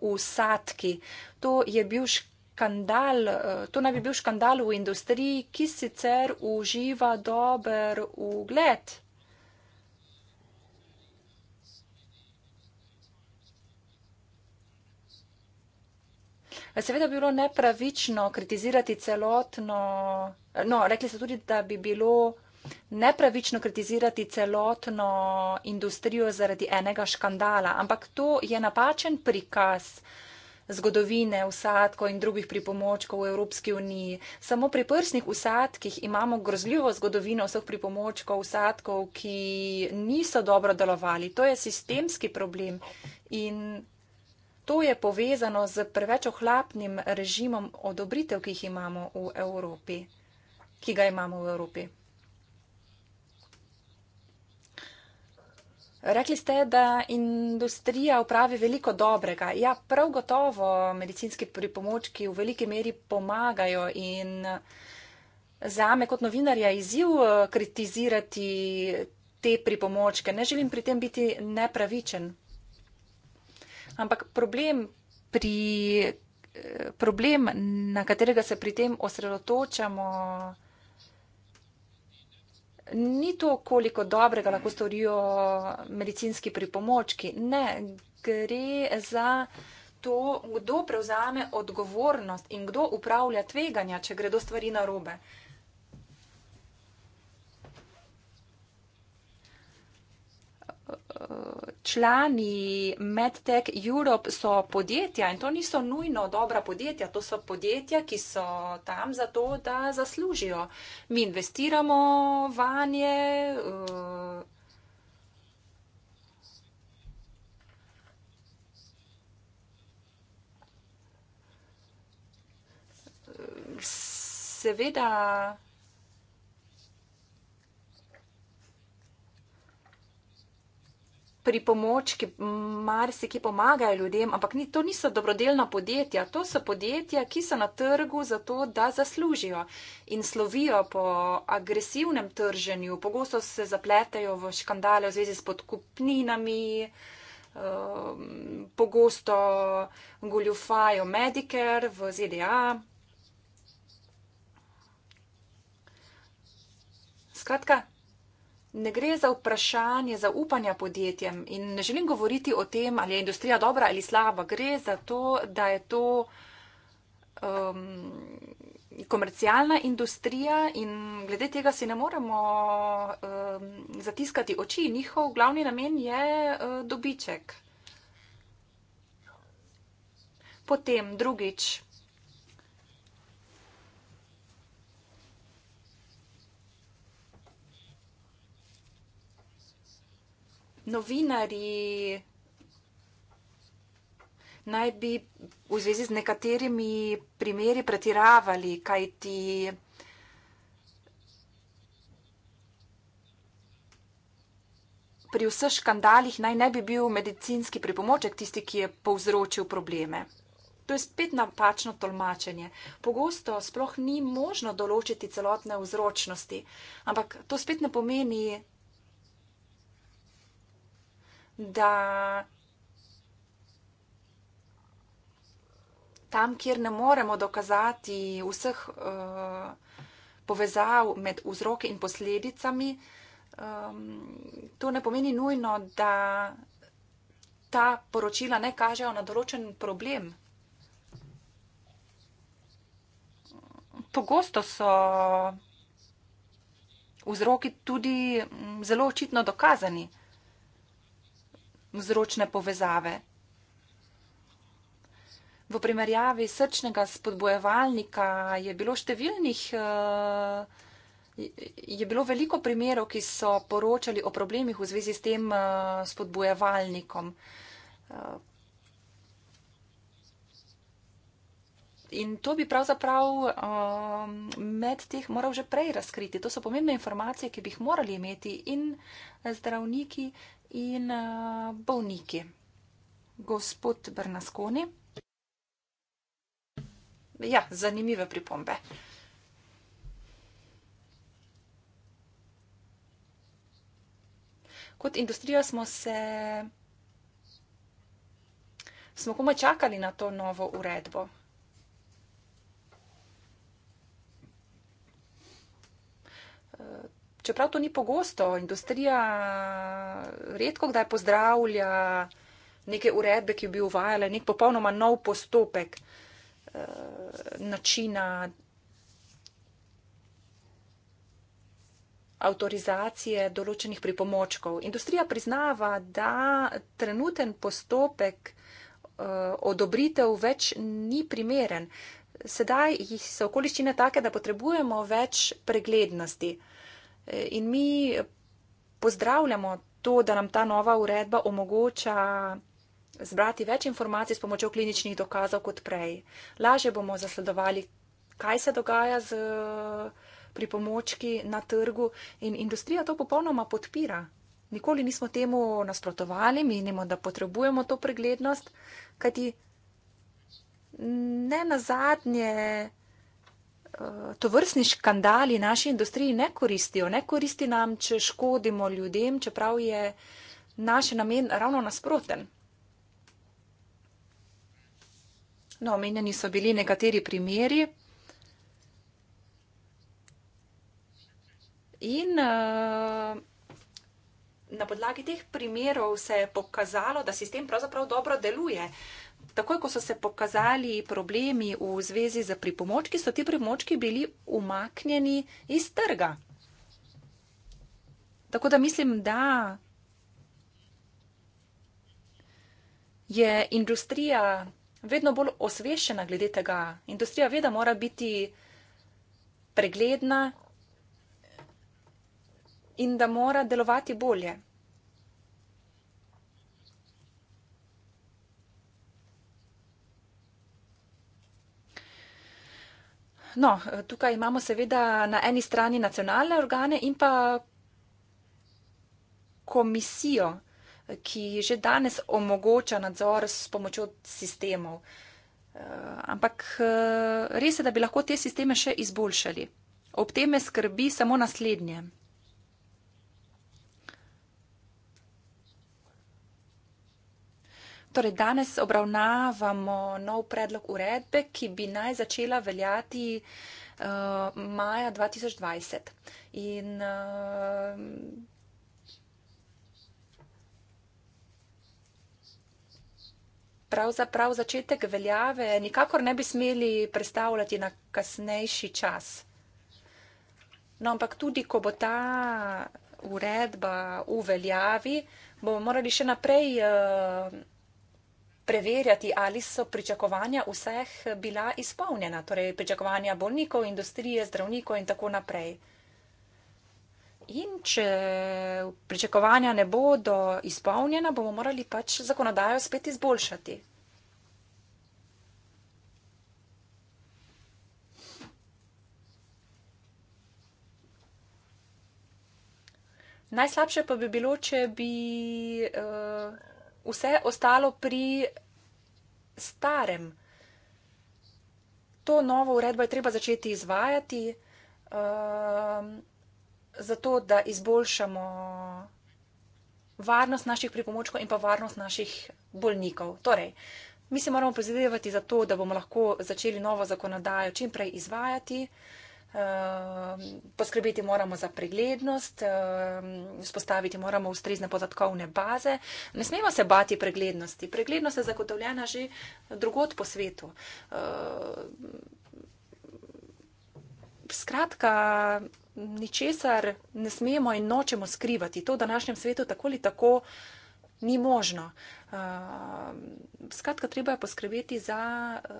usadki. To je bil škandal škandal, eh, to naj bi bil škandal v industriji, ki sicer uživa dober ugled. Seveda bi bilo nepravično kritizirati celotno, no, rekli ste tudi, da bi bilo nepravično kritizirati celotno industrijo zaradi enega škandala, ampak to je napačen prikaz. Uh, zgodovine, usadkov in drugih pripomočkov v Evropski uniji. Samo pri prsnih usadkih imamo grozljivo zgodovino vseh pripomočkov, usadkov, ki niso dobro delovali. To je sistemski problem in to je povezano z preveč ohlapnim režimom odobritev, ki jih imamo v Evropi, ki ga imamo v Evropi. Rekli ste, da industrija upravi veliko dobrega. Ja, prav gotovo medicinski pripomočki v veliki meri pomagajo in za me kot novinarja izziv eh, kritizirati te pripomočke. Ne želim pri tem biti nepravičen. Ampak problem, pri, eh, problem na katerega se pri tem osredotočamo, ni to, koliko dobrega lahko storijo medicinski pripomočki. Ne, gre za to, kdo prevzame odgovornost in kdo upravlja tveganja, če gredo stvari narobe. člani MedTech Europe so podjetja in to niso nujno dobra podjetja, to so podjetja, ki so tam zato, da zaslužijo. Mi investiramo vanje. Eh, seveda. pripomočki, marsikaj pomagajo ljudem, ampak ni, to niso dobrodelna podjetja, to so podjetja, ki so na trgu zato, da zaslužijo in slovijo po agresivnem trženju. Pogosto se zapletejo v škandale v zvezi s podkupninami, um, pogosto goljufajo Medicare v ZDA. Skratka, ne gre za vprašanje zaupanja podjetjem in ne želim govoriti o tem, ali je industrija dobra ali slaba. Gre za to, da je to um, komercialna industrija in glede tega si ne moremo um, zatiskati oči. Njihov glavni namen je uh, dobiček. Potem drugič. novinari naj bi v zvezi z nekaterimi primeri pretiravali, kaj ti pri vseh škandalih naj ne bi bil medicinski pripomoček tisti, ki je povzročil probleme. To je spet napačno tolmačenje. Pogosto sploh ni možno določiti celotne vzročnosti, ampak to spet ne pomeni da tam, kjer ne moremo dokazati vseh uh, povezav med vzroki in posledicami, um, to ne pomeni nujno, da ta poročila ne kažejo na določen problem. Pogosto so vzroki tudi mm, zelo očitno dokazani vzročne povezave. V primerjavi srčnega spodbojevalnika je bilo številnih, eh, je bilo veliko primerov, ki so poročali o problemih v zvezi s tem eh, spodbojevalnikom. Eh, in to bi pravzaprav med teh moral že prej razkriti. To so pomembne informacije, ki bi jih morali imeti in zdravniki in eh, bolniki. Gospod Brnaskoni. Ja, zanimive pripombe. Kot industrija smo se. Smo komaj čakali na to novo uredbo. čeprav to ni pogosto, industrija redko kdaj pozdravlja neke uredbe, ki bi uvajale nek popolnoma nov postopek eh, načina avtorizacije določenih pripomočkov. Industrija priznava, da trenuten postopek eh, odobritev več ni primeren. Sedaj so okoliščine take, da potrebujemo več preglednosti. In mi pozdravljamo to, da nam ta nova uredba omogoča zbrati več informacij s pomočjo kliničnih dokazov kot prej. Laže bomo zasledovali, kaj se dogaja z pripomočki na trgu in industrija to popolnoma podpira. Nikoli nismo temu nasprotovali, menimo, da potrebujemo to preglednost, kajti ne na zadnje to vrstni škandali naši industriji ne koristijo, ne koristi nam, če škodimo ljudem, čeprav je naš namen ravno nasproten. No, omenjeni so bili nekateri primeri. In uh, na podlagi teh primerov se je pokazalo, da sistem pravzaprav dobro deluje. Uh, Takoj, ko so se pokazali problemi v zvezi z pripomočki, so ti pripomočki bili umaknjeni iz trga. Tako da mislim, da je industrija vedno bolj osvešena glede tega. Industrija ve, da mora biti pregledna in da mora delovati bolje. No, tukaj imamo seveda na eni strani nacionalne organe in pa komisijo, ki že danes omogoča nadzor s pomočjo sistemov. Eh, ampak eh, res je, da bi lahko te sisteme še izboljšali. Ob tem me skrbi samo naslednje. Torej, danes obravnavamo nov predlog uredbe, ki bi naj začela veljati uh, maja 2020. In, uh, pravzaprav začetek veljave nikakor ne bi smeli predstavljati na kasnejši čas. No, ampak tudi, ko bo ta uredba v veljavi, bomo morali še naprej. Uh, preverjati, ali so pričakovanja vseh bila izpolnjena, torej pričakovanja bolnikov, industrije, zdravnikov in tako naprej. In če pričakovanja ne bodo izpolnjena, bomo morali pač zakonodajo spet izboljšati. Najslabše pa bi bilo, če bi. Uh, vse ostalo pri starem. To novo uredbo je treba začeti izvajati, um, zato da izboljšamo varnost naših pripomočkov in pa varnost naših bolnikov. Torej, mi se moramo prizadevati za to, da bomo lahko začeli novo zakonodajo čim prej izvajati. Uh, Ehm, poskrbeti moramo za preglednost, spostaviti ehm, moramo ustrezne podatkovne baze. Ne smemo se bati preglednosti. Preglednost je zagotovljena že drugot po svetu. Ehm, skratka, ničesar ne smemo in nočemo skrivati. To v današnjem svetu tako ali tako ni možno. Uh, skratka, treba je poskrbeti za uh,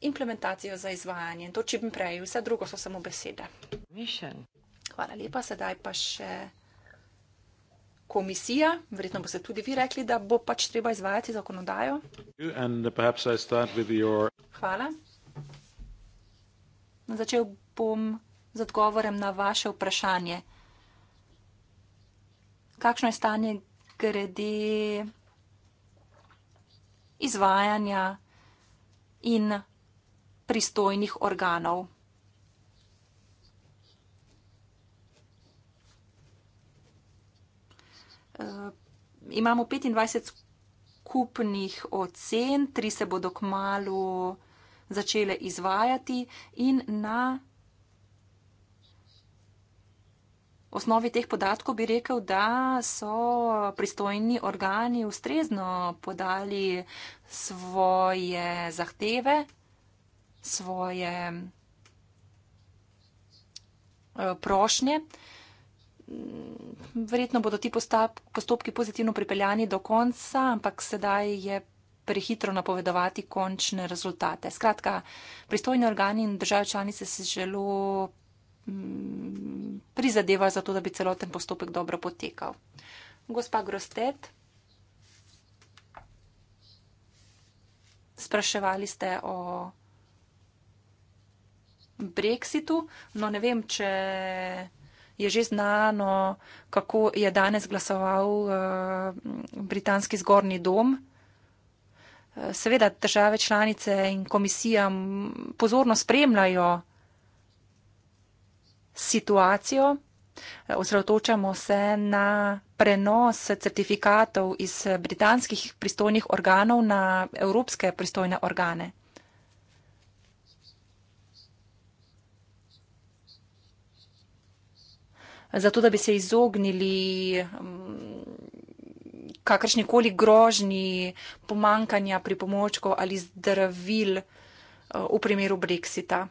implementacijo, za izvajanje. To čim prej, vse drugo so samo besede. Mission. Hvala lepa, sedaj pa še komisija. Verjetno boste tudi vi rekli, da bo pač treba izvajati zakonodajo. Your... Hvala. Začel bom z odgovorem na vaše vprašanje. Kakšno je stanje grede izvajanja in pristojnih organov. Uh, imamo 25 skupnih ocen, tri se bodo k malu začele izvajati in na osnovi teh podatkov bi rekel, da so pristojni organi ustrezno podali svoje zahteve, svoje eh, prošnje. Verjetno bodo ti postopki pozitivno pripeljani do konca, ampak sedaj je prehitro napovedovati končne rezultate. Skratka, pristojni organi in države članice se želijo Mm, prizadevajo za to, da bi celoten postopek dobro potekal. Gospa Grostet, spraševali ste o Brexitu. No, ne vem, če je že znano, kako je danes glasoval uh, britanski zgornji dom. Eh, seveda, države članice in komisija pozorno spremljajo situacijo, eh, osredotočamo se na prenos certifikatov iz britanskih pristojnih organov na evropske pristojne organe. Zato, da bi se izognili mm, kakršnikoli grožni pomankanja pri pomočku ali zdravil eh, v primeru brexita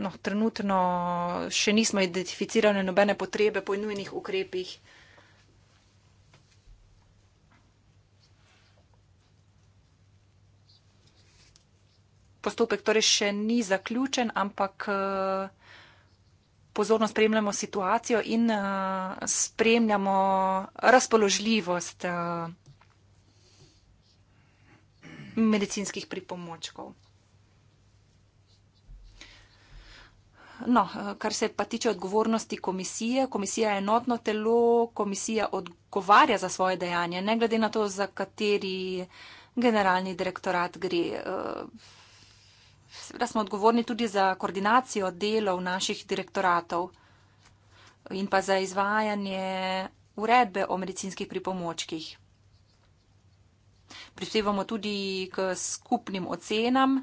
no, trenutno še nismo identificirali nobene potrebe po nujnih ukrepih. Postopek torej še ni zaključen, ampak eh, pozorno spremljamo situacijo in eh, spremljamo razpoložljivost eh, medicinskih pripomočkov. No, eh, kar se pa tiče odgovornosti komisije, komisija je enotno telo, komisija odgovarja za svoje dejanje, ne glede na to, za kateri generalni direktorat gre. Eh, seveda smo odgovorni tudi za koordinacijo delov naših direktoratov in pa za izvajanje uredbe o medicinskih pripomočkih. Prispevamo tudi k skupnim ocenam.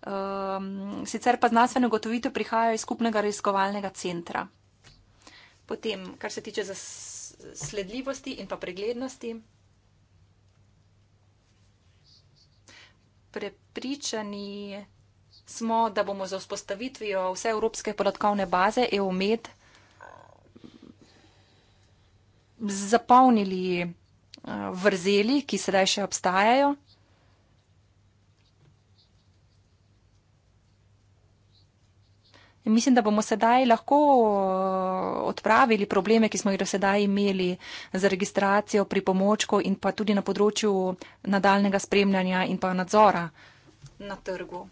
Um, sicer pa znanstvene ugotovitve prihajajo iz skupnega raziskovalnega centra. Potem, kar se tiče zasledljivosti in pa preglednosti. Prepričani smo, da bomo za vzpostavitvijo vse Evropske podatkovne baze EOMED zapolnili eh, vrzeli, ki sedaj še obstajajo. Mislim, da bomo sedaj lahko eh, odpravili probleme, ki smo jih do sedaj imeli z registracijo pri pomočku in pa tudi na področju nadaljnega spremljanja in pa nadzora na trgu.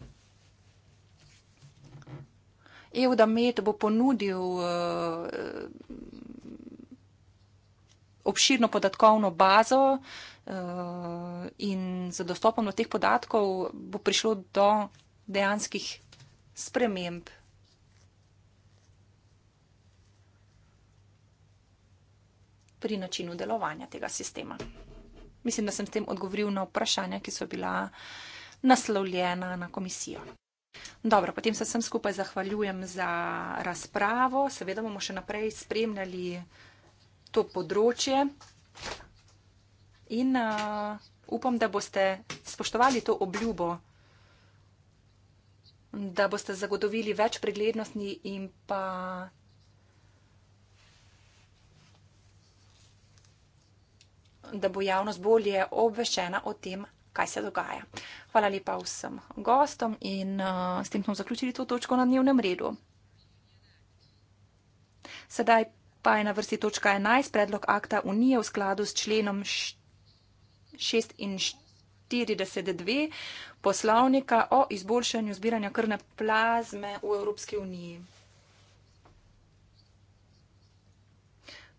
EUDA Med bo ponudil eh, obširno podatkovno bazo eh, in za dostopom do teh podatkov bo prišlo do dejanskih sprememb. pri načinu delovanja tega sistema. Mislim, da sem s tem odgovoril na vprašanja, ki so bila naslovljena na komisijo. Dobro, potem se vsem skupaj zahvaljujem za razpravo. Seveda bomo še naprej spremljali to področje in uh, upam, da boste spoštovali to obljubo, da boste zagotovili več preglednosti in pa da bo javnost bolje obveščena o tem, kaj se dogaja. Hvala lepa vsem gostom in uh, s tem smo zaključili to točko na dnevnem redu. Sedaj pa je na vrsti točka 11 predlog akta Unije v skladu s členom 46.2 poslovnika o izboljšanju zbiranja krne plazme v Evropski uniji.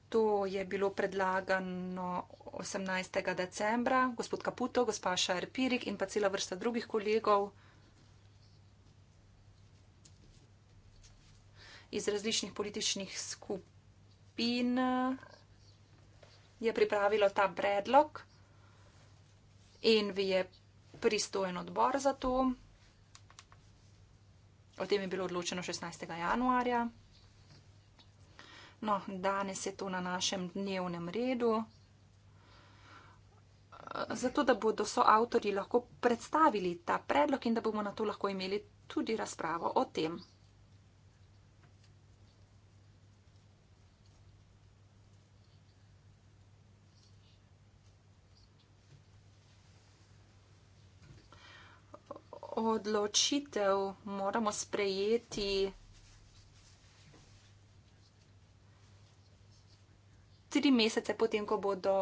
To je bilo predlagano 18. decembra, gospod Kaputo, gospa Šajer Pirik in pa cela vrsta drugih kolegov iz različnih političnih skupin je pripravilo ta predlog in vi je pristojen odbor za to. O tem je bilo odločeno 16. januarja. No, danes je to na našem dnevnem redu. Zato, da bodo soavtori lahko predstavili ta predlog in da bomo na to lahko imeli tudi razpravo o tem. Odločitev moramo sprejeti. tri mesece potem, ko bodo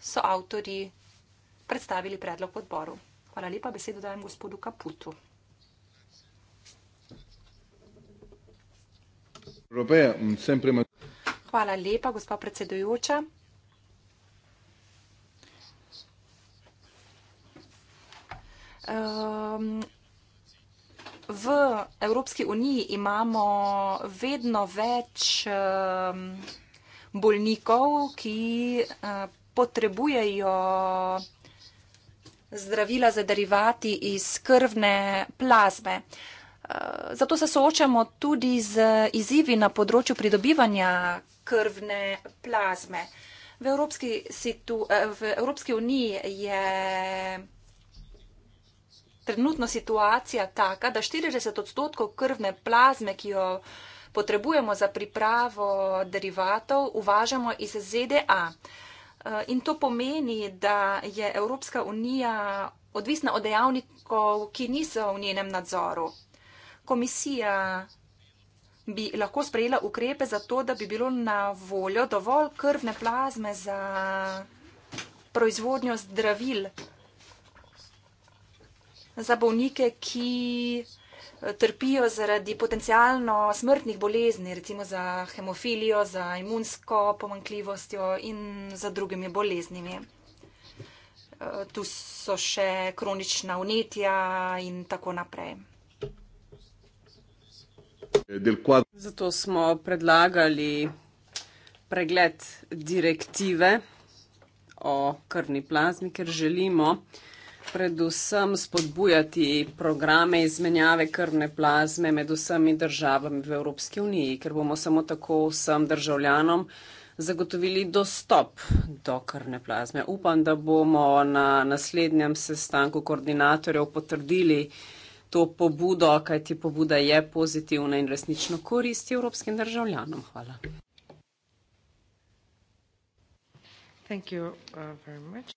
so avtori predstavili predlog odboru. Hvala lepa, besedo dajem gospodu Kaputu. Hvala lepa, gospod predsedujoča. Um, v Evropski uniji imamo vedno več um, bolnikov, ki eh, potrebujejo zdravila za derivati iz krvne plazme. Eh, zato se soočamo tudi z izzivi na področju pridobivanja krvne plazme. V Evropski, situ, eh, v Evropski uniji je trenutno situacija taka, da 40 odstotkov krvne plazme, ki jo uh, potrebujemo za pripravo derivatov, uvažamo iz ZDA. Eh, in to pomeni, da je Evropska unija odvisna od dejavnikov, ki niso v njenem nadzoru. Komisija bi lahko sprejela ukrepe za to, da bi bilo na voljo dovolj krvne plazme za proizvodnjo zdravil za bolnike, ki trpijo zaradi potencialno smrtnih bolezni, recimo za hemofilijo, za imunsko pomankljivostjo in za drugimi boleznimi. Eh, tu so še kronična unetja in tako naprej. Zato smo predlagali pregled direktive o krvni plazmi, ker želimo, predvsem spodbujati programe izmenjave krvne plazme med vsemi državami v Evropski uniji, ker bomo samo tako vsem državljanom zagotovili dostop do krvne plazme. Upam, da bomo na naslednjem sestanku koordinatorjev potrdili to pobudo, kajti pobuda je pozitivna in resnično koristi evropskim državljanom. Hvala. Uh,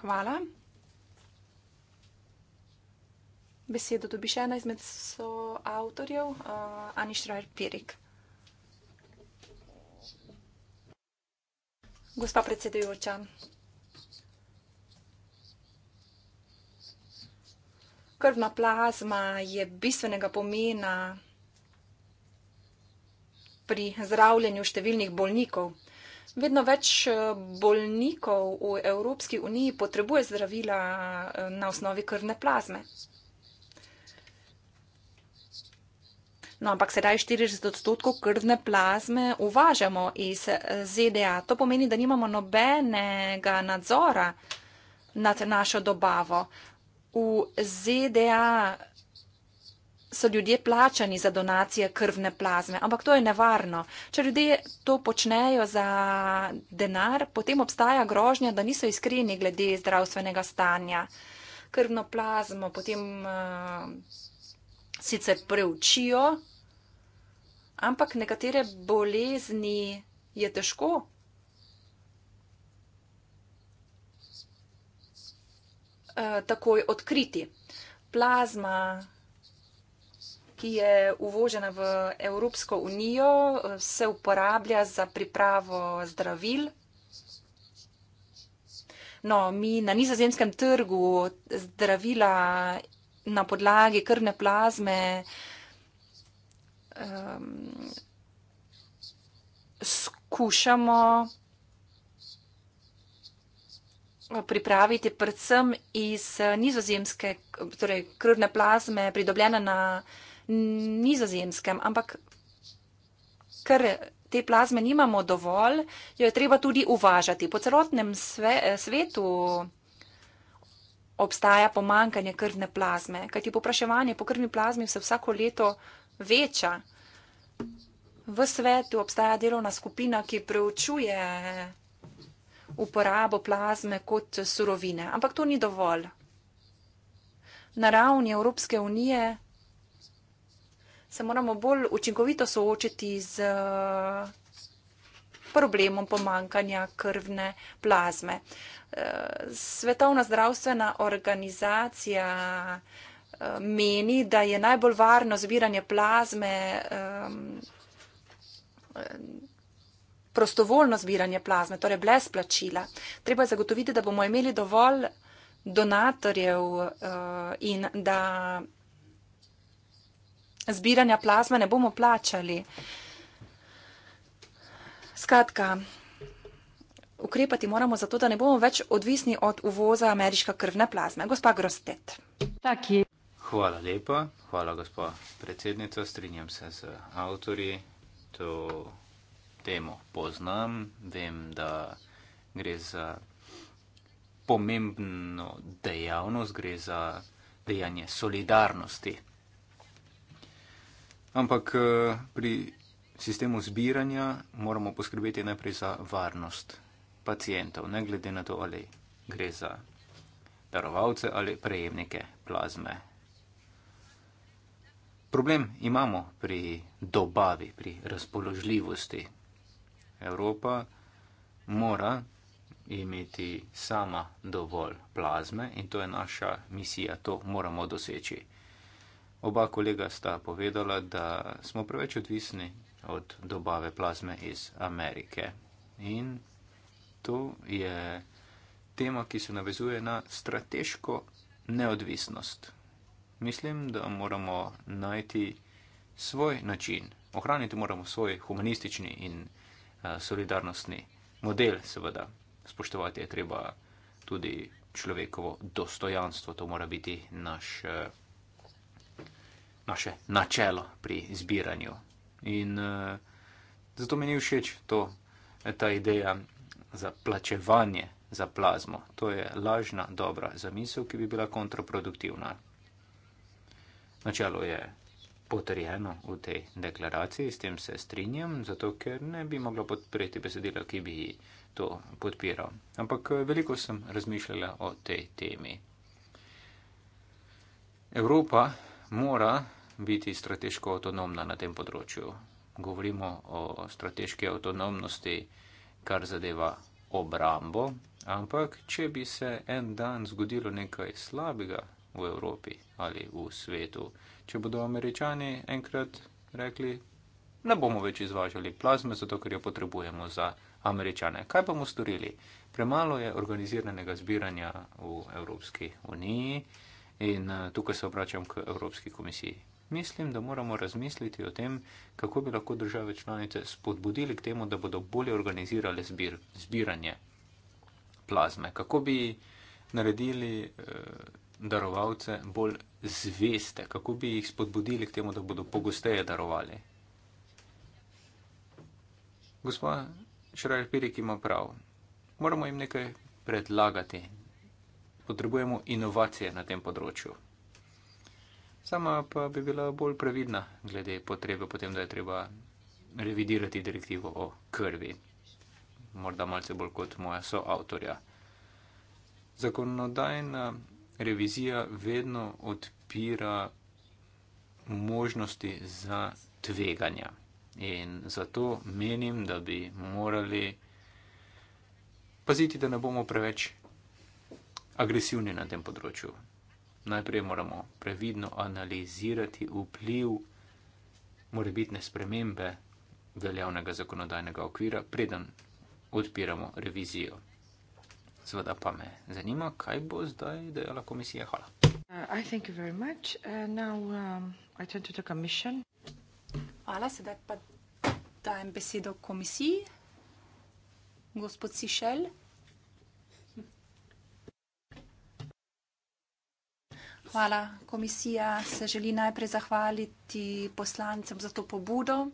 Hvala besedo dobi še ena izmed soavtorjev, uh, eh, Aniš Rajer Pirik. Gospa predsedujoča. Krvna plazma je bistvenega pomena pri zdravljenju številnih bolnikov. Vedno več eh, bolnikov v Evropski uniji potrebuje zdravila eh, na osnovi krvne plazme. No, ampak sedaj 40 odstotkov krvne plazme uvažamo iz ZDA. To pomeni, da nimamo nobenega nadzora nad našo dobavo. V ZDA so ljudje plačani za donacije krvne plazme, ampak to je nevarno. Če ljudje to počnejo za denar, potem obstaja grožnja, da niso iskreni glede zdravstvenega stanja. Krvno plazmo potem. Uh, sicer preučijo, ampak nekatere bolezni je težko. Eh, takoj odkriti. Plazma, ki je uvožena v Evropsko unijo, eh, se uporablja za pripravo zdravil. No, mi na nizozemskem trgu zdravila na podlagi krvne plazme um, skušamo pripraviti predvsem iz nizozemske, torej krvne plazme, pridobljene na nizozemskem, ampak ker te plazme nimamo dovolj, jo je treba tudi uvažati. Po celotnem sve, svetu obstaja pomankanje krvne plazme, kajti popraševanje po krvni plazmi se vsako leto veča. V svetu obstaja delovna skupina, ki preučuje uporabo plazme kot surovine, ampak to ni dovolj. Na ravni Evropske unije se moramo bolj učinkovito soočiti z problemom pomankanja krvne plazme. Eh, Svetovna zdravstvena organizacija eh, meni, da je najbolj varno zbiranje plazme, eh, prostovoljno zbiranje plazme, torej brez plačila. Treba je zagotoviti, da bomo imeli dovolj donatorjev in da zbiranja plazme ne bomo plačali. Skratka, ukrepati moramo zato, da ne bomo več odvisni od uvoza ameriške krvne plazme. Gospa Grostet. Taki. Hvala lepa, hvala gospa predsednica, strinjam se z avtori. To temo poznam, vem, da gre za pomembno dejavnost, gre za dejanje solidarnosti. Ampak eh, pri sistemu zbiranja moramo poskrbeti najprej za varnost pacijentov, ne glede na to, ali gre za darovalce ali prejemnike plazme. Problem imamo pri dobavi, pri razpoložljivosti. Evropa mora imeti sama dovolj plazme in to je naša misija, to moramo doseči. Oba kolega sta povedala, da smo preveč odvisni od dobave plazme iz Amerike. In to je tema, ki se navezuje na strateško neodvisnost. Mislim, da moramo najti svoj način, ohraniti moramo svoj humanistični in eh, solidarnostni model, seveda. Spoštovati je treba tudi človekovo dostojanstvo, to mora biti naš, eh, naše načelo pri zbiranju In uh, zato mi ni všeč to, eh, ta ideja za plačevanje za plazmo. To je lažna, dobra zamisel, ki bi bila kontraproduktivna. Načelo je potrjeno v tej deklaraciji, s tem se strinjam, zato ker ne bi mogla podpreti besedila, ki bi to podpiral. Ampak eh, veliko sem razmišljala o tej temi. Evropa mora biti strateško avtonomna na tem področju. Govorimo o strateški avtonomnosti, kar zadeva obrambo, ampak če bi se en dan zgodilo nekaj slabega v Evropi ali v svetu, če bodo američani enkrat rekli, ne bomo več izvažali plazme, zato ker jo potrebujemo za američane. Kaj bomo storili? Premalo je organiziranega zbiranja v Evropski uniji in eh, tukaj se obračam k Evropski komisiji. Mislim, da moramo razmisliti o tem, kako bi lahko države članice spodbudili k temu, da bodo bolje organizirale zbir, zbiranje plazme, kako bi naredili eh, darovalce bolj zveste, kako bi jih spodbudili k temu, da bodo pogosteje darovali. Gospod Šrajer Pirik ima prav. Moramo jim nekaj predlagati. Potrebujemo inovacije na tem področju. Sama pa bi bila bolj previdna glede potrebe potem, da je treba revidirati direktivo o krvi. Morda malce bolj kot moja soavtorja. Zakonodajna revizija vedno odpira možnosti za tveganja. In zato menim, da bi morali paziti, da ne bomo preveč agresivni na tem področju najprej moramo previdno analizirati vpliv morebitne spremembe veljavnega zakonodajnega okvira, preden odpiramo revizijo. Sveda pa me zanima, kaj bo zdaj dejala komisija. Hvala. Uh, uh, um, Hvala, sedaj pa dajem besedo komisiji. Gospod Sišelj. Hvala. Komisija se želi najprej zahvaliti poslancem za to pobudo.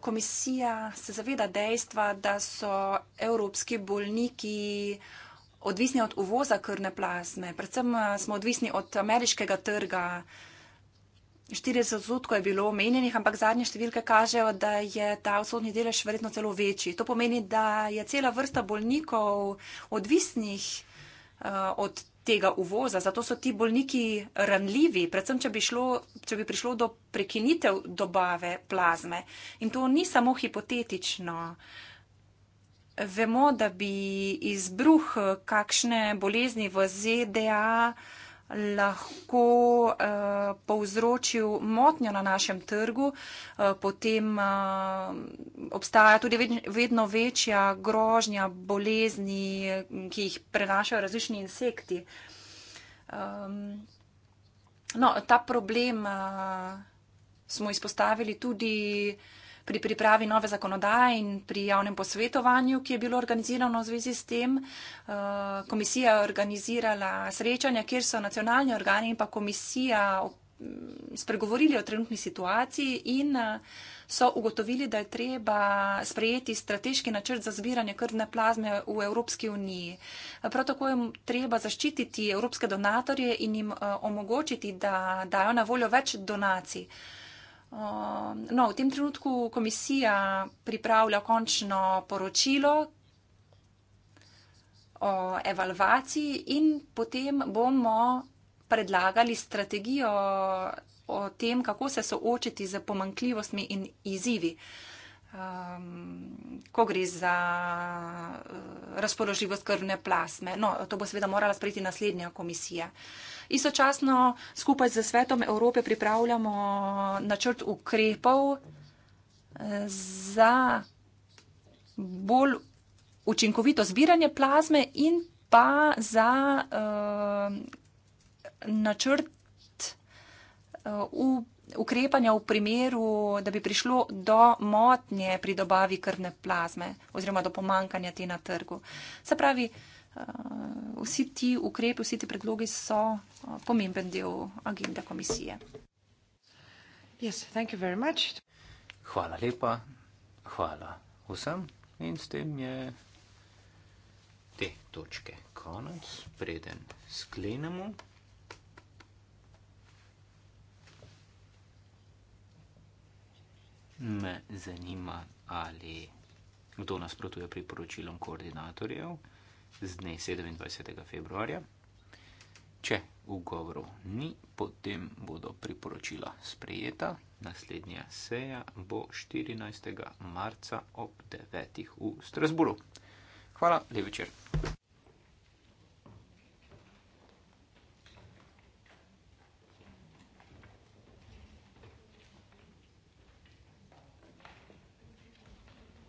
Komisija se zaveda dejstva, da so evropski bolniki odvisni od uvoza krne plazme. Predvsem smo odvisni od ameriškega trga. 40 odstotkov je bilo omenjenih, ampak zadnje številke kažejo, da je ta odstotni delež verjetno celo večji. To pomeni, da je cela vrsta bolnikov odvisnih uh, od tega uvoza, zato so ti bolniki ranljivi, predvsem, če bi, šlo, če bi prišlo do prekinitev dobave plazme. In to ni samo hipotetično. Vemo, da bi izbruh eh, kakšne bolezni v ZDA uh, lahko eh, povzročil motnjo na našem trgu, eh, potem eh, obstaja tudi vedno večja grožnja bolezni, ki jih prenašajo različni insekti. Um, no, ta problem eh, smo izpostavili tudi eh, pri pripravi nove zakonodaje in pri javnem posvetovanju, ki je bilo organizirano v zvezi s tem. Eh, komisija je organizirala srečanja, kjer so nacionalni organi in pa komisija mm, spregovorili o trenutni situaciji in eh, so ugotovili, da je treba sprejeti strateški načrt za zbiranje krvne plazme v Evropski uniji. Prav tako je treba zaščititi evropske donatorje in jim eh, omogočiti, da dajo na voljo več donacij. Um, no, v tem trenutku komisija pripravlja končno poročilo o evalvaciji in potem bomo predlagali strategijo o tem, kako se soočiti z pomankljivostmi in izzivi, um, ko gre za uh, razpoložljivost krvne plasme. No, to bo seveda morala sprejeti naslednja komisija. Uh, Istočasno skupaj z Svetom Evrope pripravljamo načrt ukrepov eh, za bolj učinkovito zbiranje plazme in pa za uh, načrt uh, ukrepanja v primeru, da bi prišlo do motnje pri dobavi krvne plazme oziroma do pomankanja te na trgu. Se pravi, uh, Eh, vsi ti ukrepi, vsi ti predlogi so eh, pomemben del agende komisije. Yes, hvala lepa, hvala vsem in s tem je te točke konec, preden sklenemo. Me zanima, ali kdo nasprotuje priporočilom koordinatorjev z dne 27. februarja. Če v govoru ni, potem bodo priporočila sprejeta. Naslednja seja bo 14. marca ob 9. v Strasburu. Hvala, lep večer.